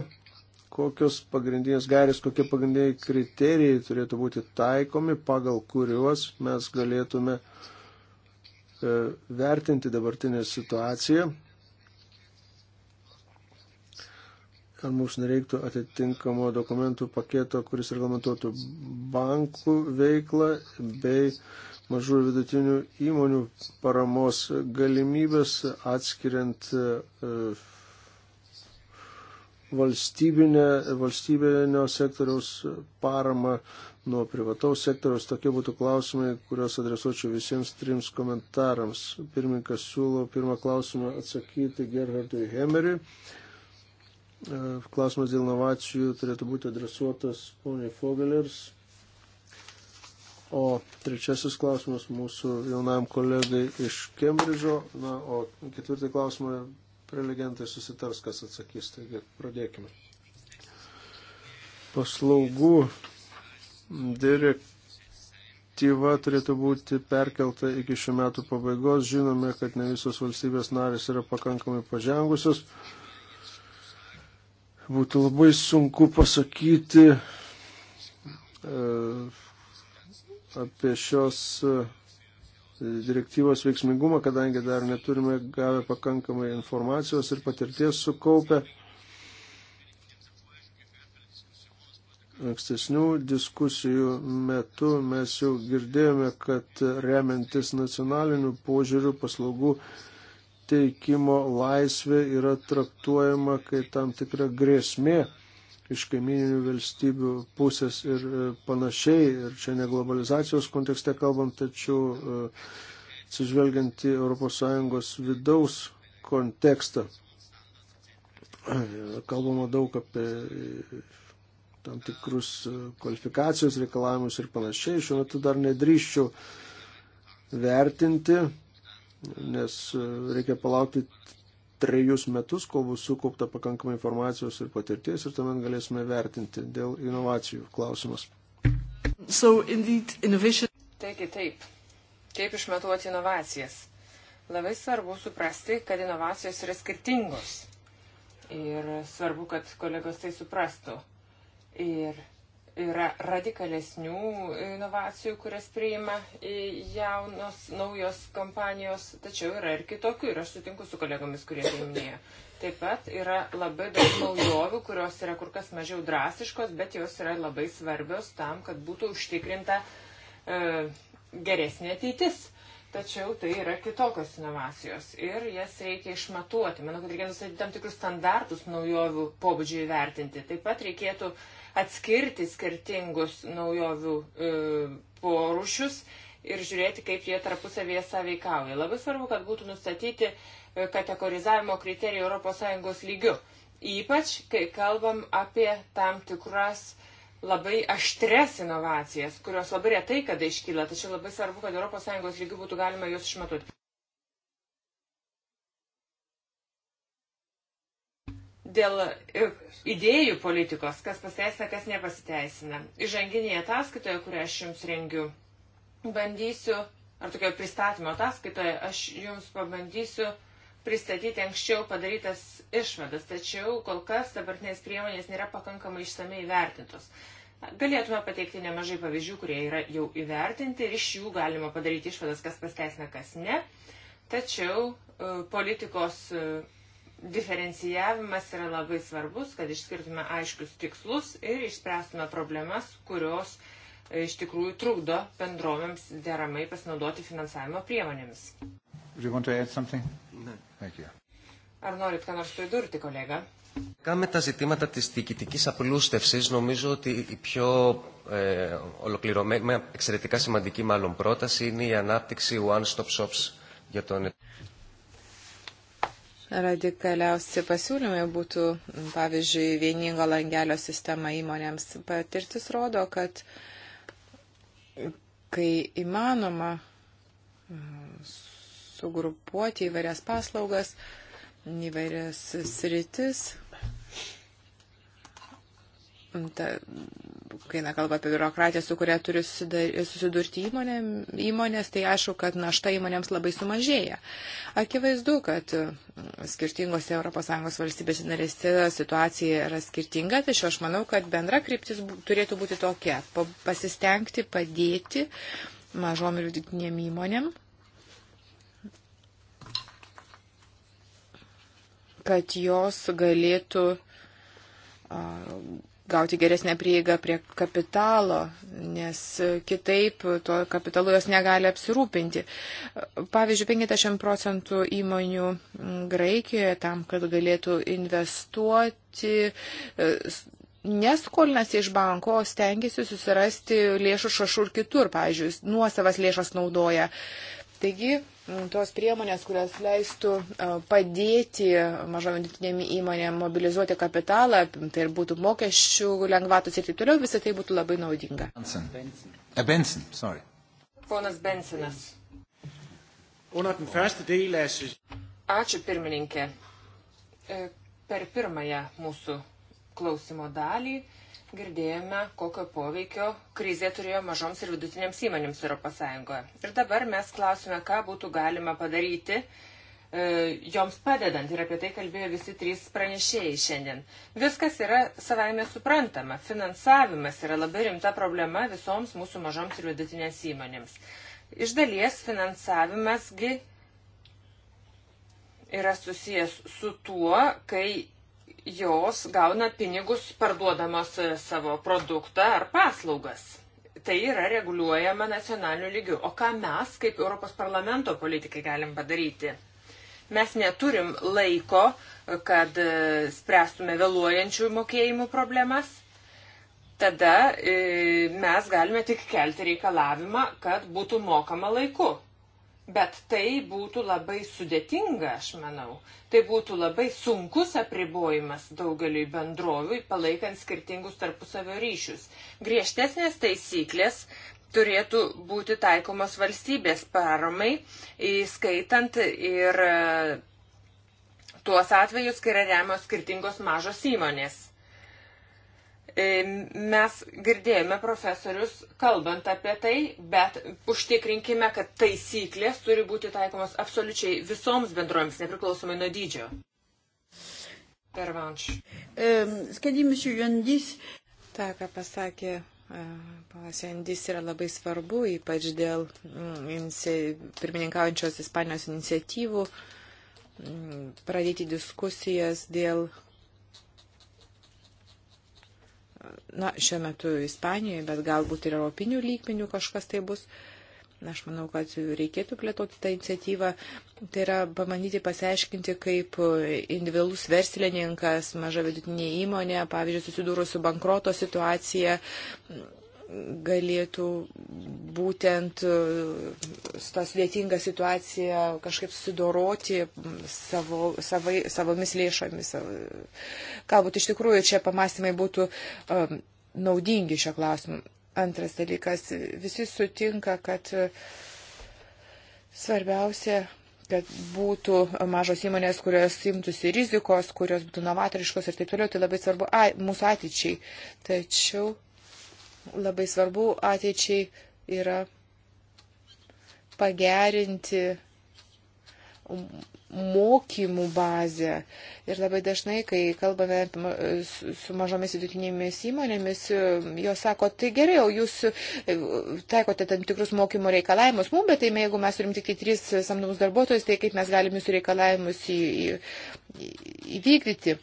kokios pagrindinės gairės, kokie pagrindiniai kriterijai turėtų būti taikomi, pagal kuriuos mes galėtume e, vertinti dabartinę situaciją. Ar mums nereiktų atitinkamo dokumentų paketo, kuris reglamentuotų bankų veiklą bei mažų ir vidutinių įmonių paramos galimybės atskiriant uh, valstybinio sektoriaus paramą nuo privataus sektoriaus. Tokie būtų klausimai, kuriuos adresuočiau visiems trims komentarams. Pirmininkas siūlo pirmą klausimą atsakyti Gerhardui Hemeriui. E, klausimas dėl inovacijų turėtų būti adresuotas poniai Fogelers. O trečiasis klausimas mūsų jaunam kolegai iš Kembridžo. Na, o ketvirtą klausimą prelegentai susitars, kas atsakys. Taigi pradėkime. Paslaugų direktyva turėtų būti perkelta iki šių metų pabaigos. Žinome, kad ne visos valstybės narės yra pakankamai pažengusios. Būtų labai sunku pasakyti e, apie šios. E, direktyvos veiksmingumą, kadangi dar neturime gavę pakankamai informacijos ir patirties sukaupę. Ankstesnių diskusijų metu mes jau girdėjome, kad remiantis nacionaliniu požiūriu paslaugų teikimo laisvė yra traktuojama kaip tam tikra grėsmė iš kaimininių valstybių pusės ir e, panašiai. Ir čia ne globalizacijos kontekste kalbam, tačiau e, atsižvelgiant į ES vidaus kontekstą. E, kalbama daug apie tam tikrus kvalifikacijos reikalavimus ir panašiai. Šiuo metu dar nedryščiau vertinti, nes reikia palaukti trejus metus, kol bus sukaupta pakankamai informacijos ir patirties ir tuomet galėsime vertinti dėl inovacijų klausimas. So, indeed, innovation... Taigi taip, kaip išmatuoti inovacijas? Labai svarbu suprasti, kad inovacijos yra skirtingos. Ir svarbu, kad kolegos tai suprastų. Ir Yra radikalesnių inovacijų, kurias priima jaunos, naujos kompanijos, tačiau yra ir kitokių ir aš sutinku su kolegomis, kurie tai minėjo. Taip pat yra labai daug naujovių, kurios yra kur kas mažiau drastiškos, bet jos yra labai svarbios tam, kad būtų užtikrinta e, geresnė ateitis. Tačiau tai yra kitokios inovacijos ir jas reikia išmatuoti. Manau, kad reikia nustatyti tam tikrus standartus naujovių pobūdžių įvertinti. Taip pat reikėtų uh, atskirti skirtingus naujovių e, porušius ir žiūrėti, kaip jie tarpusavėje sąveikauja. Labai svarbu, kad būtų nustatyti e, kategorizavimo kriterijai ES lygiu. Ypač, kai kalbam apie tam tikras labai aštres inovacijas, kurios labai retai kada iškyla, tačiau labai svarbu, kad ES lygių būtų galima juos išmatuoti. dėl e, idėjų politikos, kas pasiteisina, kas nepasiteisina. Įžanginėje ataskaitoje, kurią aš jums rengiu, bandysiu, ar tokio pristatymo ataskaitoje, aš jums pabandysiu pristatyti anksčiau padarytas išvadas, tačiau kol kas dabartinės priemonės nėra pakankamai išsamei įvertintos. Galėtume pateikti nemažai pavyzdžių, kurie yra jau įvertinti ir iš jų galima padaryti išvadas, kas pasiteisina, kas ne. Tačiau e, politikos e, diferencijavimas yra labai svarbus, kad išskirtume aiškius tikslus ir išspręstume problemas, kurios e, iš tikrųjų trukdo bendrovėms deramai pasinaudoti finansavimo priemonėmis. Ar norit ką nors pridurti, kolega? Κάμε τα ζητήματα της διοικητικής απλούστευσης, νομίζω ότι η πιο ε, ολοκληρωμένη, εξαιρετικά σημαντική μάλλον πρόταση είναι η ανάπτυξη one-stop shops για τον radikaliausi pasiūlymai būtų, pavyzdžiui, vieningo langelio sistema įmonėms. Patirtis rodo, kad kai įmanoma mm, sugrupuoti įvairias paslaugas, įvairias sritis, ta, kai na, kalba apie biurokratiją, su kuria turi susidurti įmonė, įmonės, tai aišku, kad našta įmonėms labai sumažėja. Akivaizdu, kad mm, skirtingose ES valstybės narėse situacija yra skirtinga, tačiau aš manau, kad bendra kryptis turėtų būti tokia - pasistengti padėti mažom ir vidutinėm įmonėm kad jos galėtų uh, gauti geresnę prieigą prie kapitalo, nes kitaip tuo kapitalu jos negali apsirūpinti. Pavyzdžiui, 50 procentų įmonių Graikijoje tam, kad galėtų investuoti, e, neskolinasi iš banko, o stengiasi susirasti lėšų šašur kitur, pavyzdžiui, nuosavas lėšas naudoja. Uh, Taigi, tos priemonės, kurios leistų padėti mažom vidutinėm įmonėm mobilizuoti kapitalą, tai ir būtų mokesčių lengvatos ir taip toliau, visą tai būtų labai naudinga. Benson. Benson, eh, sorry. Ponas Bensonas. Ačiū pirmininkė. E, per pirmąją mūsų klausimo dalį girdėjome, kokio poveikio krizė turėjo mažoms ir vidutinėms įmonėms ES. Ir dabar mes klausime, ką būtų galima padaryti e, joms padedant. Ir apie tai kalbėjo visi trys pranešėjai šiandien. Viskas yra savaime suprantama. Finansavimas yra labai rimta problema visoms mūsų mažoms ir vidutinėms įmonėms. Iš dalies finansavimasgi yra susijęs su tuo, kai jos gauna pinigus parduodamos e, savo produktą ar paslaugas. Tai yra reguliuojama nacionaliniu lygiu. O ką mes, kaip Europos parlamento politikai, galim padaryti? Mes neturim laiko, e, kad e, spręstume vėluojančių mokėjimų problemas. Tada mes galime tik kelti reikalavimą, kad būtų mokama laiku. Bet tai būtų labai sudėtinga, aš manau. Tai būtų labai sunkus apribojimas daugeliui bendroviui, palaikant skirtingus tarpusavio ryšius. Griežtesnės taisyklės turėtų būti taikomos valstybės paramai, įskaitant ir e, tuos atvejus, kai yra remios skirtingos mažos įmonės. E, mes girdėjome profesorius kalbant apie tai, bet užtikrinkime, kad taisyklės turi būti taikomos absoliučiai visoms bendrovėms, nepriklausomai nuo dydžio. Pervanš. Ta, ką pasakė Panas Jandis yra labai svarbu, ypač dėl mm, pirmininkaujančios Ispanijos iniciatyvų mm, pradėti diskusijas dėl na, šiuo metu Ispanijoje, bet galbūt ir europinių lygmenių kažkas tai bus. Aš manau, kad reikėtų plėtoti tą iniciatyvą. Tai yra pamanyti pasiaiškinti, kaip individualus verslininkas, maža vidutinė įmonė, pavyzdžiui, susidūrus su bankroto situacija, galėtų būtent e, su tą sudėtingą situaciją kažkaip susidoroti savo, savai, savomis lėšomis. Galbūt iš tikrųjų čia pamastymai būtų um, naudingi šio klausimu. Antras dalykas, visi sutinka, kad e, svarbiausia kad būtų mažos įmonės, kurios imtųsi rizikos, kurios būtų novatoriškos ir taip toliau, tai labai svarbu ai, mūsų ateičiai. Tačiau labai svarbu ateičiai yra pagerinti mokymų bazę. Ir labai dažnai, kai kalbame su mažomis vidutinėmis įmonėmis, jos sako, tai gerai, o jūs e, taikote tam tikrus mokymo reikalavimus mums, bet tai jeigu mes turim tik tai tris samdomus darbuotojus, tai kaip mes galim jūsų reikalavimus į, į, įvykdyti.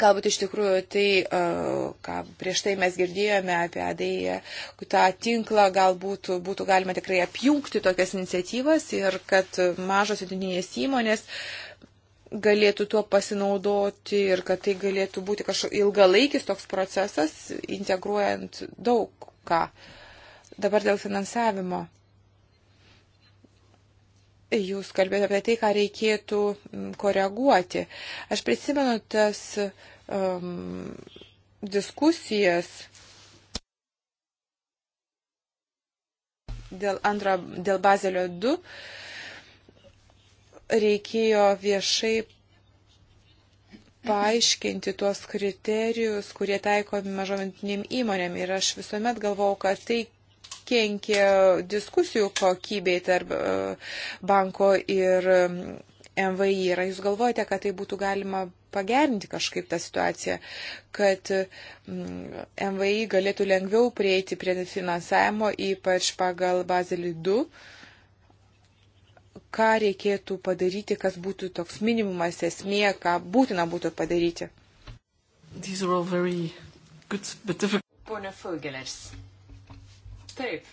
Galbūt iš tikrųjų tai, e, ką prieš tai mes girdėjome apie ADI, tą tinklą galbūt būtų galima tikrai apjungti tokias iniciatyvas ir kad mažos vidinės įmonės galėtų tuo pasinaudoti ir kad tai galėtų būti kažkoks ilgalaikis toks procesas, integruojant daug ką. Dabar dėl finansavimo. Jūs kalbėjote apie tai, ką reikėtų mm, koreguoti. Aš prisimenu tas um, diskusijas dėl, antro, dėl Bazelio 2. Reikėjo viešai paaiškinti tuos kriterijus, kurie taikomi mažomintinėm įmonėm. Ir aš visuomet galvau, kad tai kenkia diskusijų kokybei tarp e, banko ir e, MVI. Ir jūs galvojate, kad tai būtų galima pagerinti kažkaip tą situaciją, kad MVI mm, galėtų lengviau prieiti prie finansavimo, ypač pagal bazelį 2, ką reikėtų padaryti, kas būtų toks minimumas esmė, ką būtina būtų padaryti. Pone Fulgelers. Taip.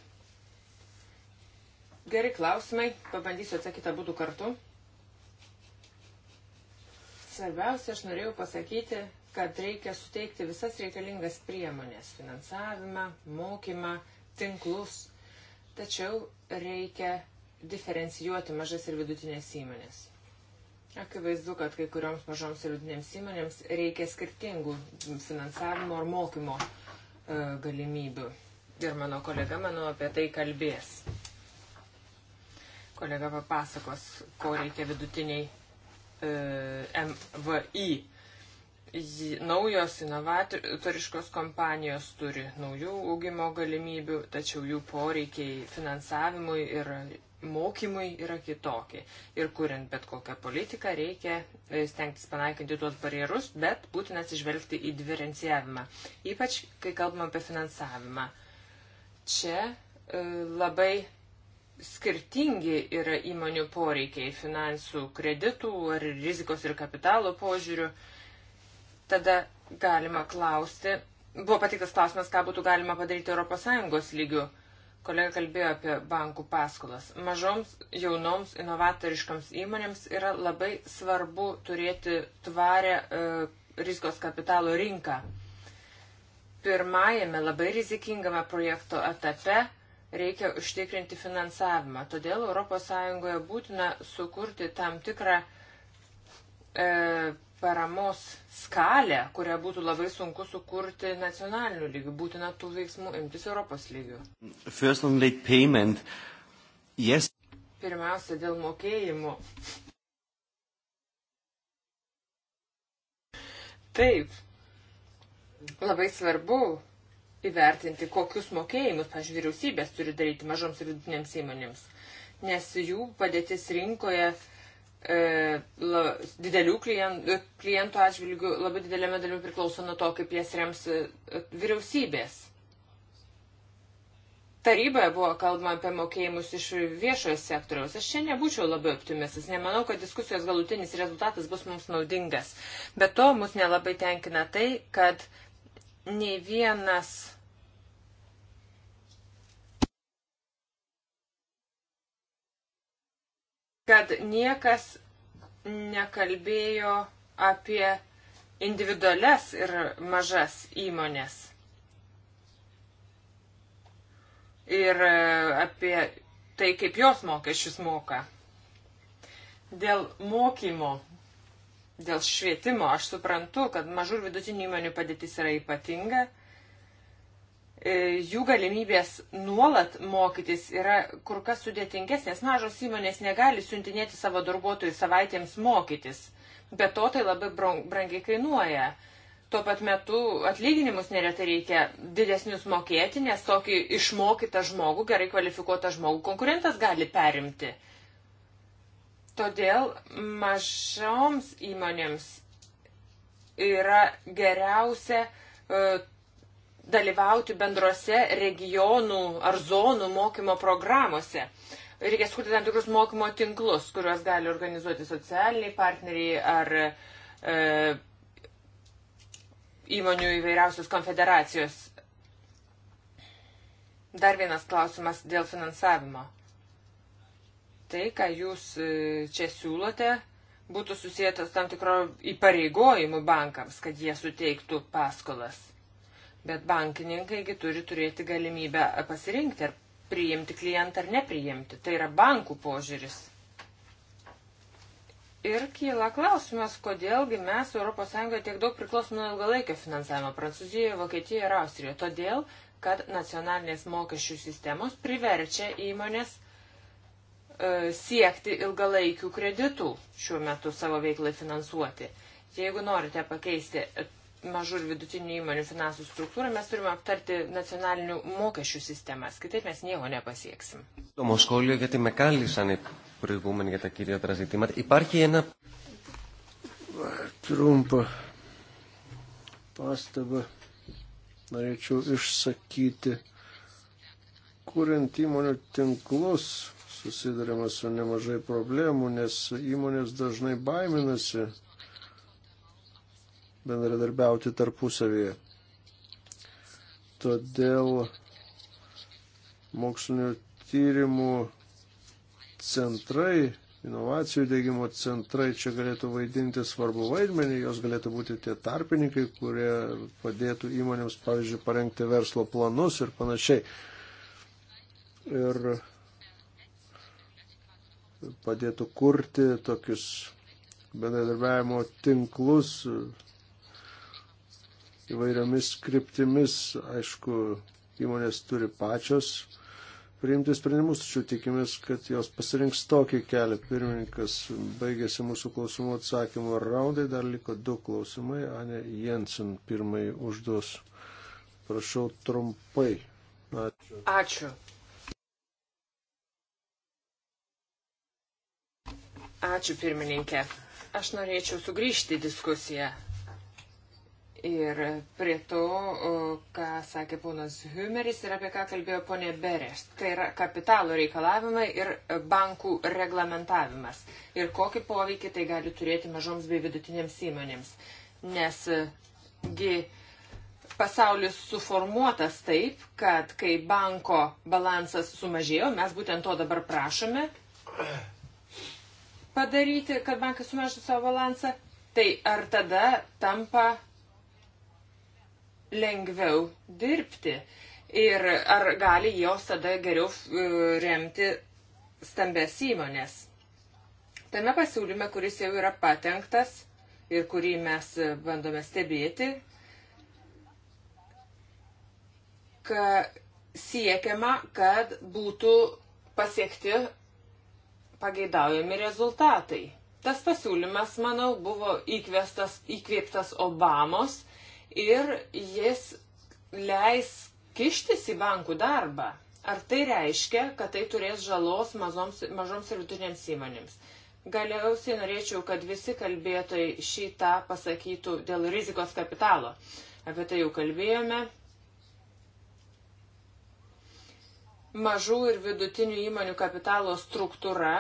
Gerai klausimai, pabandysiu atsakyti abu kartu. Svarbiausia, aš norėjau pasakyti, kad reikia suteikti visas reikalingas priemonės - finansavimą, mokymą, tinklus. Tačiau reikia diferencijuoti mažas ir vidutinės įmonės. Akivaizdu, kad kai kurioms mažoms ir vidutinėms įmonėms reikia skirtingų finansavimo ar mokymo e, galimybių. Ir mano kolega, manau, apie tai kalbės. Kolega papasakos, ko reikia vidutiniai e, MVI. Naujos inovatoriškos kompanijos turi naujų augimo galimybių, tačiau jų poreikiai finansavimui ir mokymui yra kitokie. Ir kuriant bet kokią politiką, reikia e, stengtis panaikinti tuos barjerus, bet būtinas išvelgti į diferencijavimą. Ypač, kai kalbam apie finansavimą. Čia e, labai skirtingi yra įmonių poreikiai finansų kreditų ar rizikos ir kapitalo požiūrių. Tada galima klausti, buvo patiktas klausimas, ką būtų galima padaryti ES lygių. Kolega kalbėjo apie bankų paskolas. Mažoms, jaunoms, inovatoriškoms įmonėms yra labai svarbu turėti tvarę e, rizikos kapitalo rinką. E, pirmajame labai rizikingame projekto etape reikia užtikrinti finansavimą. Todėl ES būtina sukurti tam tikrą e, paramos skalę, kurią būtų labai sunku sukurti nacionaliniu lygiu. Būtina tų veiksmų imtis Europos lygiu. Yes. Pirmiausia, dėl mokėjimų. Taip, Labai svarbu įvertinti, kokius mokėjimus, pažiūrėjau, vyriausybės turi daryti mažoms ir vidutinėms įmonėms, nes jų padėtis rinkoje e, la, didelių klientų, klientų atžvilgių labai didelėme dalimi priklauso nuo to, kaip jas rems e, vyriausybės. Taryboje buvo kalbama apie mokėjimus iš viešojo sektoriaus. Aš čia nebūčiau labai optimistas. Nemanau, kad diskusijos galutinis rezultatas bus mums naudingas. Bet to mus nelabai tenkina tai, kad uh, ne vienas kad niekas nekalbėjo apie individualias ir mažas įmonės. Ir e, apie tai, kaip jos mokesčius moka. Dėl mokymo Dėl švietimo aš suprantu, kad mažų ir vidutinių įmonių padėtis yra ypatinga. E, jų galimybės nuolat mokytis yra kur kas sudėtingesnės. Mažos įmonės negali siuntinėti savo darbuotojų savaitėms mokytis. Be to tai labai brangiai kainuoja tuo pat metu atlyginimus neretai reikia didesnius mokėti, nes tokį išmokytą žmogų, gerai kvalifikuotą žmogų konkurentas gali perimti. Todėl mažoms įmonėms yra geriausia e, dalyvauti bendrose regionų ar zonų mokymo programuose. Reikia skurti tam tikrus mokymo tinklus, kuriuos gali organizuoti socialiniai partneriai ar e, įmonių įvairiausios konfederacijos. Dar vienas klausimas dėl finansavimo tai, ką jūs e, čia siūlote, būtų susijęs tam tikro įpareigojimu bankams, kad jie suteiktų paskolas. Bet bankininkaigi turi turėti galimybę pasirinkti, ar priimti klientą ar nepriimti. Tai yra bankų požiūris. Ir kyla klausimas, kodėlgi mes ES tiek daug priklausom nuo ilgalaikio finansavimo Prancūzijoje, Vokietijoje ir Austrijoje. Todėl, kad nacionalinės mokesčių sistemos priverčia įmonės E, siekti ilgalaikių kreditų šiuo metu savo veiklai finansuoti. Jeigu norite pakeisti mažų ir vidutinių įmonių finansų struktūrą, mes turime aptarti nacionalinių mokesčių sistemas, kitaip mes nieko nepasieksim. Įdomu skolio, kad me kalisane προηγούμενοι για τα κυριότερα ζητήματα. Υπάρχει ένα... Trumpą pastabą norėčiau išsakyti, kuriant įmonių tinklus susidurėme su nemažai problemų, nes įmonės dažnai baiminasi bendradarbiauti tarpusavėje. Todėl mokslinio tyrimų centrai, inovacijų dėgymo centrai čia galėtų vaidinti svarbu vaidmenį, jos galėtų būti tie tarpininkai, kurie padėtų įmonėms, pavyzdžiui, parengti verslo planus ir panašiai. Ir padėtų kurti tokius bendradarbiavimo tinklus įvairiomis kryptimis. Aišku, įmonės turi pačios priimti sprendimus, tačiau tikimės, kad jos pasirinks tokį kelią. Pirmininkas baigėsi mūsų klausimų atsakymų raundai, dar liko du klausimai. Ane Jensen pirmai užduos. Prašau trumpai. Ačiū. Ačiū. Ačiū pirmininkė. Aš norėčiau sugrįžti į diskusiją. Ir prie to, ką sakė ponas Humeris ir apie ką kalbėjo ponė Berės. Tai yra kapitalo reikalavimai ir bankų reglamentavimas. Ir kokį poveikį tai gali turėti mažoms bei vidutinėms įmonėms. Nesgi pasaulis suformuotas taip, kad kai banko balansas sumažėjo, mes būtent to dabar prašome, padaryti, kad bankas sumažintų savo balansą, tai ar tada tampa lengviau dirbti ir ar gali jos tada geriau e, remti stambes įmonės. Tame pasiūlyme, kuris jau yra patengtas ir kurį mes bandome stebėti, ka siekiama, kad būtų pasiekti pageidaujami rezultatai. Tas pasiūlymas, manau, buvo įkvėptas, įkvėptas Obamos ir jis leis kištis į bankų darbą. Ar tai reiškia, kad tai turės žalos mazoms, mažoms ir vidutinėms įmonėms? Galiausiai norėčiau, kad visi kalbėtojai šitą pasakytų dėl rizikos kapitalo. Apie tai jau kalbėjome. mažų ir vidutinių įmonių kapitalo struktūra,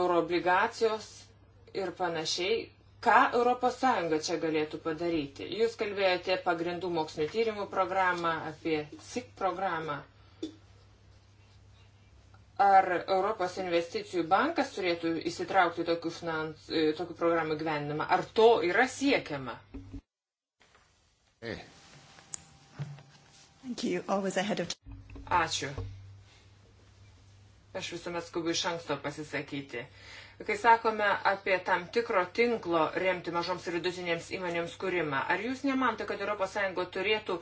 euroobligacijos ir panašiai. Ką ES čia galėtų padaryti? Jūs kalbėjote pagrindų mokslinio tyrimų programą, apie SIC programą. Ar Europos investicijų bankas turėtų įsitraukti tokių, finans, e, tokių programų gyvenimą? Ar to yra siekiama? Eh. Hey. Of... Ačiū. Aš visuomet skubu iš anksto pasisakyti. Kai sakome apie tam tikro tinklo remti mažoms ir vidutinėms įmonėms kūrimą, ar jūs nemanote, kad ES turėtų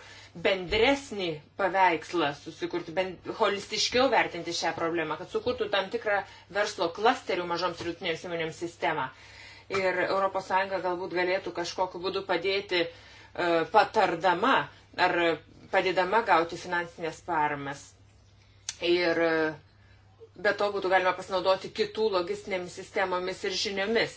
bendresnį paveikslą susikurti, bend, holistiškiau vertinti šią problemą, kad sukurtų tam tikrą verslo klasterių mažoms ir vidutinėms įmonėms sistemą? Ir ES galbūt galėtų kažkokiu būdu padėti e, patardama ar padėdama gauti finansinės paramas. Ir e, Be to būtų galima pasinaudoti kitų logistinėmis sistemomis ir žiniomis.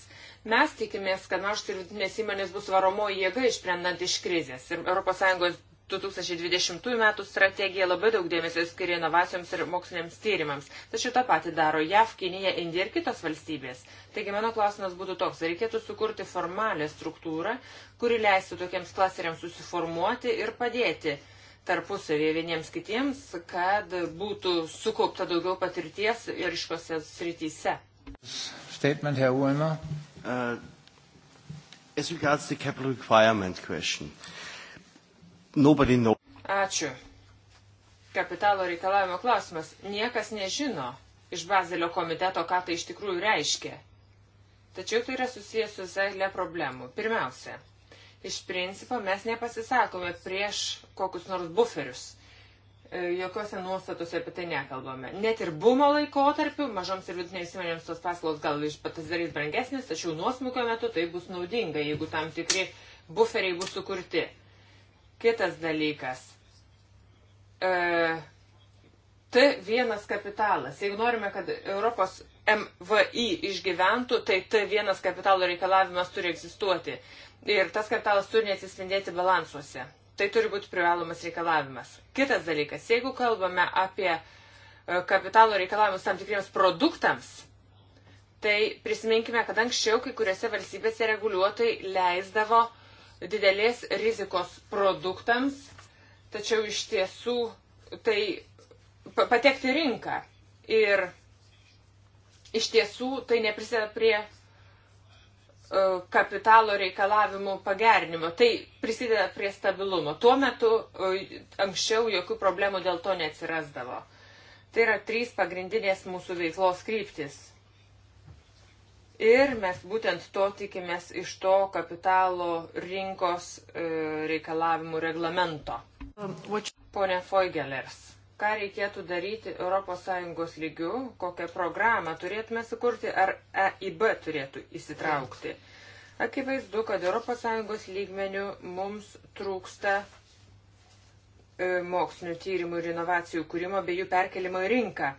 Mes tikimės, kad mažos ir vidutinės įmonės bus varomoji jėga išprendant iš krizės. Ir ES 2020 metų strategija labai daug dėmesio skiria inovacijoms ir moksliniams tyrimams. Tačiau tą patį daro JAV, Kinija, Indija ir kitos valstybės. Taigi mano klausimas būtų toks, reikėtų sukurti formalią struktūrą, kuri leistų tokiems klasteriams susiformuoti ir padėti tarpusavėje vieniems kitiems, kad būtų sukaupta daugiau patirties ir iškose srityse. Statement, Herr Ulmer. Uh, as regards the capital requirement question, nobody knows. Ačiū. Kapitalo reikalavimo klausimas. Niekas nežino iš Bazelio komiteto, ką tai iš tikrųjų reiškia. Tačiau tai yra susijęs su visai le problemų. Pirmiausia, Iš principo mes nepasisakome prieš kokius nors buferius. E, jokiuose nuostatose apie tai nekalbame. Net ir bumo laikotarpiu mažoms ir vidutinėms įmonėms tos paslaugos gal iš pasidarys brangesnės, tačiau nuosmukio metu tai bus naudinga, jeigu tam tikri buferiai bus sukurti. Kitas dalykas. E, T1 kapitalas. Jeigu norime, kad Europos MVI išgyventų, tai T1 kapitalo reikalavimas turi egzistuoti. Ir tas kapitalas turi neatsispindėti balansuose. Tai turi būti privalomas reikalavimas. Kitas dalykas, jeigu kalbame apie e, kapitalo reikalavimus tam tikriems produktams, tai prisiminkime, kad anksčiau kai kuriuose valstybėse reguliuotojai leisdavo didelės rizikos produktams, tačiau iš tiesų tai patekti rinką. Ir iš tiesų tai neprisideda prie E, kapitalo reikalavimų pagerinimo. Tai prisideda prie stabilumo. Tuo metu e, anksčiau jokių problemų dėl to neatsirasdavo. Tai yra trys pagrindinės mūsų veiklos kryptis. Ir mes būtent to tikimės iš to kapitalo rinkos e, reikalavimų reglamento. Um, Pone Foigelers ką reikėtų daryti ES lygių, kokią programą turėtume sukurti, ar EIB turėtų įsitraukti. Akivaizdu, kad ES lygmenių mums trūksta e, mokslinių tyrimų ir inovacijų kūrimo bei jų perkelimo į rinką.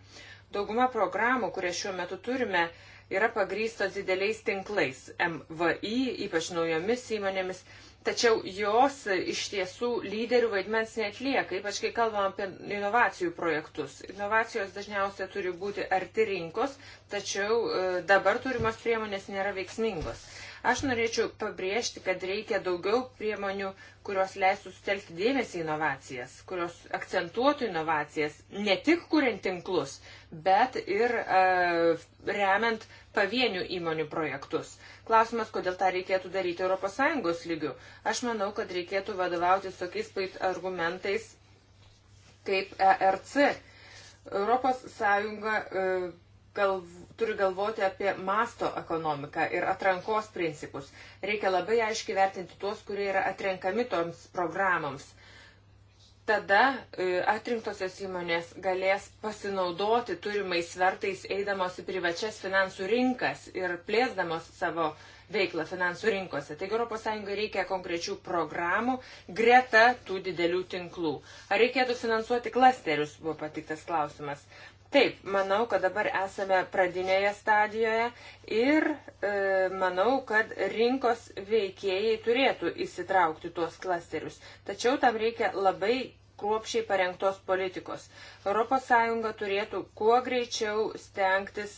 Dauguma programų, kurias šiuo metu turime, yra pagrystos dideliais tinklais MVI, ypač naujomis įmonėmis Tačiau jos iš tiesų lyderių vaidmens netlieka, ypač kai kalbam apie inovacijų projektus. Inovacijos dažniausiai turi būti arti rinkos, tačiau e, dabar turimos priemonės nėra veiksmingos. Aš norėčiau pabrėžti, kad reikia daugiau priemonių, kurios leistų sutelkti dėmesį inovacijas, kurios akcentuotų inovacijas, ne tik kuriant tinklus, bet ir uh, remiant pavienių įmonių projektus. Klausimas, kodėl tą reikėtų daryti ES lygių. Aš manau, kad reikėtų vadovautis tokiais argumentais kaip ERC. ES e, gal, turi galvoti apie masto ekonomiką ir atrankos principus. Reikia labai aiškiai vertinti tuos, kurie yra atrenkami toms programams tada e, atrinktosios įmonės galės pasinaudoti turimais svertais eidamos į privačias finansų rinkas ir plėsdamos savo veiklą finansų rinkose. Taigi ES reikia konkrečių programų greta tų didelių tinklų. Ar reikėtų finansuoti klasterius, buvo patiktas klausimas. Taip, manau, kad dabar esame pradinėje stadijoje ir e, manau, kad rinkos veikėjai turėtų įsitraukti tuos klasterius. Tačiau tam reikia labai kruopšiai parengtos politikos. ES turėtų kuo greičiau stengtis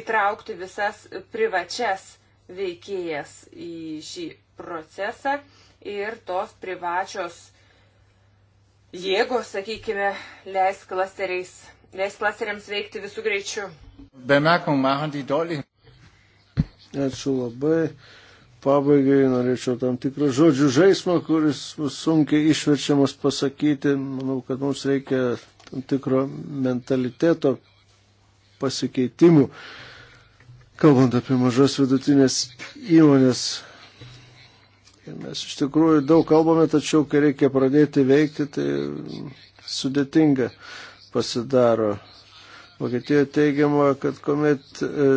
įtraukti visas privačias veikėjas į šį procesą ir tos privačios jėgos, sakykime, leis, leis klasteriams veikti visų greičių. Ačiū labai pabaigai norėčiau tam tikrą žodžių žaismą, kuris sunkiai išverčiamas pasakyti. Manau, kad mums reikia tam tikro mentaliteto pasikeitimų, kalbant apie mažas vidutinės įmonės. Ir mes iš tikrųjų daug kalbame, tačiau kai reikia pradėti veikti, tai sudėtinga pasidaro. Vokietijoje teigiama, kad kuomet e,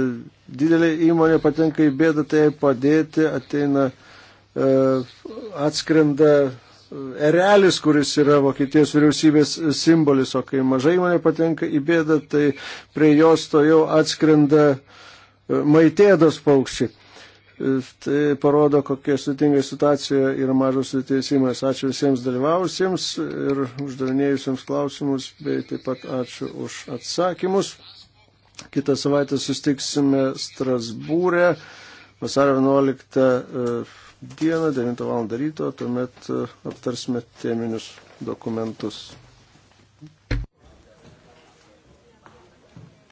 didelė įmonė patenka į bėdą, tai jai padėti ateina e, atskrenda e, erelis, kuris yra Vokietijos vyriausybės simbolis, o kai maža įmonė patenka į bėdą, tai prie jos to jau atskrenda e, maitėdos paukščiai. Tai parodo, kokia sudėtinga situacija yra mažos teisimas. Ačiū visiems dalyvausiems ir uždavinėjusiems klausimus, bei taip pat ačiū už atsakymus. Kitą savaitę sustiksime Strasbūrė, vasario 11 e, dieną, 9 val. ryto, tuomet e, aptarsime teminius dokumentus.